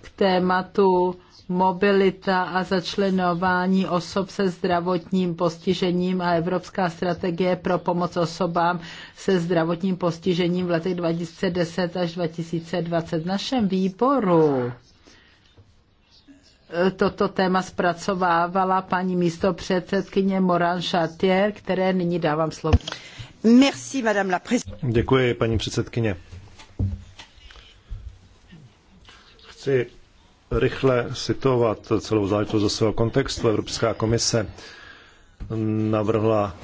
k tématu mobilita a začlenování osob se zdravotním postižením a Evropská strategie pro pomoc osobám se zdravotním postižením v letech 2010 až 2020. V našem výboru eh, toto téma zpracovávala paní místo předsedkyně Moran Chatier, které nyní dávám slovo. Merci, madame la Děkuji, paní předsedkyně. Chci rychle citovat celou záležitost ze svého kontextu. Evropská komise navrhla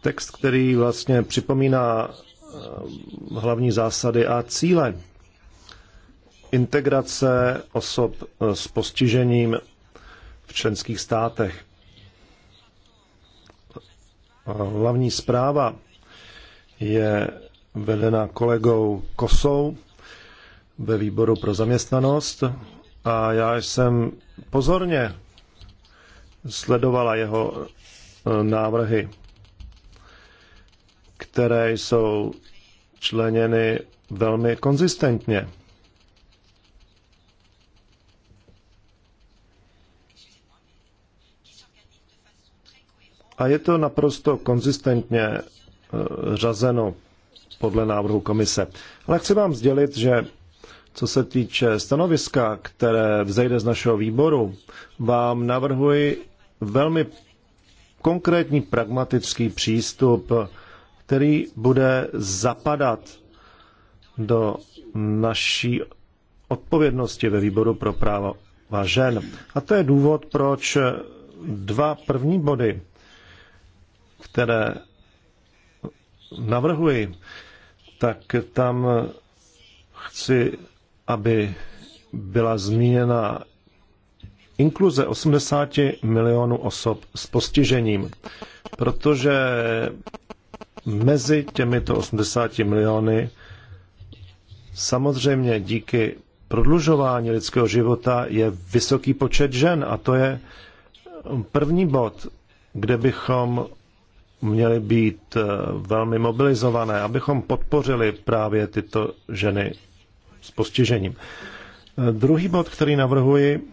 text, který vlastně připomíná eh, hlavní zásady a cíle integrace osob eh, s postižením v členských státech. Hlavní zpráva je vedena kolegou Kosou ve výboru pro zaměstnanost a já jsem pozorně sledovala jeho e, návrhy, které jsou členěny velmi konzistentně. A je to naprosto konzistentně e, řazeno podle návrhu komise. Ale chci vám sdělit, že co se týče stanoviska, které vzejde z našeho výboru, vám navrhuji velmi konkrétní pragmatický přístup, který bude zapadat do naší odpovědnosti ve výboru pro práva žen. A to je důvod, proč dva první body, které navrhuji, tak tam chci aby byla zmíněna inkluze 80 milionů osob s postižením, protože mezi těmito 80 miliony samozřejmě díky prodlužování lidského života je vysoký počet žen a to je první bod, kde bychom měli být eh, velmi mobilizované, abychom podpořili právě tyto ženy s postižením. Eh, druhý bod, který navrhuji,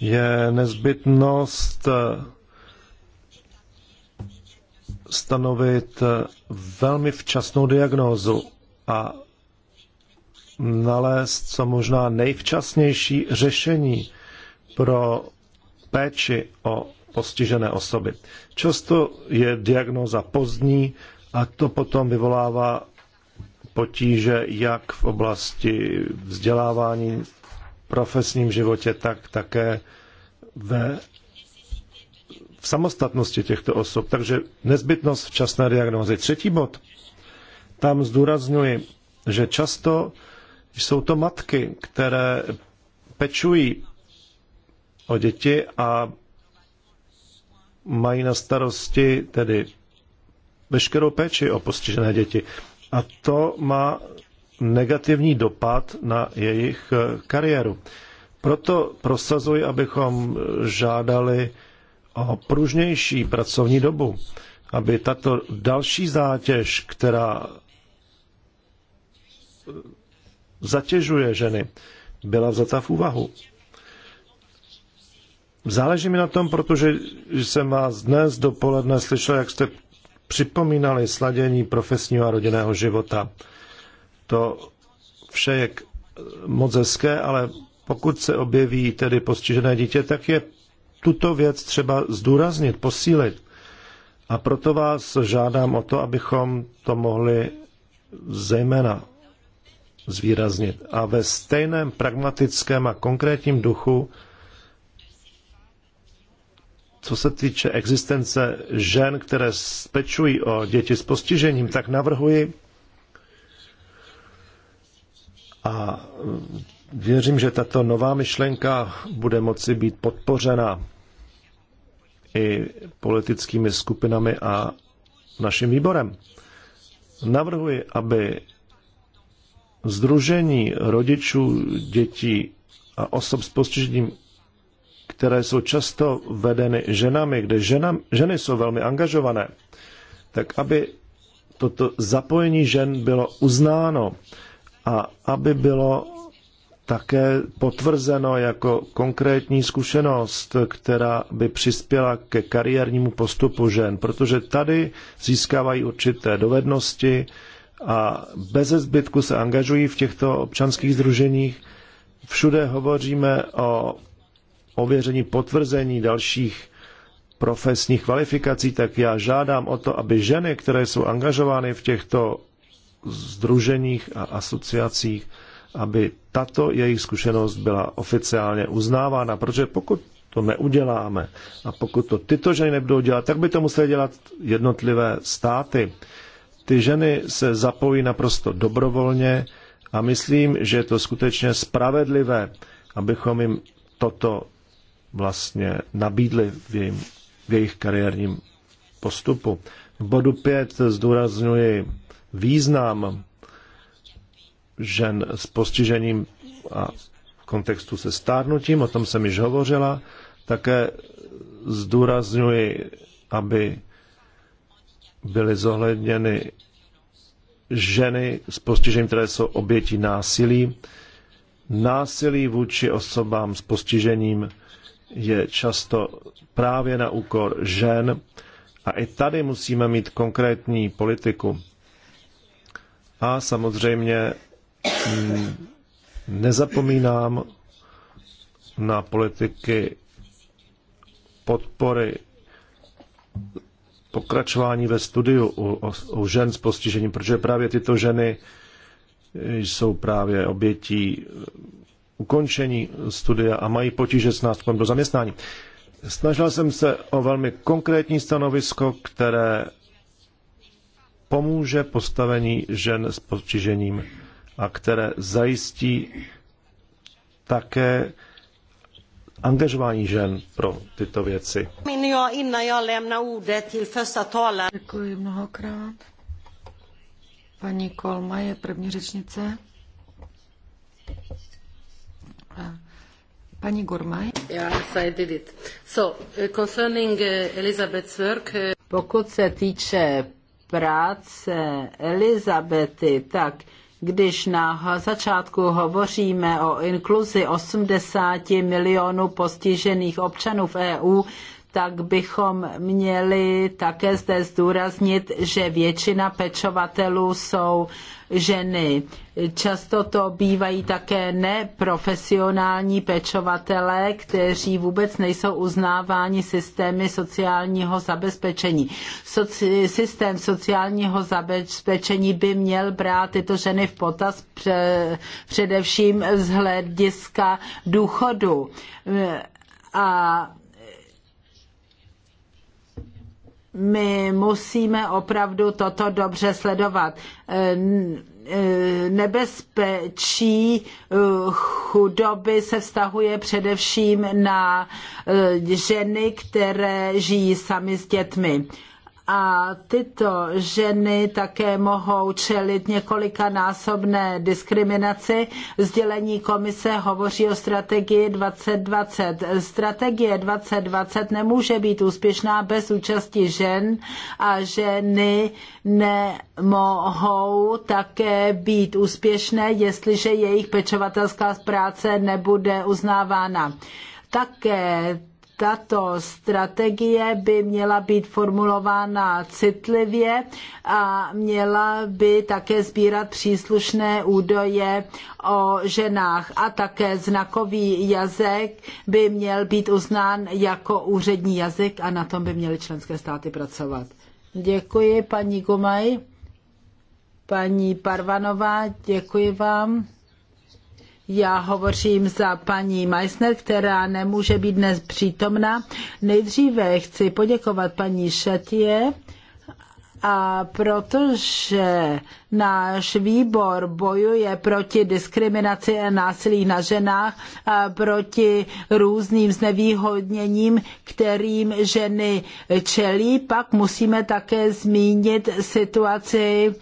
je nezbytnost eh, stanovit eh, velmi včasnou diagnózu a nalézt co možná nejvčasnější řešení pro péči o postižené osoby. Často je diagnóza pozdní a to potom vyvolává potíže jak v oblasti vzdělávání, profesním životě, tak také ve v samostatnosti těchto osob. Takže nezbytnost včasné diagnózy. Třetí bod. Tam zdůrazňuji, že často jsou to matky, které pečují o děti a mají na starosti tedy veškerou péči o postižené děti a to má negativní dopad na jejich eh, kariéru. Proto prosazuji, abychom žádali o pružnější pracovní dobu, aby tato další zátěž, která eh, zatěžuje ženy, byla vzata v úvahu. Záleží mi na tom, protože jsem vás dnes dopoledne slyšel, jak jste připomínali sladění profesního a rodinného života. To vše je moc hezké, ale pokud se objeví tedy postižené dítě, tak je tuto věc třeba zdůraznit, posílit. A proto vás žádám o to, abychom to mohli zejména zvýraznit. A ve stejném pragmatickém a konkrétním duchu co se týče existence žen, které pečují o děti s postižením, tak navrhuji a věřím, že tato nová myšlenka bude moci být podpořena i politickými skupinami a naším výborem. Navrhuji, aby Združení rodičů dětí a osob s postižením které jsou často vedeny ženami, kde žena, ženy jsou velmi angažované, tak aby toto zapojení žen bylo uznáno a aby bylo také potvrzeno jako konkrétní zkušenost, která by přispěla ke kariérnímu postupu žen, protože tady získávají určité dovednosti a bez zbytku se angažují v těchto občanských združeních. Všude hovoříme o ověření, potvrzení dalších profesních kvalifikací, tak já žádám o to, aby ženy, které jsou angažovány v těchto združeních a asociacích, aby tato jejich zkušenost byla oficiálně uznávána, protože pokud to neuděláme a pokud to tyto ženy nebudou dělat, tak by to musely dělat jednotlivé státy. Ty ženy se zapojí naprosto dobrovolně a myslím, že je to skutečně spravedlivé, abychom jim toto vlastně nabídli v, jejím, v jejich kariérním postupu. V bodu 5 zdůraznuji význam žen s postižením a v kontextu se stárnutím, o tom jsem již hovořila. Také zdůraznuji, aby byly zohledněny ženy s postižením, které jsou obětí násilí, násilí vůči osobám s postižením, je často právě na úkor žen a i tady musíme mít konkrétní politiku. A samozřejmě mm, nezapomínám na politiky podpory pokračování ve studiu u, u žen s postižením, protože právě tyto ženy jsou právě obětí ukončení studia a mají potíže s nástupem do zaměstnání. Snažil jsem se o velmi konkrétní stanovisko, které pomůže postavení žen s postižením a které zajistí také angažování žen pro tyto věci. Děkuji mnohokrát. Paní Kolma je první řečnice. Paní Gormaj. Yes, I did it. So, uh, concerning uh, Elizabeth's work... Uh, Pokud se týče práce Elizabety, tak když na začátku hovoříme o inkluzi 80 milionů postižených občanů v EU, tak bychom měli také zde zdůraznit, že většina pečovatelů jsou ženy. Často to bývají také neprofesionální pečovatelé, kteří vůbec nejsou uznáváni systémy sociálního zabezpečení. Soci- systém sociálního zabezpečení by měl brát tyto ženy v potaz pře- především z hlediska důchodu. A my musíme opravdu toto dobře sledovat. E, e, nebezpečí e, chudoby se vztahuje především na ženy, které žijí sami s dětmi a tyto ženy také mohou čelit několika násobné diskriminaci. Vzdělení komise hovoří o strategii 2020. Strategie 2020 nemůže být úspěšná bez účasti žen a ženy nemohou také být úspěšné, jestliže jejich pečovatelská práce nebude uznávána. Také tato strategie by měla být formulována citlivě a měla by také sbírat příslušné údaje o ženách a také znakový jazyk by měl být uznán jako úřední jazyk a na tom by měly členské státy pracovat. Děkuji paní Gomaj, paní Parvanová, děkuji vám. Já hovořím za paní Meissner, která nemůže být dnes přítomna. Nejdříve chci poděkovat paní Šatě, a protože Náš výbor bojuje proti diskriminaci a násilí na ženách a proti různým znevýhodněním, kterým ženy čelí. Pak musíme také zmínit situaci e,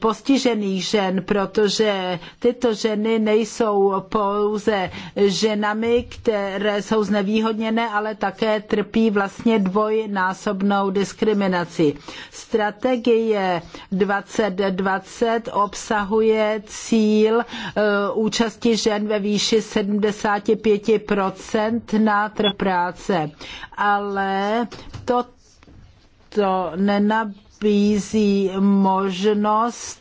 postižených žen, protože tyto ženy nejsou pouze ženami, které jsou znevýhodněné, ale také trpí vlastně dvojnásobnou diskriminací. Strategie 22 2020 obsahuje cíl eh, účasti žen ve výši 75% na trh práce. Ale to nenabízí možnost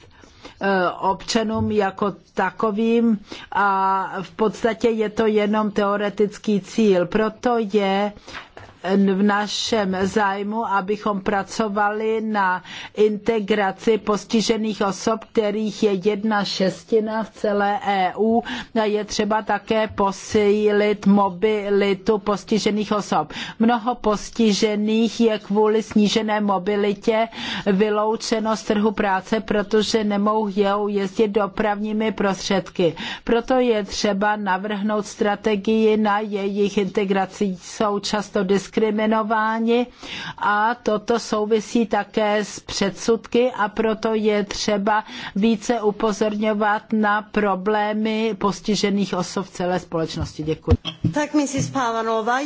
eh, občanům jako takovým a v podstatě je to jenom teoretický cíl. Proto je v našem zájmu, abychom pracovali na integraci postižených osob, kterých je jedna šestina v celé EU. Je třeba také posílit mobilitu postižených osob. Mnoho postižených je kvůli snížené mobilitě vyloučeno z trhu práce, protože nemohou jezdit dopravními prostředky. Proto je třeba navrhnout strategii na jejich integraci. Jsou často diskriminovaní diskriminováni a toto souvisí také s předsudky a proto je třeba více upozorňovat na problémy postižených osob v celé společnosti. Děkuji. Tak, Mrs. Parvanova,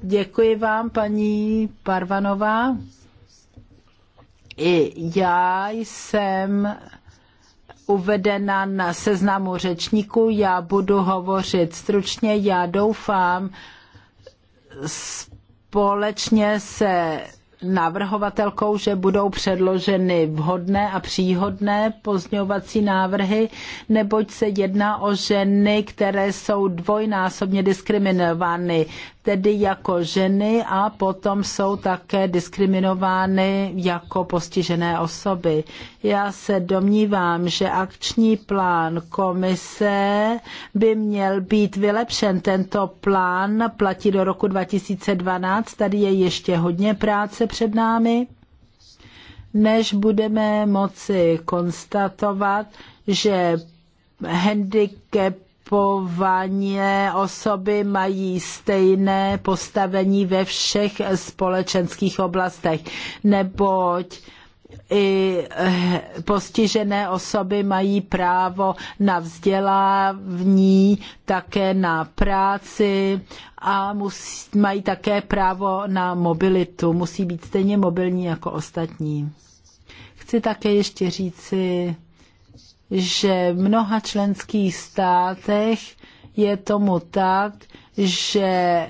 Děkuji vám, paní Parvanová. I já jsem uvedena na seznamu řečníků. Já budu hovořit stručně. Já doufám, s společně se navrhovatelkou, že budou předloženy vhodné a příhodné pozňovací návrhy, neboť se jedná o ženy, které jsou dvojnásobně diskriminovány tedy jako ženy a potom jsou také diskriminovány jako postižené osoby. Já se domnívám, že akční plán komise by měl být vylepšen. Tento plán platí do roku 2012, tady je ještě hodně práce před námi než budeme moci konstatovat, že handicap zastupované osoby mají stejné postavení ve všech společenských oblastech, neboť i eh, postižené osoby mají právo na vzdělání, také na práci a musí, mají také právo na mobilitu. Musí být stejně mobilní jako ostatní. Chci také ještě říci, že v mnoha členských státech je tomu tak, že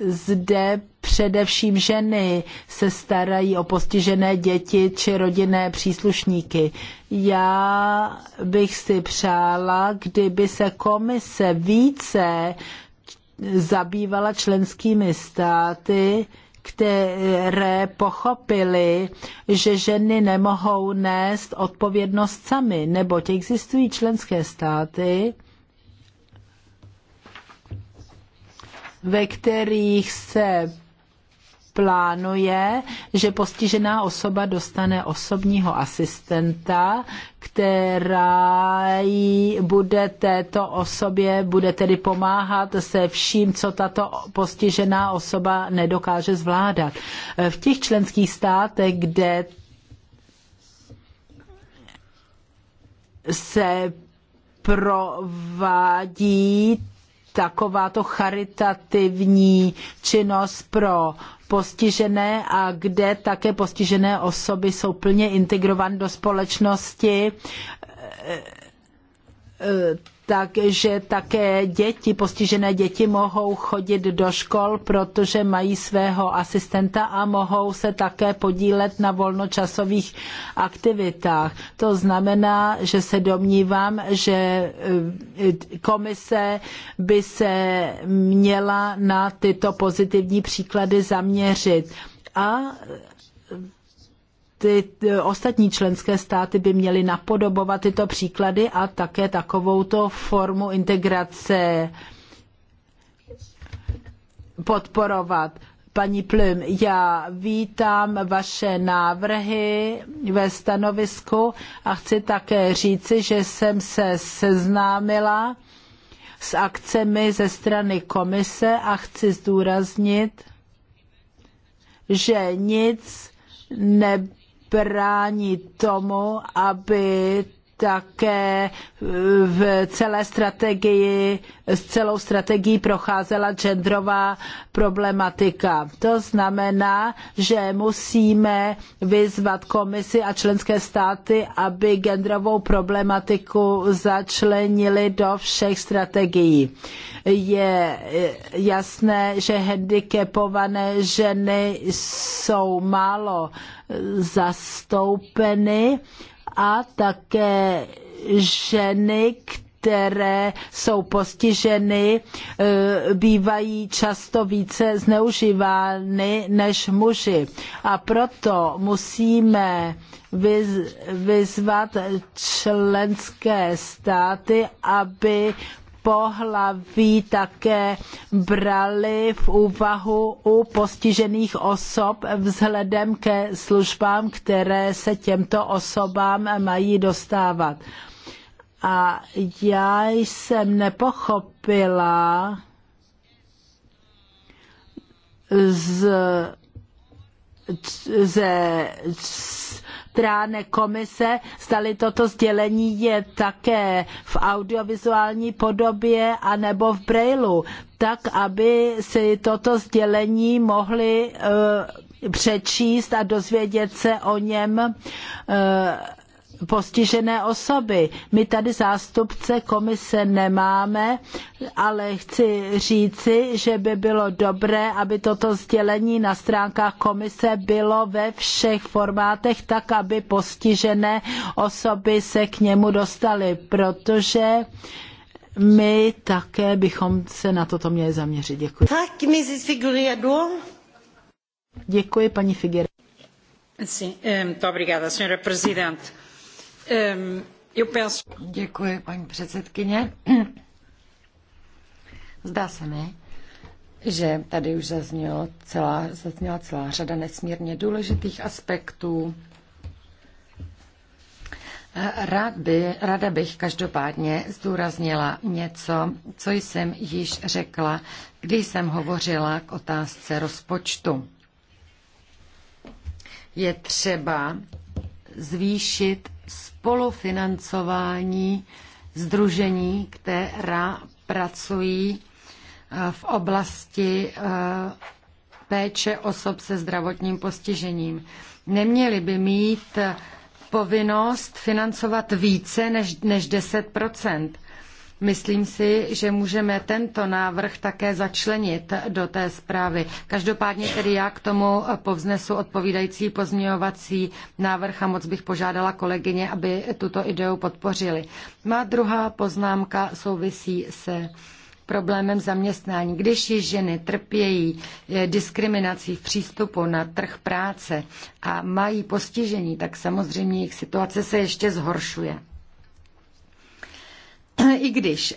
zde především ženy se starají o postižené děti či rodinné příslušníky. Já bych si přála, kdyby se komise více zabývala členskými státy, které pochopily, že ženy nemohou nést odpovědnost sami, neboť existují členské státy, ve kterých se plánuje, že postižená osoba dostane osobního asistenta, která bude této osobě, bude tedy pomáhat se vším, co tato postižená osoba nedokáže zvládat. V těch členských státech, kde se provádí takováto charitativní činnost pro postižené a kde také postižené osoby jsou plně integrovány do společnosti takže také děti, postižené děti mohou chodit do škol, protože mají svého asistenta a mohou se také podílet na volnočasových aktivitách. To znamená, že se domnívám, že eh, komise by se měla na tyto pozitivní příklady zaměřit a ty ostatní členské státy by měly napodobovat tyto příklady a také takovouto formu integrace podporovat. Paní Plym, já vítám vaše návrhy ve stanovisku a chci také říci, že jsem se seznámila s akcemi ze strany komise a chci zdůraznit, že nic nebylo brání tomu, aby také eh, v celé strategii, s celou strategií procházela genderová problematika. To znamená, že musíme vyzvat komisi a členské státy, aby genderovou problematiku začlenili do všech strategií. Je eh, jasné, že handicapované ženy jsou málo eh, zastoupeny a také ženy, které jsou postiženy, e, bývají často více zneužívány než muži. A proto musíme vyzvat členské státy, aby pohlaví také brali v úvahu u postižených osob vzhledem ke službám, které se těmto osobám mají dostávat. A já jsem nepochopila z, ze stránek komise, zdali toto sdělení je také v audiovizuální podobě anebo v brailu, tak aby si toto sdělení mohli eh, přečíst a dozvědět se o něm eh, postižené osoby. My tady zástupce komise nemáme, ale chci říci, že by bylo dobré, aby toto sdělení na stránkách komise bylo ve všech formátech, tak aby postižené osoby se k němu dostaly, protože my také bychom se na toto měli zaměřit. Děkuji. Tak, Mrs. Figueredo. Děkuji, paní Figueredo. Sim, eh, muito obrigada, senhora Presidente. Ehm, Děkuji, paní předsedkyně. Zdá se mi, že tady už celá, zazněla celá řada nesmírně důležitých aspektů. Rád by, ráda bych každopádně zdůraznila něco, co jsem již řekla, když jsem hovořila k otázce rozpočtu. Je třeba zvýšit spolufinancování združení, která pracují eh, v oblasti eh, péče osob se zdravotním postižením. Neměli by mít povinnost financovat více než, než 10 Myslím si, že můžeme tento návrh také začlenit do té zprávy. Každopádně tedy já k tomu povznesu odpovídající pozměňovací návrh a moc bych požádala kolegyně, aby tuto ideu podpořili. Má druhá poznámka souvisí se problémem zaměstnání. Když již ženy trpějí eh, diskriminací v přístupu na trh práce a mají postižení, tak samozřejmě jejich situace se ještě zhoršuje. I když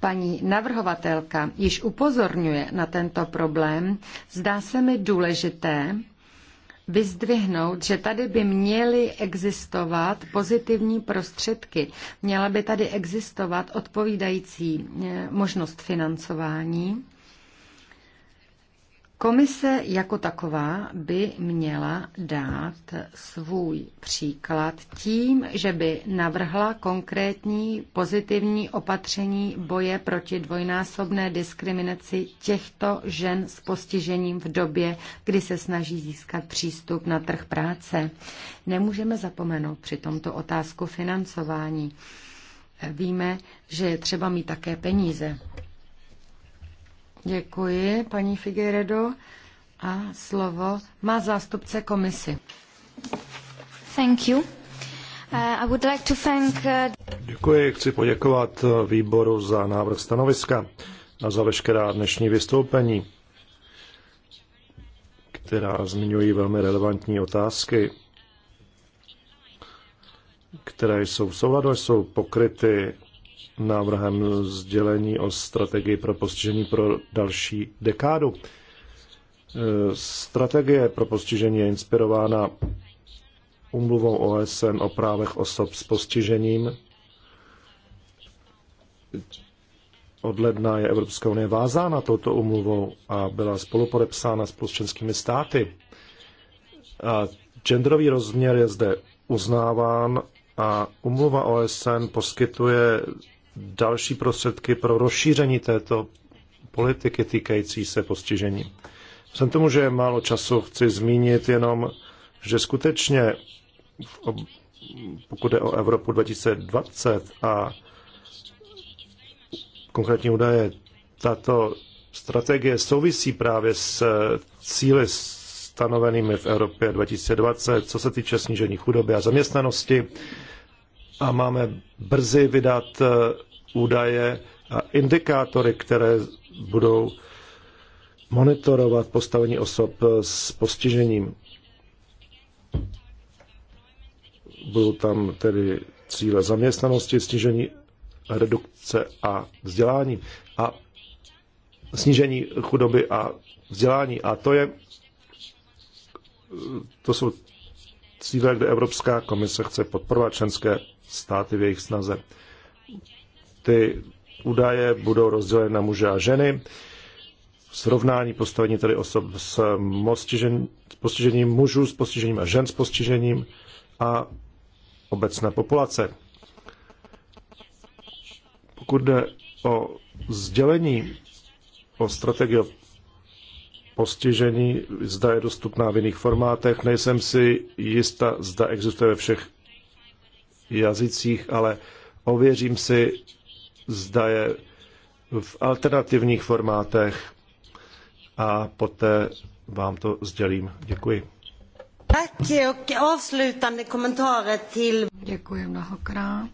paní navrhovatelka již upozorňuje na tento problém, zdá se mi důležité vyzdvihnout, že tady by měly existovat pozitivní prostředky. Měla by tady existovat odpovídající eh, možnost financování Komise jako taková by měla dát svůj příklad tím, že by navrhla konkrétní pozitivní opatření boje proti dvojnásobné diskriminaci těchto žen s postižením v době, kdy se snaží získat přístup na trh práce. Nemůžeme zapomenout při tomto otázku financování. Víme, že je třeba mít také peníze. Děkuji, paní Figueredo. A slovo má zástupce komisy. Thank you. Uh, I would like to thank... Uh, Děkuji, chci poděkovat uh, výboru za návrh stanoviska a za veškerá dnešní vystoupení, která zmiňují velmi relevantní otázky, které jsou v souladu, jsou pokryty návrhem sdělení o strategii pro postižení pro další dekádu. E, strategie pro postižení je inspirována umluvou OSN o právech osob s postižením. Od ledna je Evropská unie vázána touto umluvou a byla spolupodepsána s členskými státy. A genderový rozměr je zde uznáván a umluva OSN poskytuje další prostředky pro rozšíření této politiky týkající se postižení. Vzhledem tomu, že je málo času, chci zmínit jenom, že skutečně pokud je o Evropu 2020 a konkrétní údaje, tato strategie souvisí právě s cíly stanovenými v Evropě 2020, co se týče snížení chudoby a zaměstnanosti a máme brzy vydat eh, údaje a indikátory, které budou monitorovat postavení osob eh, s postižením. Budou tam tedy cíle zaměstnanosti, snížení redukce a vzdělání a snížení chudoby a vzdělání. A to je, to jsou cíle, kde Evropská komise chce podporovat členské státy v jejich snaze. Ty údaje budou rozděleny na muže a ženy. Srovnání postavení tedy osob s, mostižen, s postižením mužů, s postižením a žen s postižením a obecné populace. Pokud jde o sdělení o strategii postižení, zda je dostupná v jiných formátech. Nejsem si jista, zda existuje ve všech jazycích, ale ověřím si, zda je v alternativních formátech a poté vám to sdělím. Děkuji. Děkuji mnohokrát.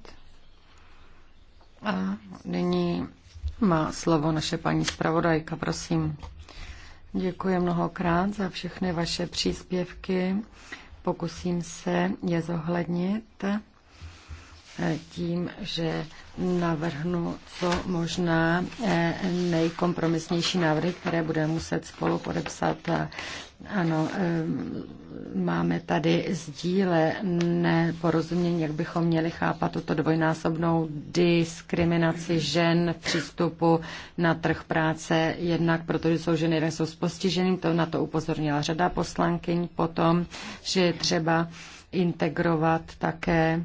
A nyní má slovo naše paní zpravodajka, prosím. Děkuji mnohokrát za všechny vaše příspěvky. Pokusím se je zohlednit tím, že navrhnu co možná eh, nejkompromisnější návrhy, které budeme muset spolu podepsat. Ano, eh, máme tady sdíle neporozumění, jak bychom měli chápat tuto dvojnásobnou diskriminaci žen v přístupu na trh práce, jednak protože jsou ženy, které jsou s postižením, to na to upozornila řada poslankyň potom, že je třeba integrovat také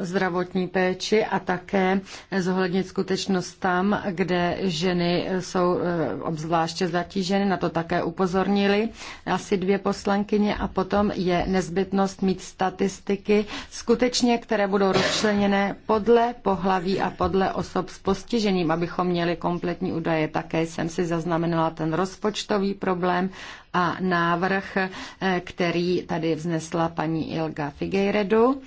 zdravotní péči a také zohlednit skutečnost tam, kde ženy jsou eh, obzvláště zatíženy, na to také upozornili asi dvě poslankyně a potom je nezbytnost mít statistiky skutečně, které budou rozčleněné podle pohlaví a podle osob s postižením, abychom měli kompletní údaje. Také jsem si zaznamenala ten rozpočtový problém a návrh, eh, který tady vznesla paní Ilga Figueiredu.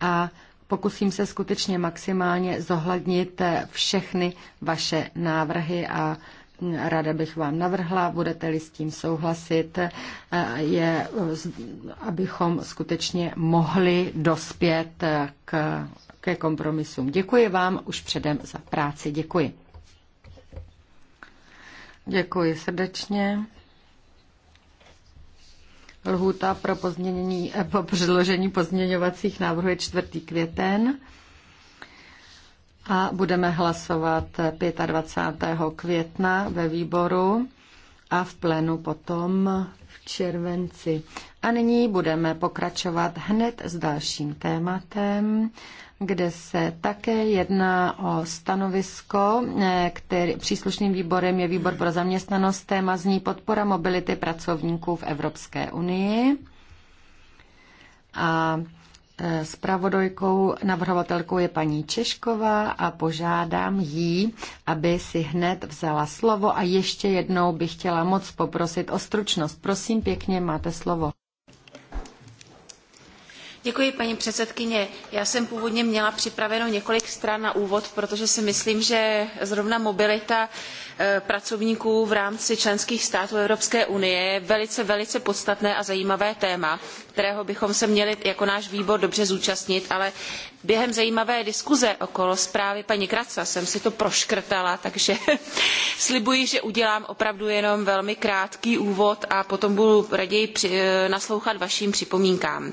A Pokusím se skutečně maximálně zohlednit eh, všechny vaše návrhy a mm, ráda bych vám navrhla, budete-li s tím souhlasit, eh, je, eh, abychom skutečně mohli dospět k, ke kompromisům. Děkuji vám už předem za práci. Děkuji. Děkuji srdečně. Lhůta pro, pozměnění, eh, po předložení pozměňovacích návrhů je 4. květen a budeme hlasovat 25. května ve výboru a v plenu potom v červenci. A nyní budeme pokračovat hned s dalším tématem kde se také jedná o stanovisko, eh, který příslušným výborem je výbor pro zaměstnanost, téma zní podpora mobility pracovníků v Evropské unii. A Spravodajkou, eh, navrhovatelkou je paní Češková a požádám jí, aby si hned vzala slovo a ještě jednou bych chtěla moc poprosit o stručnost. Prosím pěkně, máte slovo. Děkuji, paní předsedkyně. Já jsem původně měla připraveno několik stran na úvod, protože si myslím, že zrovna mobilita e, pracovníků v rámci členských států Evropské unie je velice, velice podstatné a zajímavé téma, kterého bychom se měli jako náš výbor dobře zúčastnit, ale během zajímavé diskuze okolo zprávy paní Kraca jsem si to proškrtala, takže (laughs) slibuji, že udělám opravdu jenom velmi krátký úvod a potom budu raději e, naslouchat vašim připomínkám.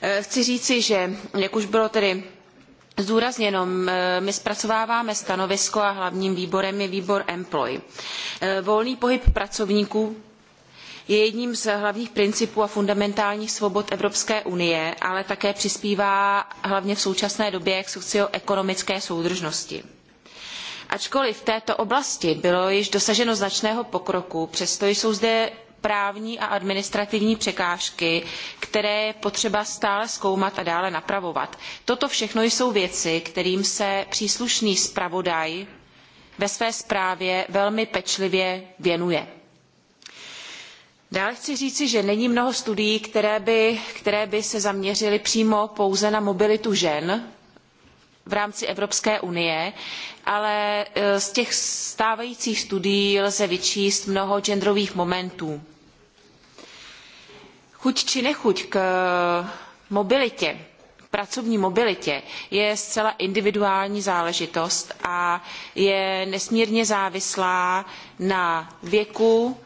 Eh, chci říci, že, jak už bylo tedy zdůrazněno eh, my zpracováváme stanovisko a hlavním výborem je výbor employ. Eh, volný pohyb pracovníků je jedním z hlavních principů a fundamentálních svobod Evropské unie, ale také přispívá hlavně v současné době k socioekonomické soudržnosti. Ačkoliv v této oblasti bylo již dosaženo značného pokroku, přesto jsou zde právní a administrativní překážky, které je potřeba stále zkoumat a dále napravovat. Toto všechno jsou věci, kterým se příslušný zpravodaj ve své zprávě velmi pečlivě věnuje. Dále chci říci, že není mnoho studií, které by, které by se zaměřily přímo pouze na mobilitu žen v rámci Evropské unie, ale e, z těch stávajících studií lze vyčíst mnoho genderových momentů chuť či nechuť k eh, mobilitě, k pracovní mobilitě, je zcela individuální záležitost a je nesmírně závislá na věku,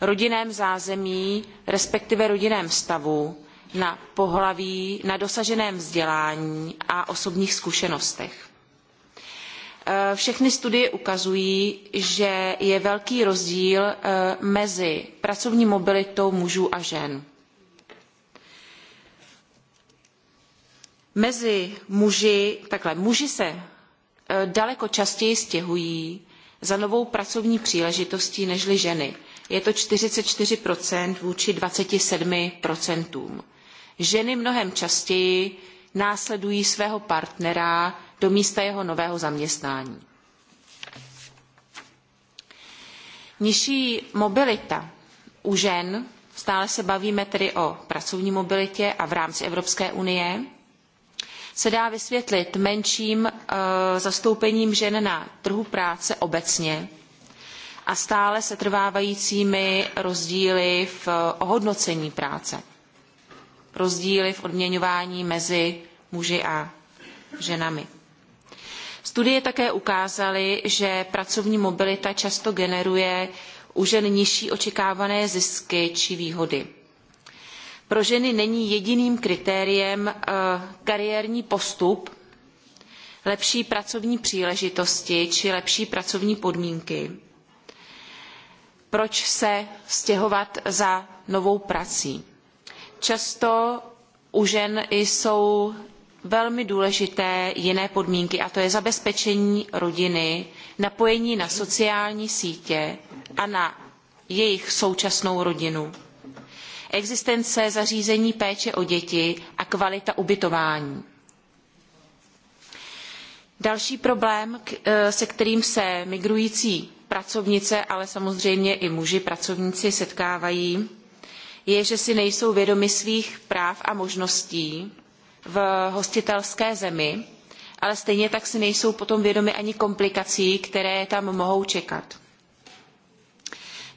rodinném zázemí, respektive rodinném stavu, na pohlaví, na dosaženém vzdělání a osobních zkušenostech. Eh, všechny studie ukazují, že je velký rozdíl eh, mezi pracovní mobilitou mužů a žen mezi muži, takhle, muži se eh, daleko častěji stěhují za novou pracovní příležitostí nežli ženy. Je to 44% vůči 27%. Ženy mnohem častěji následují svého partnera do místa jeho nového zaměstnání. Nižší mobilita u žen, stále se bavíme tedy o pracovní mobilitě a v rámci Evropské unie, se dá vysvětlit menším eh, zastoupením žen na trhu práce obecně a stále se trvávajícími rozdíly v eh, ohodnocení práce. Rozdíly v odměňování mezi muži a ženami. Studie také ukázaly, že pracovní mobilita často generuje u žen nižší očekávané zisky či výhody pro ženy není jediným kritériem eh, kariérní postup, lepší pracovní příležitosti či lepší pracovní podmínky. Proč se stěhovat za novou prací? Často u žen jsou velmi důležité jiné podmínky, a to je zabezpečení rodiny, napojení na sociální sítě a na jejich současnou rodinu existence zařízení péče o děti a kvalita ubytování. Další problém, e, se kterým se migrující pracovnice, ale samozřejmě i muži pracovníci setkávají, je, že si nejsou vědomi svých práv a možností v hostitelské zemi, ale stejně tak si nejsou potom vědomi ani komplikací, které tam mohou čekat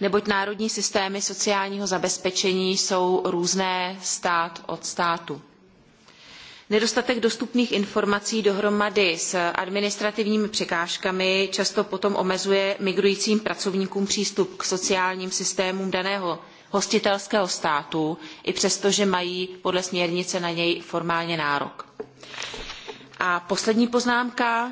neboť národní systémy sociálního zabezpečení jsou různé stát od státu. Nedostatek dostupných informací dohromady s administrativními překážkami často potom omezuje migrujícím pracovníkům přístup k sociálním systémům daného hostitelského státu, i přesto, že mají podle směrnice na něj formálně nárok. A poslední poznámka.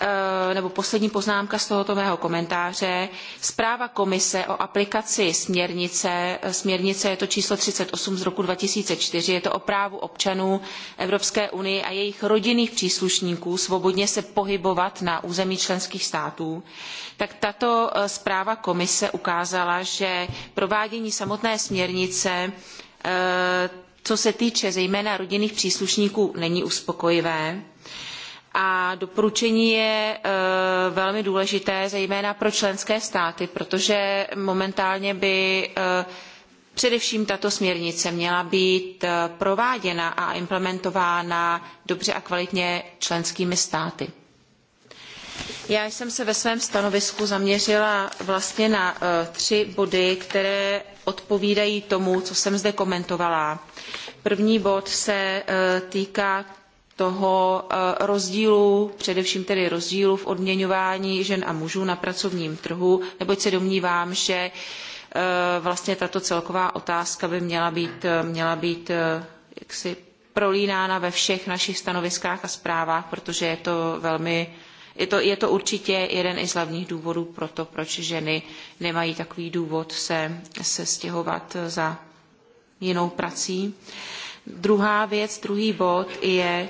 Eh, nebo poslední poznámka z tohoto mého komentáře. Zpráva komise o aplikaci směrnice, eh, směrnice je to číslo 38 z roku 2004, je to o právu občanů Evropské unie a jejich rodinných příslušníků svobodně se pohybovat na území členských států, tak tato eh, zpráva komise ukázala, že provádění samotné směrnice co se týče zejména rodinných příslušníků, není uspokojivé a doporučení je e, velmi důležité, zejména pro členské státy, protože momentálně by e, Především tato směrnice měla být e, prováděna a implementována dobře a kvalitně členskými státy. Já jsem se ve svém stanovisku zaměřila vlastně na tři body, které odpovídají tomu, co jsem zde komentovala. První bod se týká toho eh, rozdílu, především tedy rozdílu v odměňování žen a mužů na pracovním trhu, neboť se domnívám, že eh, vlastně tato celková otázka by měla být, eh, měla být jaksi prolínána ve všech našich stanoviskách a zprávách, protože je to velmi je to, je to určitě jeden z hlavních důvodů pro to, proč ženy nemají takový důvod se, se stěhovat za jinou prací. Uh, Druhá věc, druhý bod je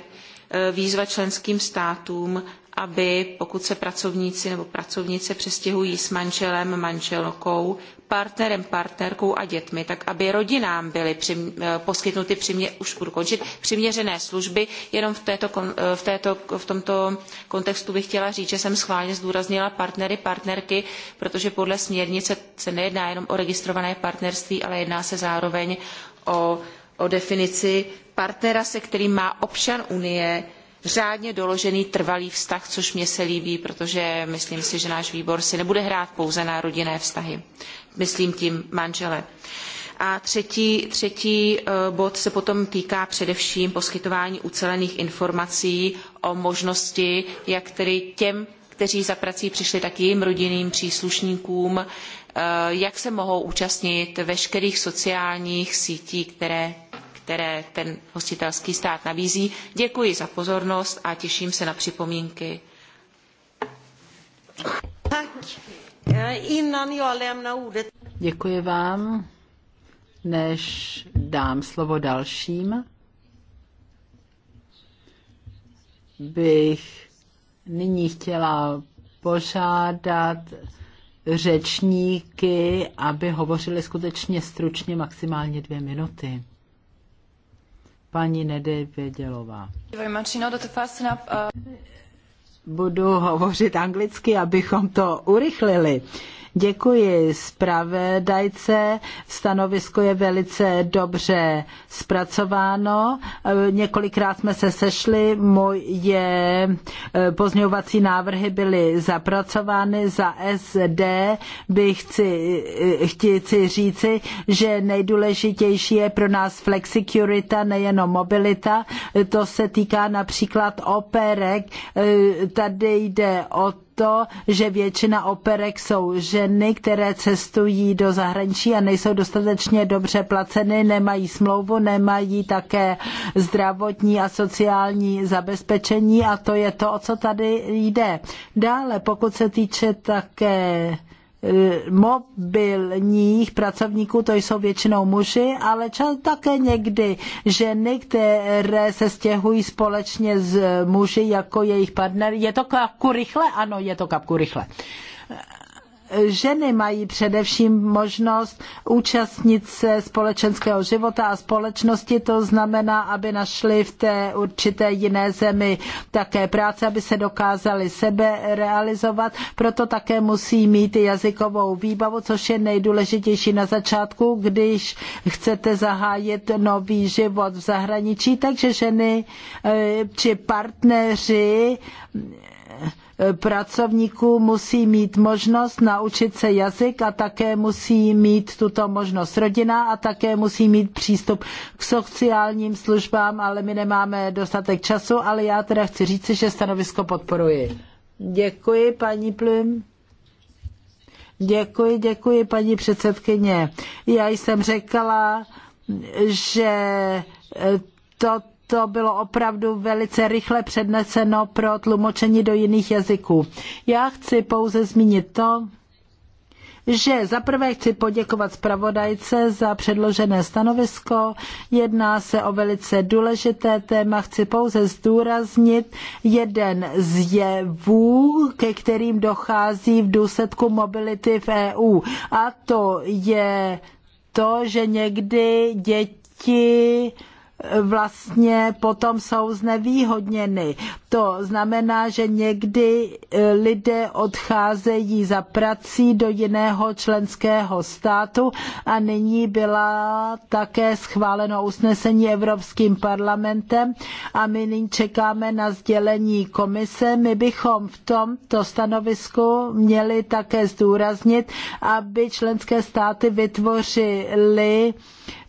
e, výzva členským státům, aby pokud se pracovníci nebo pracovnice přestěhují s manželem, manželkou, partnerem, partnerkou a dětmi, tak aby rodinám byly přim, e, poskytnuty přimě, už ukončit, přiměřené služby. Jenom v, této, e, v, této, v tomto kontextu bych chtěla říct, že jsem schválně zdůraznila partnery, partnerky, protože podle směrnice se nejedná jenom o registrované partnerství, ale jedná se zároveň o o definici partnera, se kterým má občan Unie řádně doložený trvalý vztah, což mě se líbí, protože myslím si, že náš výbor si nebude hrát pouze na rodinné vztahy. Myslím tím manžele. A třetí, třetí eh, bod se potom týká především poskytování ucelených informací o možnosti, jak tedy těm, kteří za prací přišli, tak jejím rodinným příslušníkům, eh, jak se mohou účastnit veškerých sociálních sítí, které které ten hostitelský stát nabízí. Děkuji za pozornost a těším se na připomínky. Eh, Děkuji vám. Než dám slovo dalším, bych nyní chtěla požádat řečníky, aby hovořili skutečně stručně maximálně dvě minuty paní Nedevědělová. Uh, Budu hovořit anglicky, abychom to urychlili. Uh, Děkuji zpravodajce, stanovisko je velice dobře zpracováno. Několikrát jsme se sešli, moje eh, pozměňovací návrhy byly zapracovány za SD, bych eh, chci, říci, že nejdůležitější je pro nás flexicurita, nejenom mobilita. To se týká například operek. Eh, tady jde o to, že většina operek jsou ženy, které cestují do zahraničí a nejsou dostatečně dobře placeny, nemají smlouvu, nemají také zdravotní a sociální zabezpečení a to je to, o co tady jde. Dále, pokud se týče také mobilních pracovníků, to jsou většinou muži, ale často také někdy ženy, které se stěhují společně s muži jako jejich partner. Je to kapku rychle? Ano, je to kapku rychle. Uh, ženy mají především možnost účastnit se společenského života a společnosti, to znamená, aby našly v té určité jiné zemi také práce, aby se dokázaly sebe realizovat, proto také musí mít jazykovou výbavu, což je nejdůležitější na začátku, když chcete zahájit nový život v zahraničí, takže ženy eh, či partneři pracovníků musí mít možnost naučit se jazyk a také musí mít tuto možnost rodina a také musí mít přístup k sociálním službám, ale my nemáme dostatek času, ale já teda chci říci, že stanovisko podporuji. Děkuji, paní Plum. Děkuji, děkuji, paní předsedkyně. Já jsem řekla, že to to bylo opravdu velice rychle předneseno pro tlumočení do jiných jazyků. Já chci pouze zmínit to, že za prvé chci poděkovat zpravodajce za předložené stanovisko. Jedná se o velice důležité téma. Chci pouze zdůraznit jeden z jevů, ke kterým dochází v důsledku mobility v EU. A to je to, že někdy děti vlastně potom jsou znevýhodněny. To znamená, že někdy e, lidé odcházejí za prací do jiného členského státu a nyní byla také schváleno usnesení Evropským parlamentem a my nyní čekáme na sdělení komise. My bychom v tomto stanovisku měli také zdůraznit, aby členské státy vytvořily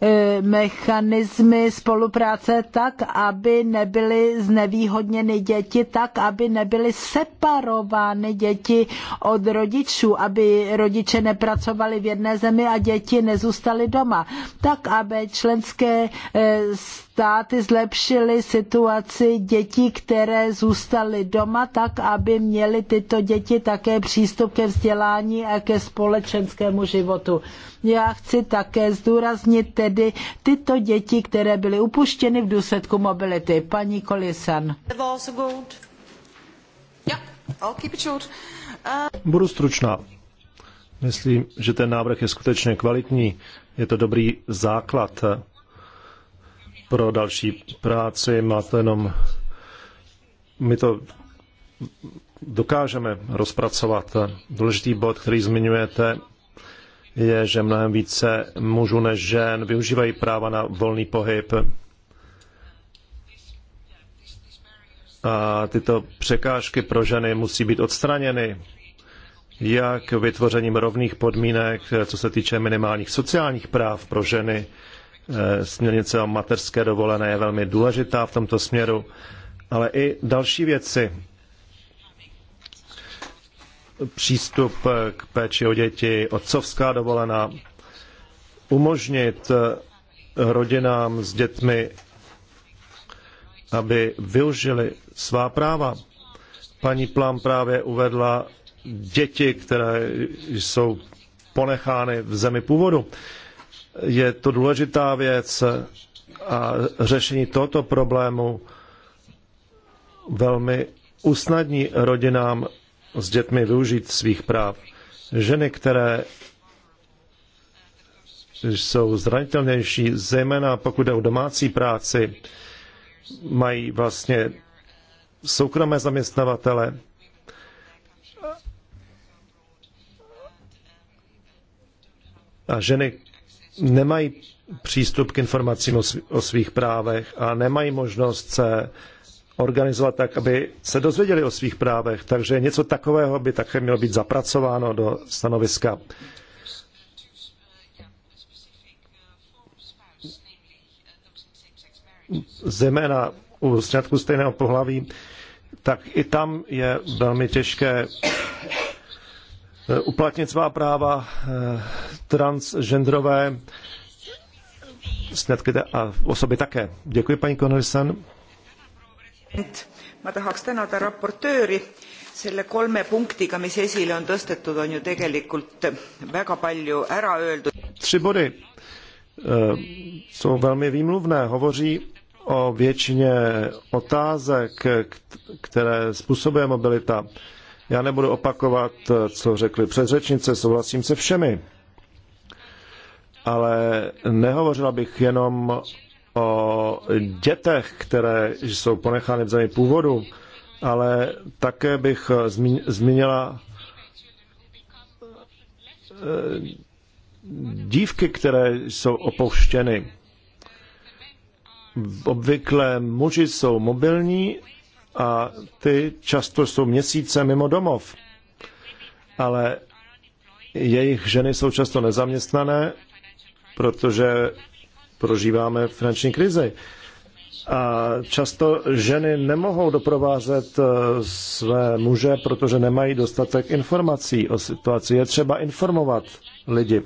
Eh, mechanismy spolupráce tak, aby nebyly znevýhodněny děti, tak, aby nebyly separovány děti od rodičů, aby rodiče nepracovali v jedné zemi a děti nezůstaly doma, tak, aby členské eh, státy zlepšily situaci dětí, které zůstaly doma, tak aby měly tyto děti také přístup ke vzdělání a ke společenskému životu. Já chci také zdůraznit tedy tyto děti, které byly upuštěny v důsledku mobility. Paní Kolisan. Uh, Budu stručná. Myslím, že ten návrh je skutečně kvalitní. Je to dobrý základ pro další práci, máte jenom... My to dokážeme rozpracovat. Důležitý bod, který zmiňujete, je, že mnohem více mužů než žen využívají práva na volný pohyb. A tyto překážky pro ženy musí být odstraněny, jak vytvořením rovných podmínek, co se týče minimálních sociálních práv pro ženy, Eh, směrnice o mateřské dovolené je velmi důležitá v tomto směru, ale i další věci. Přístup eh, k péči o děti, otcovská dovolená, umožnit eh, rodinám s dětmi, aby využili svá práva. Paní Plám právě uvedla děti, které jsou ponechány v zemi původu. Je to důležitá věc a řešení tohoto problému velmi usnadní rodinám s dětmi využít svých práv. Ženy, které jsou zranitelnější, zejména pokud jde o domácí práci, mají vlastně soukromé zaměstnavatele. A ženy, nemají přístup k informacím o svých právech a nemají možnost se organizovat tak, aby se dozvěděli o svých právech. Takže něco takového by také mělo být zapracováno do stanoviska. Zejména u sňatku stejného pohlaví, tak i tam je velmi těžké Eh, uplatnit svá práva eh, transgenderové snadky a osoby také. Děkuji, paní Connellison. Ma tahaks tänada raportööri selle kolme punktiga, mis esile on tõstetud, on ju tegelikult väga palju ära öeldud. Tři body eh, jsou velmi výmluvné. Hovoří o většině otázek, které způsobuje mobilita. Já nebudu opakovat, co řekli předřečnice, souhlasím se všemi. Ale nehovořila bych jenom o dětech, které jsou ponechány v zemi původu, ale také bych zmínila eh, dívky, které jsou opouštěny. Obvykle muži jsou mobilní a ty často jsou měsíce mimo domov. Ale jejich ženy jsou často nezaměstnané, protože prožíváme finanční krizi. A často ženy nemohou doprovázet eh, své muže, protože nemají dostatek informací o situaci. Je třeba informovat lidi.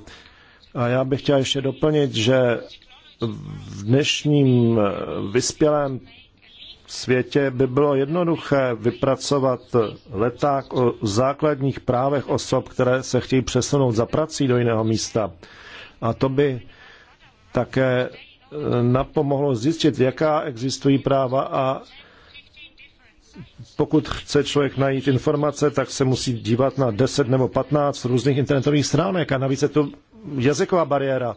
A já bych chtěl ještě doplnit, že v dnešním eh, vyspělém světě by bylo jednoduché vypracovat leták o základních právech osob, které se chtějí přesunout za prací do jiného místa. A to by také e, napomohlo zjistit, jaká existují práva a pokud chce člověk najít informace, tak se musí dívat na 10 nebo 15 různých internetových stránek a navíc je to jazyková bariéra.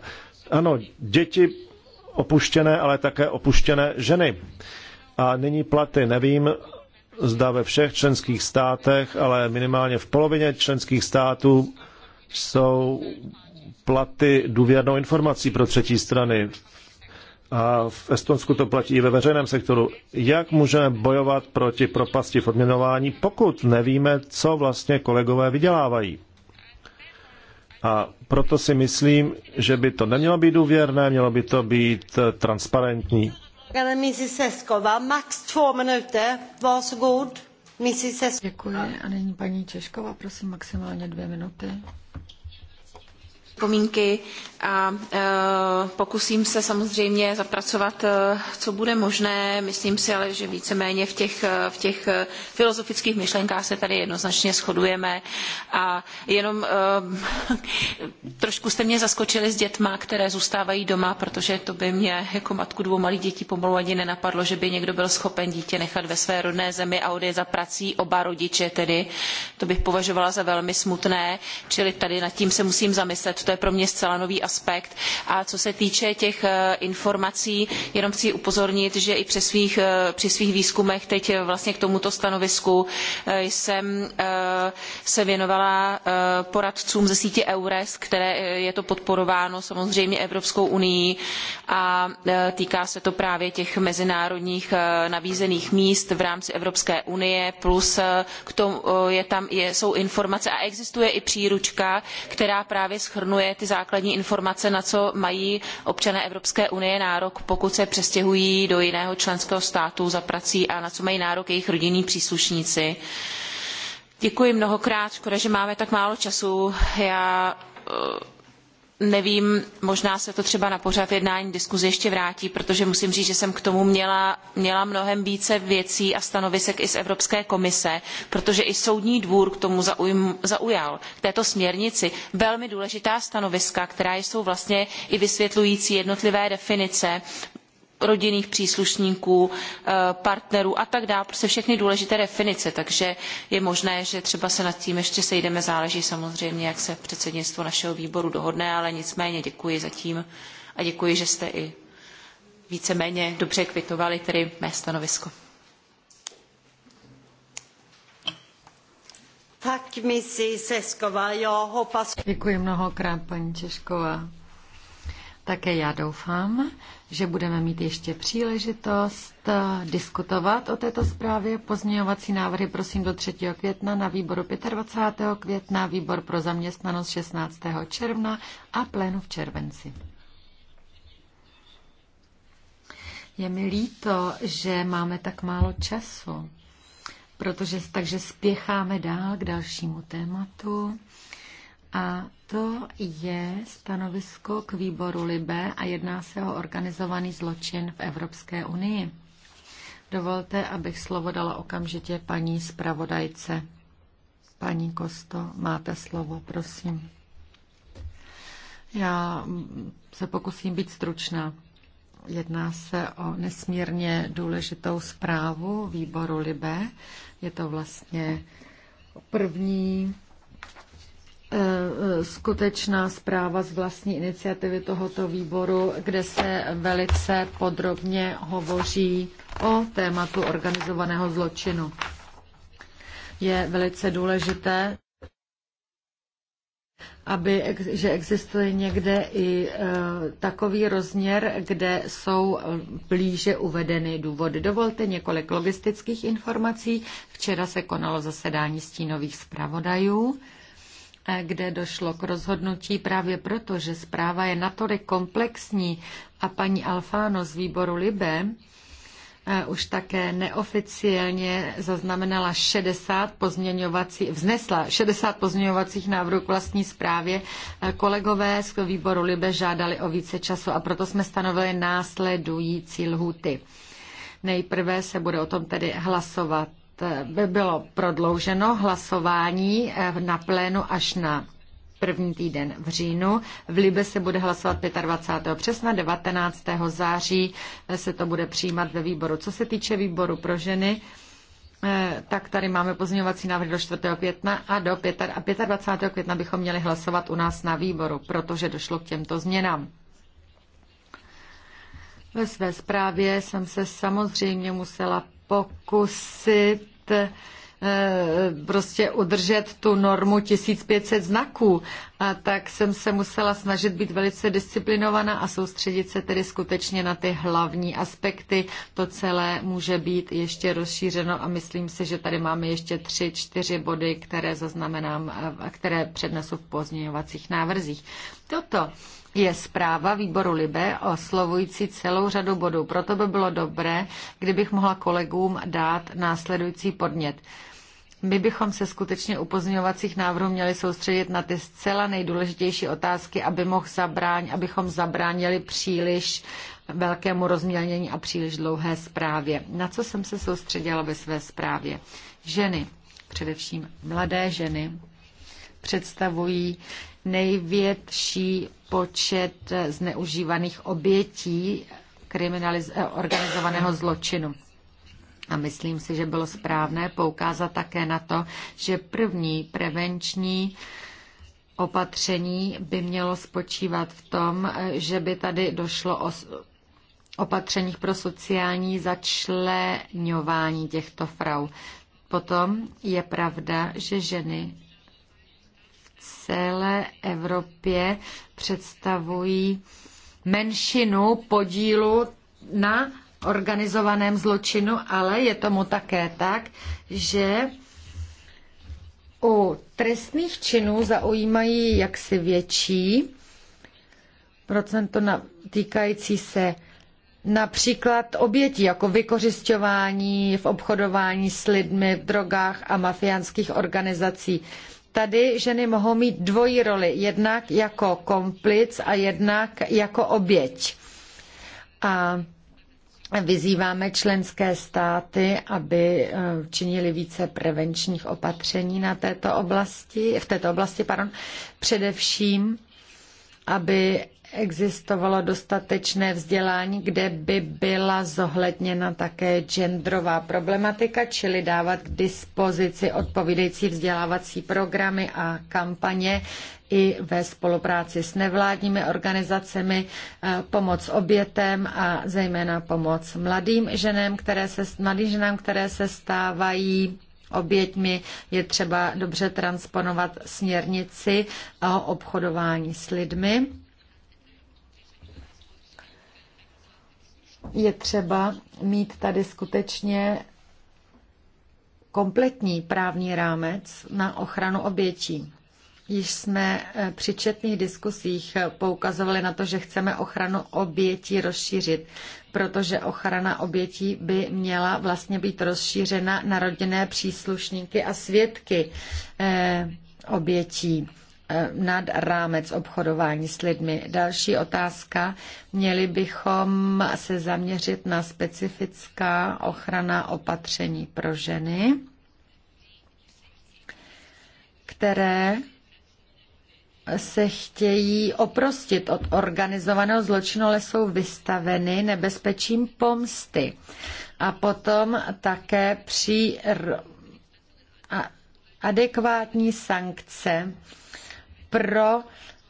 Ano, děti opuštěné, ale také opuštěné ženy. A nyní platy nevím, zda ve všech členských státech, ale minimálně v polovině členských států jsou platy důvěrnou informací pro třetí strany. A v Estonsku to platí i ve veřejném sektoru. Jak můžeme bojovat proti propasti v odměnování, pokud nevíme, co vlastně kolegové vydělávají? A proto si myslím, že by to nemělo být důvěrné, mělo by to být transparentní. Děkuji a nyní paní Češková, prosím maximálně dvě minuty. Pomínky a e, pokusím se samozřejmě zapracovat, e, co bude možné. Myslím si ale, že víceméně v těch, e, v těch filozofických myšlenkách se tady jednoznačně shodujeme. A jenom (laughs) trošku jste mě zaskočili s dětma, které zůstávají doma, protože to by mě jako matku dvou malých dětí pomalu ani nenapadlo, že by někdo byl schopen dítě nechat ve své rodné zemi a odjet za prací oba rodiče tedy. To bych považovala za velmi smutné, čili tady nad tím se musím zamyslet, to je pro mě zcela nový aspekt. A co se týče těch eh, informací, jenom chci upozornit, že i při svých, eh, při svých výzkumech teď eh, vlastně k tomuto stanovisku jsem se věnovala poradcům ze sítě EURES, které je to podporováno samozřejmě Evropskou unii a týká se to právě těch mezinárodních nabízených míst v rámci Evropské unie, plus k tomu je tam, je, jsou informace a existuje i příručka, která právě schrnuje zahrnuje ty základní informace, na co mají občané Evropské unie nárok, pokud se přestěhují do jiného členského státu za prací a na co mají nárok jejich rodinní příslušníci. Děkuji mnohokrát, škoda, že máme tak málo času. Já eh, Nevím, možná se to třeba na pořad jednání diskuze ještě vrátí, protože musím říct, že jsem k tomu měla, měla mnohem více věcí a stanovisek i z Evropské komise, protože i soudní dvůr k tomu zaujm, zaujal, k této směrnici, velmi důležitá stanoviska, která jsou vlastně i vysvětlující jednotlivé definice rodinných příslušníků, eh, partnerů a tak dále, prostě všechny důležité definice, takže je možné, že třeba se nad tím ještě sejdeme, záleží samozřejmě, jak se předsednictvo našeho výboru dohodne, ale nicméně děkuji zatím a děkuji, že jste i víceméně dobře kvitovali tedy mé stanovisko. Tak, Sesková, Děkuji mnohokrát, paní Češková. Také já doufám, že budeme mít ještě příležitost eh, diskutovat o této zprávě. Pozměňovací návrhy prosím do 3. května na výboru 25. května, výbor pro zaměstnanost 16. června a plénu v červenci. Je mi líto, že máme tak málo času, protože takže spěcháme dál k dalšímu tématu. A to je stanovisko k výboru Libe a jedná se o organizovaný zločin v Evropské unii. Dovolte, abych slovo dala okamžitě paní zpravodajce. Paní Kosto, máte slovo, prosím. Já se pokusím být stručná. Jedná se o nesmírně důležitou zprávu výboru Libe. Je to vlastně první Eh, eh, skutečná zpráva z vlastní iniciativy tohoto výboru, kde se velice podrobně hovoří o tématu organizovaného zločinu. Je velice důležité, aby, že existuje někde i e, takový rozměr, kde jsou blíže uvedeny důvody. Dovolte několik logistických informací. Včera se konalo zasedání stínových zpravodajů. E, Eh, kde došlo k rozhodnutí právě proto, že zpráva je natolik komplexní a paní Alfano z výboru Libe eh, už také neoficiálně zaznamenala 60 pozměňovací, vznesla 60 pozměňovacích návrhů k vlastní zprávě. Eh, kolegové z výboru Libe žádali o více času a proto jsme stanovili následující lhuty. Nejprve se bude o tom tedy hlasovat by bylo prodlouženo hlasování eh, na plénu až na první týden v říjnu. V Libe se bude hlasovat 25. přesna, 19. září eh, se to bude přijímat ve výboru. Co se týče výboru pro ženy, eh, tak tady máme pozměňovací návrh do 4. května a do 25. května bychom měli hlasovat u nás na výboru, protože došlo k těmto změnám. Ve své zprávě jsem se samozřejmě musela pokusit eh, prostě udržet tu normu 1500 znaků. A tak jsem se musela snažit být velice disciplinovaná a soustředit se tedy skutečně na ty hlavní aspekty. To celé může být ještě rozšířeno a myslím si, že tady máme ještě tři, čtyři body, které zaznamenám, které přednesu v pozměňovacích návrzích. Toto je zpráva výboru Libe oslovující celou řadu bodů. Proto by bylo dobré, kdybych mohla kolegům dát následující podnět. My bychom se skutečně u pozměňovacích návrhů měli soustředit na ty zcela nejdůležitější otázky, aby mohl zabráň, abychom zabránili příliš velkému rozmělnění a příliš dlouhé zprávě. Na co jsem se soustředila ve své zprávě? Ženy, především mladé ženy, představují největší počet zneužívaných obětí eh, organizovaného zločinu. A myslím si, že bylo správné poukázat také na to, že první prevenční opatření by mělo spočívat v tom, že by tady došlo o opatřeních pro sociální začleňování těchto frau. Potom je pravda, že ženy celé Evropě představují menšinu podílu na organizovaném zločinu, ale je tomu také tak, že u trestných činů zaujímají jaksi větší procento na, týkající se například obětí, jako vykořišťování v obchodování s lidmi, v drogách a mafiánských organizací tady ženy mohou mít dvojí roli, jednak jako komplic a jednak jako oběť. A vyzýváme členské státy, aby eh, činili více prevenčních opatření na této oblasti, v této oblasti, pardon, především aby existovalo dostatečné vzdělání, kde by byla zohledněna také genderová problematika, čili dávat k dispozici odpovídající vzdělávací programy a kampaně i ve spolupráci s nevládními organizacemi, eh, pomoc obětem a zejména pomoc mladým ženám, které se, mladým ženám, které se stávají oběťmi je třeba dobře transponovat směrnici o obchodování s lidmi je třeba mít tady skutečně kompletní právní rámec na ochranu obětí. Již jsme eh, při četných diskusích eh, poukazovali na to, že chceme ochranu obětí rozšířit, protože ochrana obětí by měla vlastně být rozšířena na rodinné příslušníky a svědky eh, obětí. Eh, nad rámec obchodování s lidmi. Další otázka. Měli bychom se zaměřit na specifická ochrana opatření pro ženy, které se chtějí oprostit od organizovaného zločinu, ale jsou vystaveny nebezpečím pomsty. A potom také při adekvátní sankce pro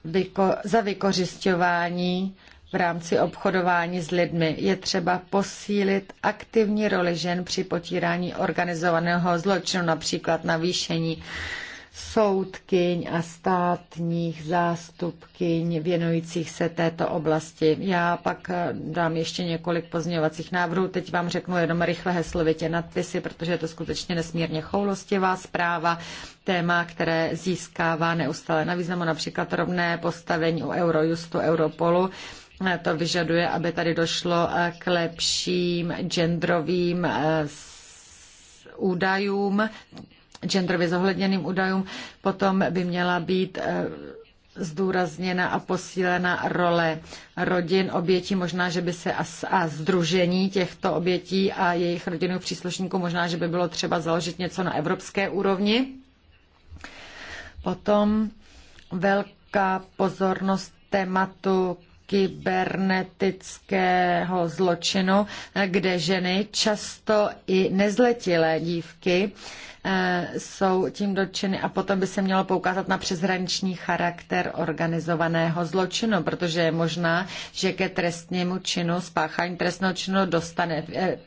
vyko- za vykořišťování v rámci obchodování s lidmi. Je třeba posílit aktivní roli žen při potírání organizovaného zločinu, například navýšení soudkyň a státních zástupkyň věnujících se této oblasti. Já pak eh, dám ještě několik pozměňovacích návrhů. Teď vám řeknu jenom rychle heslovitě nadpisy, protože je to skutečně nesmírně choulostivá zpráva. Téma, které získává neustále na významu například rovné postavení u Eurojustu, Europolu eh, to vyžaduje, aby tady došlo eh, k lepším genderovým údajům, genderově zohledněným údajům, potom by měla být eh, zdůrazněna a posílena role rodin obětí, možná, že by se a, a združení těchto obětí a jejich rodinných příslušníků, možná, že by bylo třeba založit něco na evropské úrovni. Potom velká pozornost tématu kybernetického zločinu, kde ženy, často i nezletilé dívky, eh, jsou tím dotčeny a potom by se mělo poukázat na přeshraniční charakter organizovaného zločinu, protože je možná, že ke trestnímu činu, spáchání trestného činu dostane eh,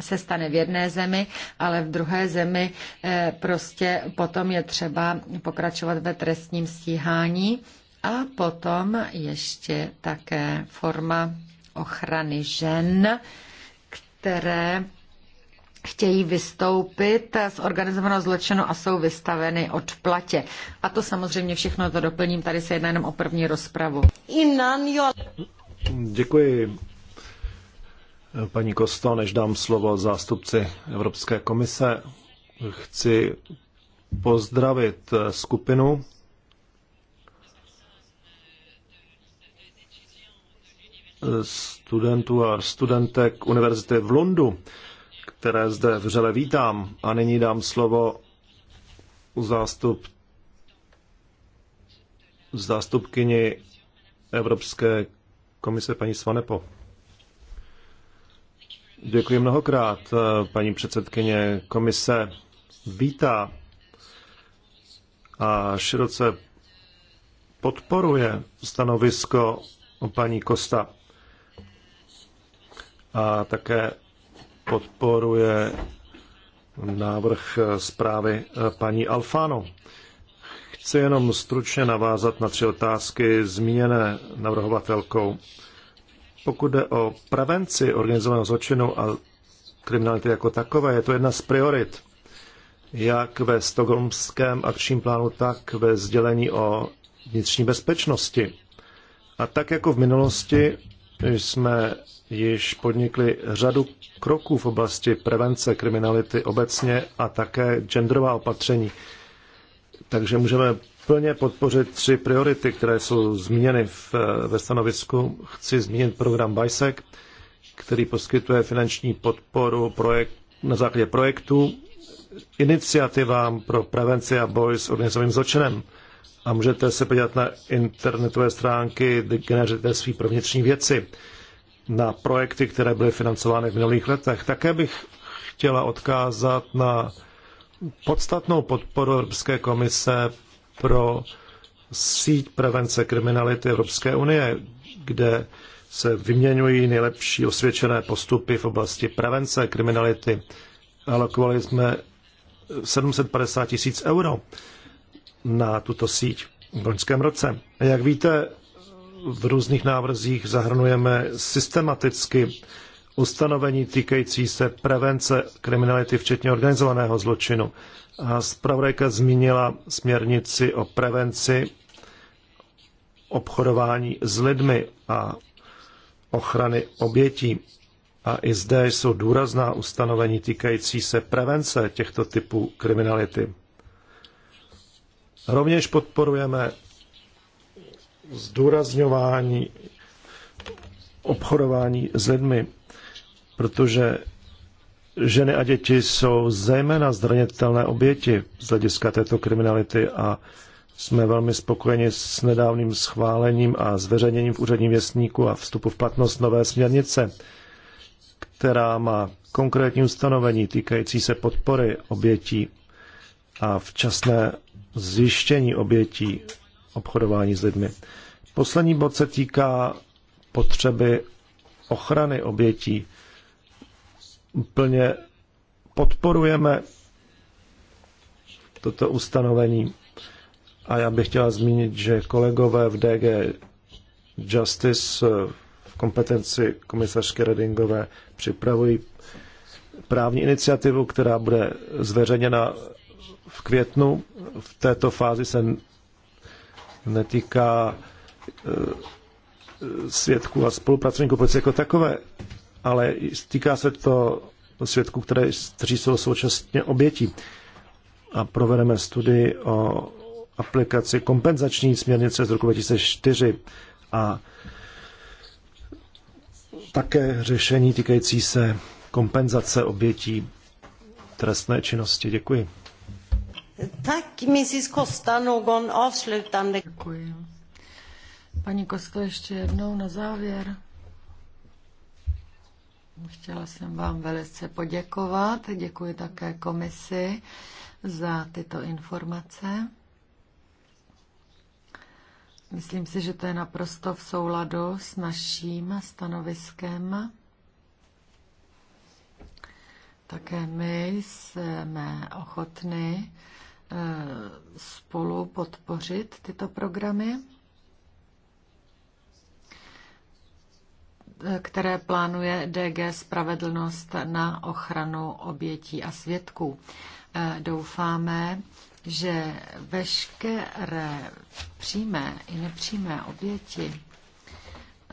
se stane v jedné zemi, ale v druhé zemi eh, prostě potom je třeba pokračovat ve trestním stíhání a potom ještě také forma ochrany žen, které chtějí vystoupit z organizovaného zločinu a jsou vystaveny odplatě. A to samozřejmě všechno to doplním, tady se jedná jenom o první rozpravu. Děkuji. Paní Kosto, než dám slovo zástupci Evropské komise, chci pozdravit skupinu studentů a studentek Univerzity v Lundu, které zde vřele vítám. A nyní dám slovo zástup, zástupkyni Evropské komise paní Svanepo. Děkuji mnohokrát, paní předsedkyně. Komise vítá a široce podporuje stanovisko paní Kosta a také podporuje návrh zprávy paní Alfano. Chci jenom stručně navázat na tři otázky zmíněné navrhovatelkou. Pokud jde o prevenci organizovaného zločinu a kriminality jako takové, je to jedna z priorit, jak ve stokholmském akčním plánu, tak ve sdělení o vnitřní bezpečnosti. A tak jako v minulosti jsme již podnikly řadu kroků v oblasti prevence kriminality obecně a také genderová opatření. Takže můžeme plně podpořit tři priority, které jsou zmíněny v, ve stanovisku. Chci zmínit program BISEC, který poskytuje finanční podporu projekt, na základě projektů iniciativám pro prevenci a boj s organizovaným zločinem. A můžete se podívat na internetové stránky svý pro vnitřní věci na projekty, které byly financovány v minulých letech. Také bych chtěla odkázat na podstatnou podporu Evropské komise pro síť prevence kriminality Evropské unie, kde se vyměňují nejlepší osvědčené postupy v oblasti prevence kriminality. Alokovali jsme 750 tisíc euro na tuto síť v loňském roce. Jak víte, v různých návrzích zahrnujeme systematicky ustanovení týkající se prevence kriminality, včetně organizovaného zločinu. A zpravodajka zmínila směrnici o prevenci obchodování s lidmi a ochrany obětí. A i zde jsou důrazná ustanovení týkající se prevence těchto typů kriminality. Rovněž podporujeme zdůrazňování obchodování s lidmi, protože ženy a děti jsou zejména zranitelné oběti z hlediska této kriminality a jsme velmi spokojeni s nedávným schválením a zveřejněním v úředním věstníku a vstupu v platnost nové směrnice, která má konkrétní ustanovení týkající se podpory obětí a včasné zjištění obětí obchodování s lidmi. Poslední bod se týká potřeby ochrany obětí. Plně podporujeme toto ustanovení. A já bych chtěla zmínit, že kolegové v DG Justice eh, v kompetenci komisařské Redingové připravují právní iniciativu, která bude zveřejněna v květnu. V této fázi se netýká eh, svědků a spolupracovníků policie jako takové, ale týká se to svědků, které, kteří jsou současně obětí. A provedeme studii o aplikaci kompenzační směrnice z roku 2004 a také řešení týkající se kompenzace obětí trestné činnosti. Děkuji. Tak, Děkuji. Paní Kosko, ještě jednou na závěr. Chtěla jsem vám velice poděkovat. Děkuji také komisi za tyto informace. Myslím si, že to je naprosto v souladu s naším stanoviskem. Také my jsme ochotni spolu podpořit tyto programy, které plánuje DG Spravedlnost na ochranu obětí a svědků. Eh, doufáme, že veškeré přímé i nepřímé oběti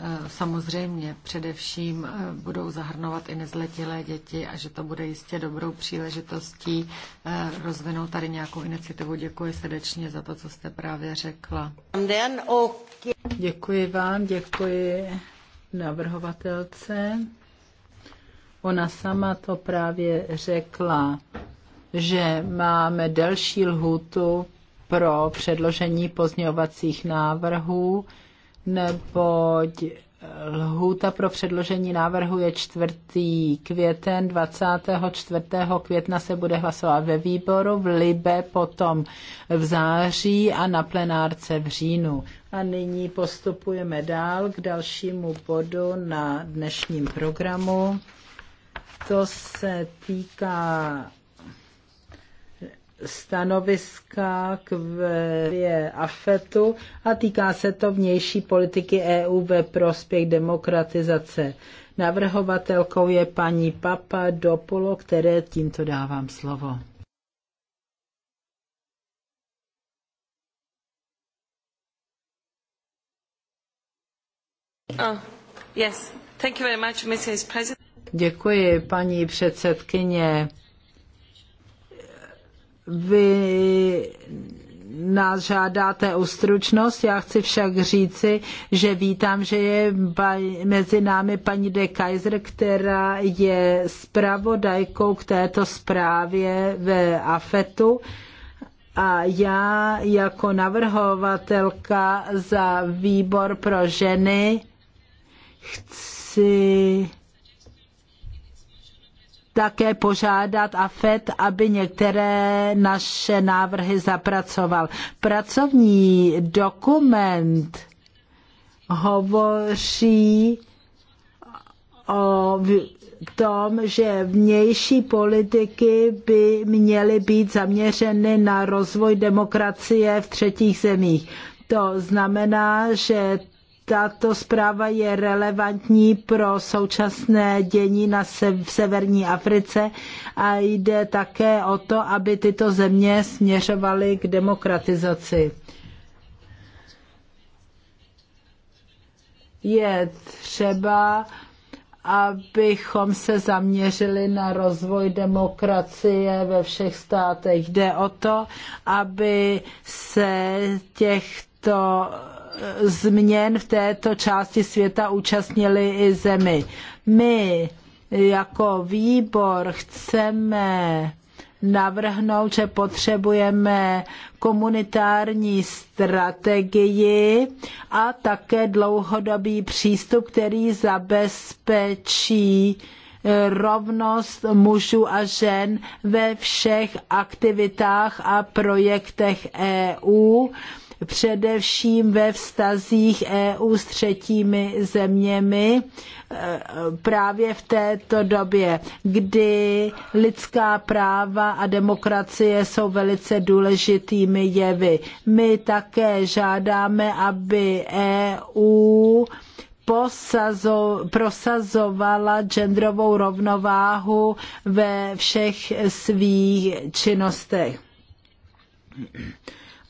Eh, samozřejmě především eh, budou zahrnovat i nezletilé děti a že to bude jistě dobrou příležitostí eh, rozvinout tady nějakou iniciativu. Děkuji srdečně za to, co jste právě řekla. Děkuji vám, děkuji navrhovatelce. Ona sama to právě řekla, že máme delší lhůtu pro předložení pozměňovacích návrhů neboť eh, lhůta pro předložení návrhu je 4. květen, 24. května se bude hlasovat ve výboru, v Libe potom v září a na plenárce v říjnu. A nyní postupujeme dál k dalšímu bodu na dnešním programu. To se týká stanoviska k AFETu a týká se to vnější politiky EU ve prospěch demokratizace. Navrhovatelkou je paní Papa Dopolo, které tímto dávám slovo. Oh, yes. Thank you very much, Mrs. President. Děkuji, paní předsedkyně. Vy nás žádáte o stručnost. Já chci však říci, že vítám, že je mezi námi paní de Kaiser, která je zpravodajkou k této zprávě ve AFETu. A já jako navrhovatelka za výbor pro ženy chci také požádat AFET, aby některé naše návrhy zapracoval. Pracovní dokument hovoří o tom, že vnější politiky by měly být zaměřeny na rozvoj demokracie v třetích zemích. To znamená, že tato zpráva je relevantní pro současné dění na se, v severní Africe a jde také o to, aby tyto země směřovaly k demokratizaci. Je třeba, abychom se zaměřili na rozvoj demokracie ve všech státech. Jde o to, aby se těchto změn v této části světa účastnili i zemi. My jako výbor chceme navrhnout, že potřebujeme komunitární strategii a také dlouhodobý přístup, který zabezpečí eh, rovnost mužů a žen ve všech aktivitách a projektech EU především ve vztazích EU s třetími zeměmi e, právě v této době, kdy lidská práva a demokracie jsou velice důležitými jevy. My také žádáme, aby EU prosazovala genderovou rovnováhu ve všech svých činnostech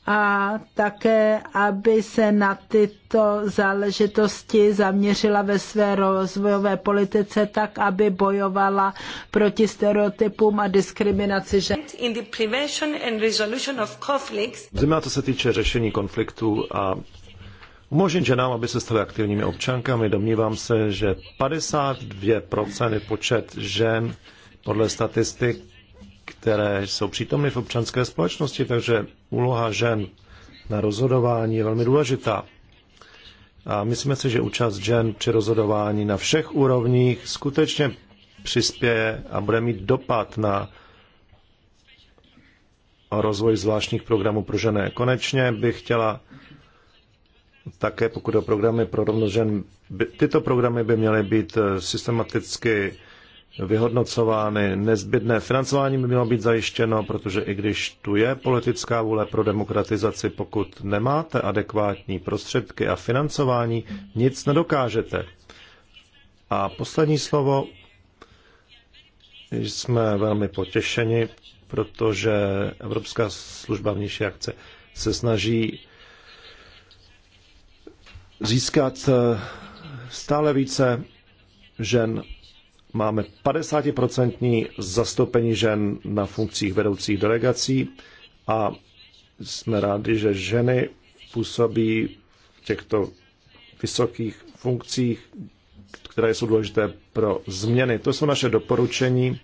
a také, aby se na tyto záležitosti zaměřila ve své rozvojové politice tak, aby bojovala proti stereotypům a diskriminaci žen. Zejména to se týče řešení konfliktů a umožnit ženám, aby se staly aktivními občankami. Domnívám se, že 52% je počet žen podle statistik které jsou přítomny v občanské společnosti, takže úloha žen na rozhodování je velmi důležitá. A myslíme si, že účast žen při rozhodování na všech úrovních skutečně přispěje a bude mít dopad na rozvoj zvláštních programů pro ženy. Konečně bych chtěla také, pokud o programy pro rovnost žen, by, tyto programy by měly být eh, systematicky vyhodnocovány. Nezbytné financování by mělo být zajištěno, protože i když tu je politická vůle pro demokratizaci, pokud nemáte adekvátní prostředky a financování, nic nedokážete. A poslední slovo. Jsme velmi potěšeni, protože Evropská služba vnější akce se snaží získat eh, stále více žen Máme 50% zastoupení žen na funkcích vedoucích delegací a jsme rádi, že ženy působí v těchto vysokých funkcích, které jsou důležité pro změny. To jsou naše doporučení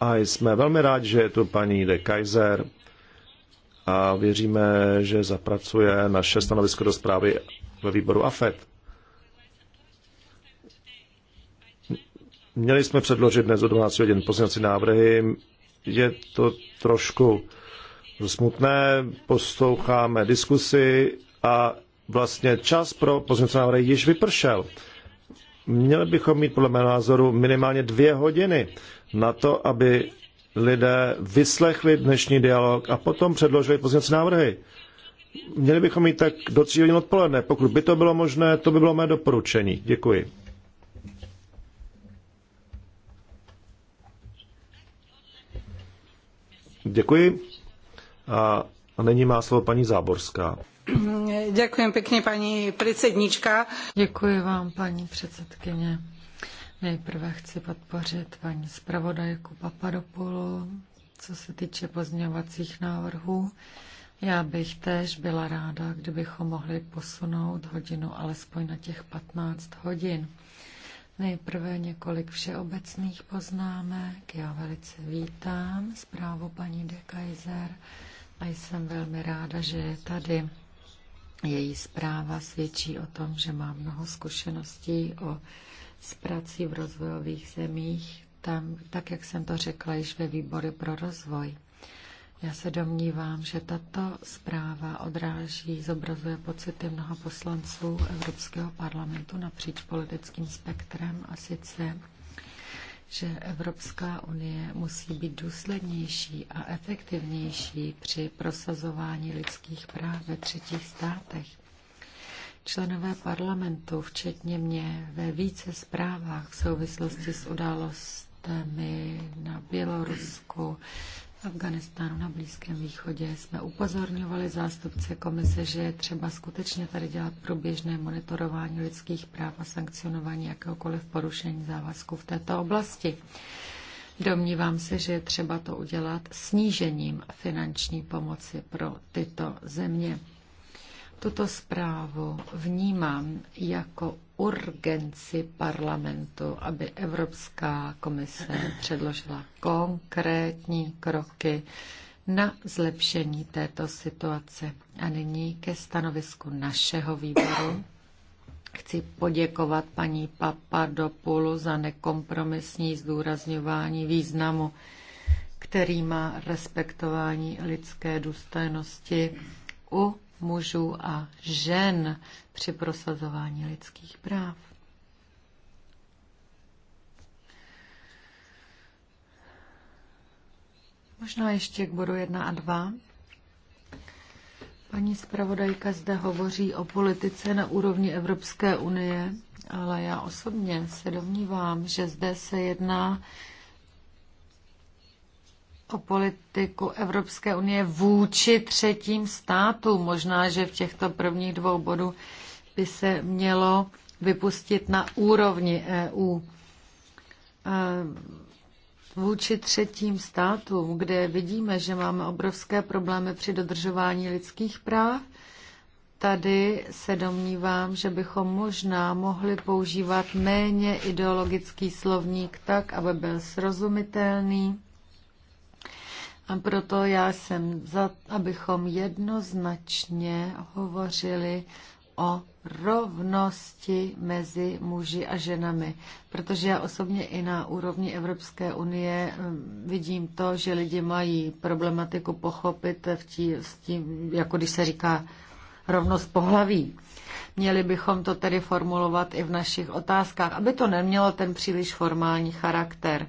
a jsme velmi rádi, že je tu paní de Kaiser a věříme, že zapracuje naše stanovisko do zprávy ve výboru AFET. Měli jsme předložit dnes o 12 hodin pozměňovací návrhy. Je to trošku smutné, posloucháme diskusy a vlastně čas pro pozměňovací návrhy již vypršel. Měli bychom mít podle mého názoru minimálně dvě hodiny na to, aby lidé vyslechli dnešní dialog a potom předložili pozměňovací návrhy. Měli bychom mít tak do tří hodin odpoledne. Pokud by to bylo možné, to by bylo mé doporučení. Děkuji. Děkuji. A, a má slovo paní Záborská. Děkuji pěkně, paní předsednička. Děkuji vám, paní předsedkyně. Nejprve chci podpořit paní zpravodajku Papadopoulou, co se týče pozměňovacích návrhů. Já bych též byla ráda, kdybychom mohli posunout hodinu alespoň na těch 15 hodin. Nejprve několik všeobecných poznámek. Já velice vítám zprávu paní de Kaiser a jsem velmi ráda, že je tady. Její zpráva svědčí o tom, že má mnoho zkušeností o s prací v rozvojových zemích, tam, tak jak jsem to řekla již ve výboru pro rozvoj. Já se domnívám, že tato zpráva odráží, zobrazuje pocity mnoha poslanců Evropského parlamentu napříč politickým spektrem a sice že Evropská unie musí být důslednější a efektivnější při prosazování lidských práv ve třetích státech. Členové parlamentu, včetně mě, ve více zprávách v souvislosti s událostmi na Bělorusku, Afganistánu na Blízkém východě jsme upozorňovali zástupce komise, že je třeba skutečně tady dělat průběžné monitorování lidských práv a sankcionování jakéhokoliv porušení závazku v této oblasti. Domnívám se, že je třeba to udělat snížením finanční pomoci pro tyto země. Tuto zprávu vnímám jako urgenci parlamentu, aby Evropská komise předložila konkrétní kroky na zlepšení této situace. A nyní ke stanovisku našeho výboru. Chci poděkovat paní Papadopoulu za nekompromisní zdůrazňování významu, který má respektování lidské důstojnosti u mužů a žen při prosazování lidských práv. Možná ještě k bodu 1 a 2. Paní zpravodajka zde hovoří o politice na úrovni Evropské unie, ale já osobně se domnívám, že zde se jedná o politiku Evropské unie vůči třetím státům. Možná, že v těchto prvních dvou bodů by se mělo vypustit na úrovni EU. E, vůči třetím státům, kde vidíme, že máme obrovské problémy při dodržování lidských práv, tady se domnívám, že bychom možná mohli používat méně ideologický slovník tak, aby byl srozumitelný a proto já jsem za, abychom jednoznačně hovořili o rovnosti mezi muži a ženami. Protože já osobně i na úrovni Evropské unie vidím to, že lidi mají problematiku pochopit v tí, s tím, jako když se říká rovnost pohlaví. Měli bychom to tedy formulovat i v našich otázkách, aby to nemělo ten příliš formální charakter.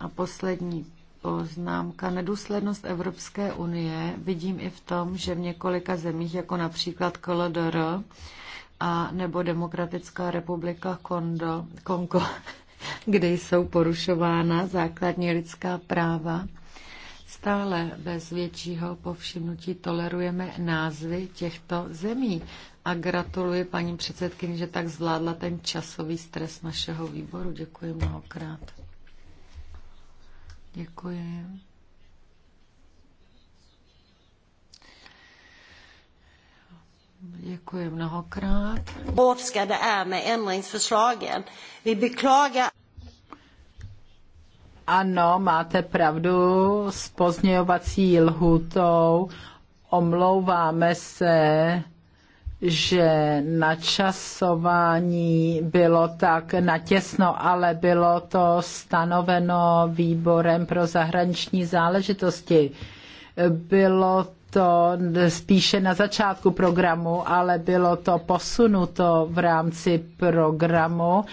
A poslední poznámka. Nedůslednost Evropské unie vidím i v tom, že v několika zemích, jako například Kolodoro a nebo Demokratická republika Kondo, Kongo, (laughs) kde jsou porušována základní lidská práva, stále bez většího povšimnutí tolerujeme názvy těchto zemí. A gratuluji paní předsedkyni, že tak zvládla ten časový stres našeho výboru. Děkuji mnohokrát. Děkuji. Děkuji mnohokrát. Brådskade är med ändringsförslagen. Vi beklagar... Ano, máte pravdu, s pozměňovací lhutou omlouváme se že načasování bylo tak natěsno, ale bylo to stanoveno výborem pro zahraniční záležitosti. Bylo to spíše na začátku programu, ale bylo to posunuto v rámci programu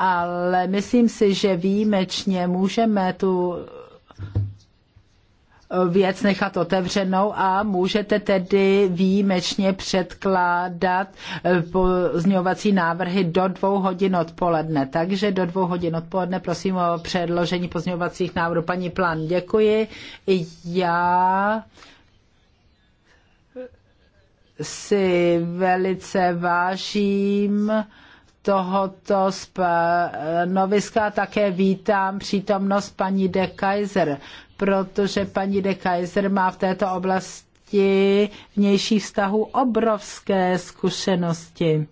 ale myslím si, že výjimečně můžeme tu věc nechat otevřenou a můžete tedy výjimečně předkládat eh, pozňovací návrhy do dvou hodin odpoledne. Takže do dvou hodin odpoledne prosím o předložení pozňovacích návrhů. Paní Plán, děkuji. Já si velice vážím tohoto stanoviska také vítám přítomnost paní de Kaiser, protože paní de Kaiser má v této oblasti vnějších vztahů obrovské zkušenosti.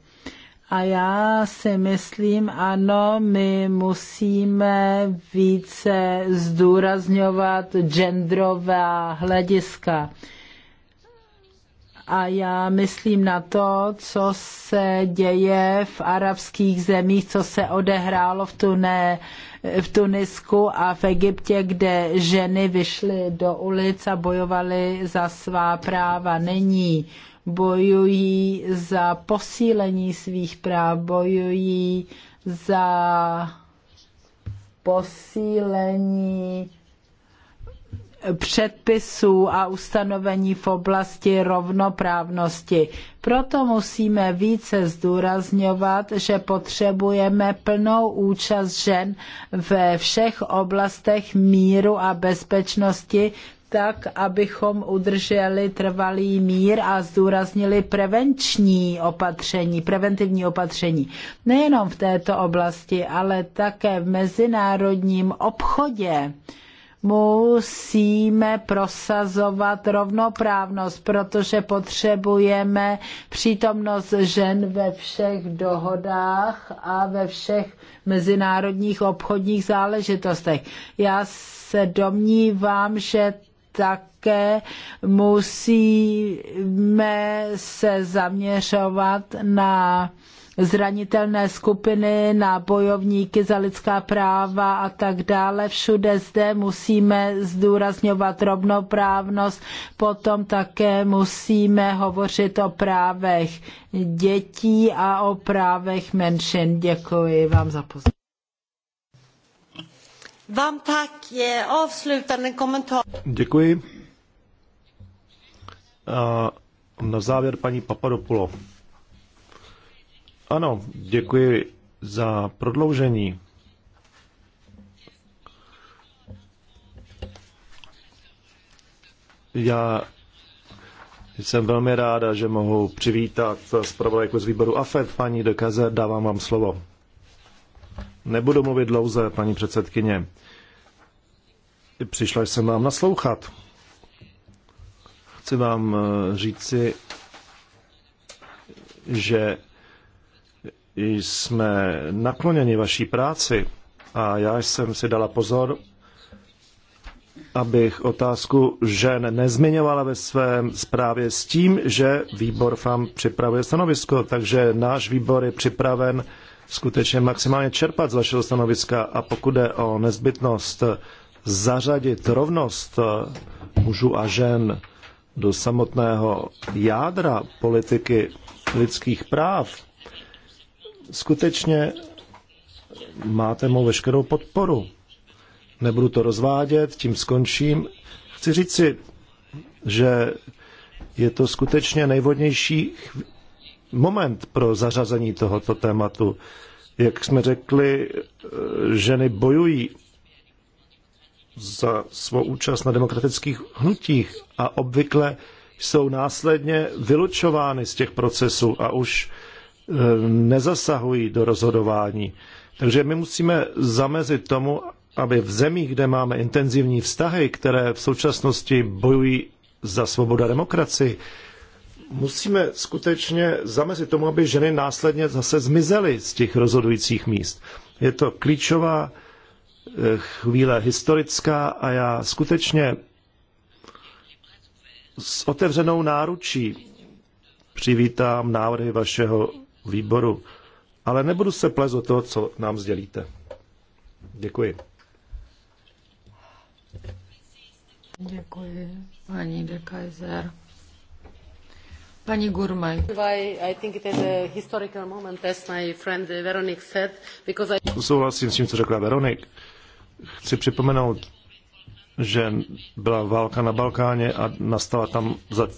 A já si myslím, ano, my musíme více zdůrazňovat genderová hlediska a já myslím na to, co se děje v arabských zemích, co se odehrálo v, Tuné, v Tunisku a v Egyptě, kde ženy vyšly do ulic a bojovaly za svá práva. Není bojují za posílení svých práv, bojují za posílení předpisů a ustanovení v oblasti rovnoprávnosti. Proto musíme více zdůrazňovat, že potřebujeme plnou účast žen ve všech oblastech míru a bezpečnosti, tak, abychom udrželi trvalý mír a zdůraznili prevenční opatření, preventivní opatření. Nejenom v této oblasti, ale také v mezinárodním obchodě musíme prosazovat rovnoprávnost, protože potřebujeme přítomnost žen ve všech dohodách a ve všech mezinárodních obchodních záležitostech. Já se domnívám, že také musíme se zaměřovat na zranitelné skupiny, na bojovníky za lidská práva a tak dále. Všude zde musíme zdůrazňovat rovnoprávnost, potom také musíme hovořit o právech dětí a o právech menšin. Děkuji vám za pozornost. Vám tak je komentář. Děkuji. A na závěr paní Papadopulo. Ano, děkuji za prodloužení. Já jsem velmi ráda, že mohu přivítat zpravodajku z výboru AFED. Paní Dekaze, dávám vám slovo. Nebudu mluvit dlouze, paní předsedkyně. Přišla jsem vám naslouchat. Chci vám eh, říci, že jsme nakloněni vaší práci a já jsem si dala pozor, abych otázku žen nezmiňovala ve svém zprávě s tím, že výbor FAM připravuje stanovisko, takže náš výbor je připraven skutečně maximálně čerpat z vašeho stanoviska a pokud jde o nezbytnost zařadit rovnost mužů a žen do samotného jádra politiky lidských práv, skutečně máte mou veškerou podporu. Nebudu to rozvádět, tím skončím. Chci říci, že je to skutečně nejvodnější moment pro zařazení tohoto tématu. Jak jsme řekli, eh, ženy bojují za svou účast na demokratických hnutích a obvykle jsou následně vylučovány z těch procesů a už Eh, nezasahují do rozhodování. Takže my musíme zamezit tomu, aby v zemích, kde máme intenzivní vztahy, které v současnosti bojují za svobodu a demokracii, musíme skutečně zamezit tomu, aby ženy následně zase zmizely z těch rozhodujících míst. Je to klíčová eh, chvíle historická a já skutečně s otevřenou náručí přivítám návrhy vašeho výboru, ale nebudu se plést o toho, co nám sdělíte. Děkuji. Děkuji, paní de Kaiser. Pani Gurmaj. Souhlasím s tím, co řekla Veronik. Chci připomenout, že byla válka na Balkáně a nastala tam,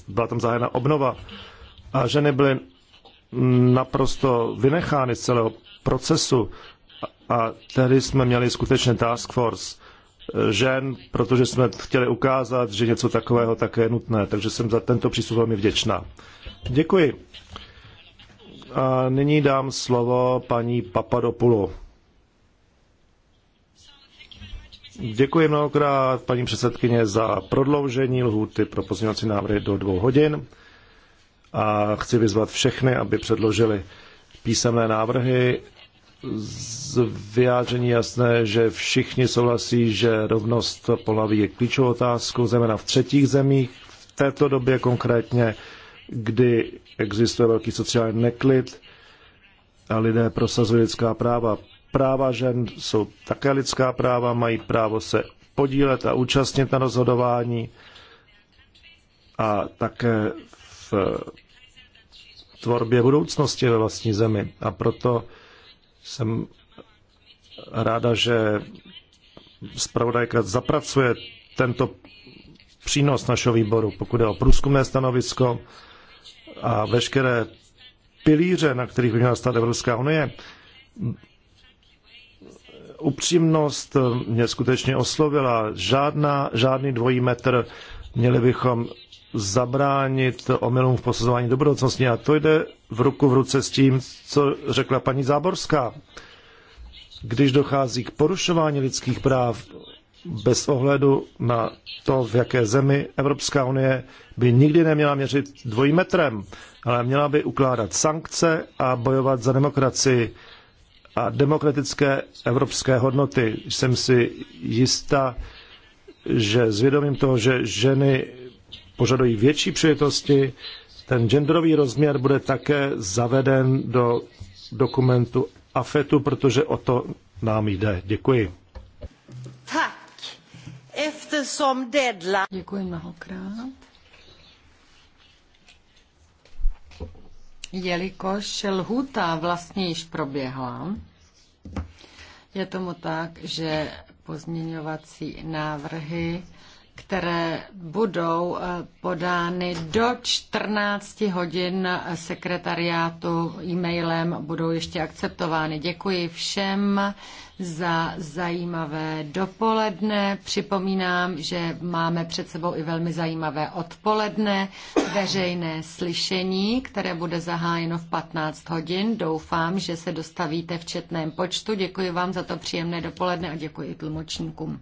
byla tam zahájena obnova a ženy byly naprosto vynechány z celého procesu a tehdy jsme měli skutečně task force eh, žen, protože jsme chtěli ukázat, že něco takového také je nutné. Takže jsem za tento přístup velmi vděčná. Děkuji. A nyní dám slovo paní Papadopulu. Děkuji mnohokrát, paní předsedkyně, za prodloužení lhůty pro pozměňovací návrhy do dvou hodin a chci vyzvat všechny, aby předložili písemné návrhy. Z vyjádření jasné, že všichni souhlasí, že rovnost pohlaví je klíčovou otázkou, zejména v třetích zemích, v této době konkrétně, kdy existuje velký sociální neklid a lidé prosazují lidská práva. Práva žen jsou také lidská práva, mají právo se podílet a účastnit na rozhodování a také v tvorbě budoucnosti ve vlastní zemi. A proto jsem ráda, že zpravodajka zapracuje tento přínos našeho výboru, pokud je o průzkumné stanovisko a veškeré pilíře, na kterých by měla stát Evropská unie. Upřímnost mě skutečně oslovila. Žádná, žádný dvojí metr. Měli bychom zabránit omylům v posuzování do budoucnosti. A to jde v ruku v ruce s tím, co řekla paní Záborská. Když dochází k porušování lidských práv bez ohledu na to, v jaké zemi Evropská unie by nikdy neměla měřit dvojím metrem, ale měla by ukládat sankce a bojovat za demokracii a demokratické evropské hodnoty. Jsem si jista, že zvědomím toho, že ženy požadují větší přijetosti. Ten genderový rozměr bude také zaveden do dokumentu AFETu, protože o to nám jde. Děkuji. Tak, eftersom deadline... Děkuji mnohokrát. Jelikož lhuta vlastně již proběhla, je tomu tak, že pozměňovací návrhy které budou eh, podány do 14 hodin sekretariátu e-mailem, budou ještě akceptovány. Děkuji všem za zajímavé dopoledne. Připomínám, že máme před sebou i velmi zajímavé odpoledne, veřejné slyšení, které bude zahájeno v 15 hodin. Doufám, že se dostavíte v četném počtu. Děkuji vám za to příjemné dopoledne a děkuji i tlumočníkům.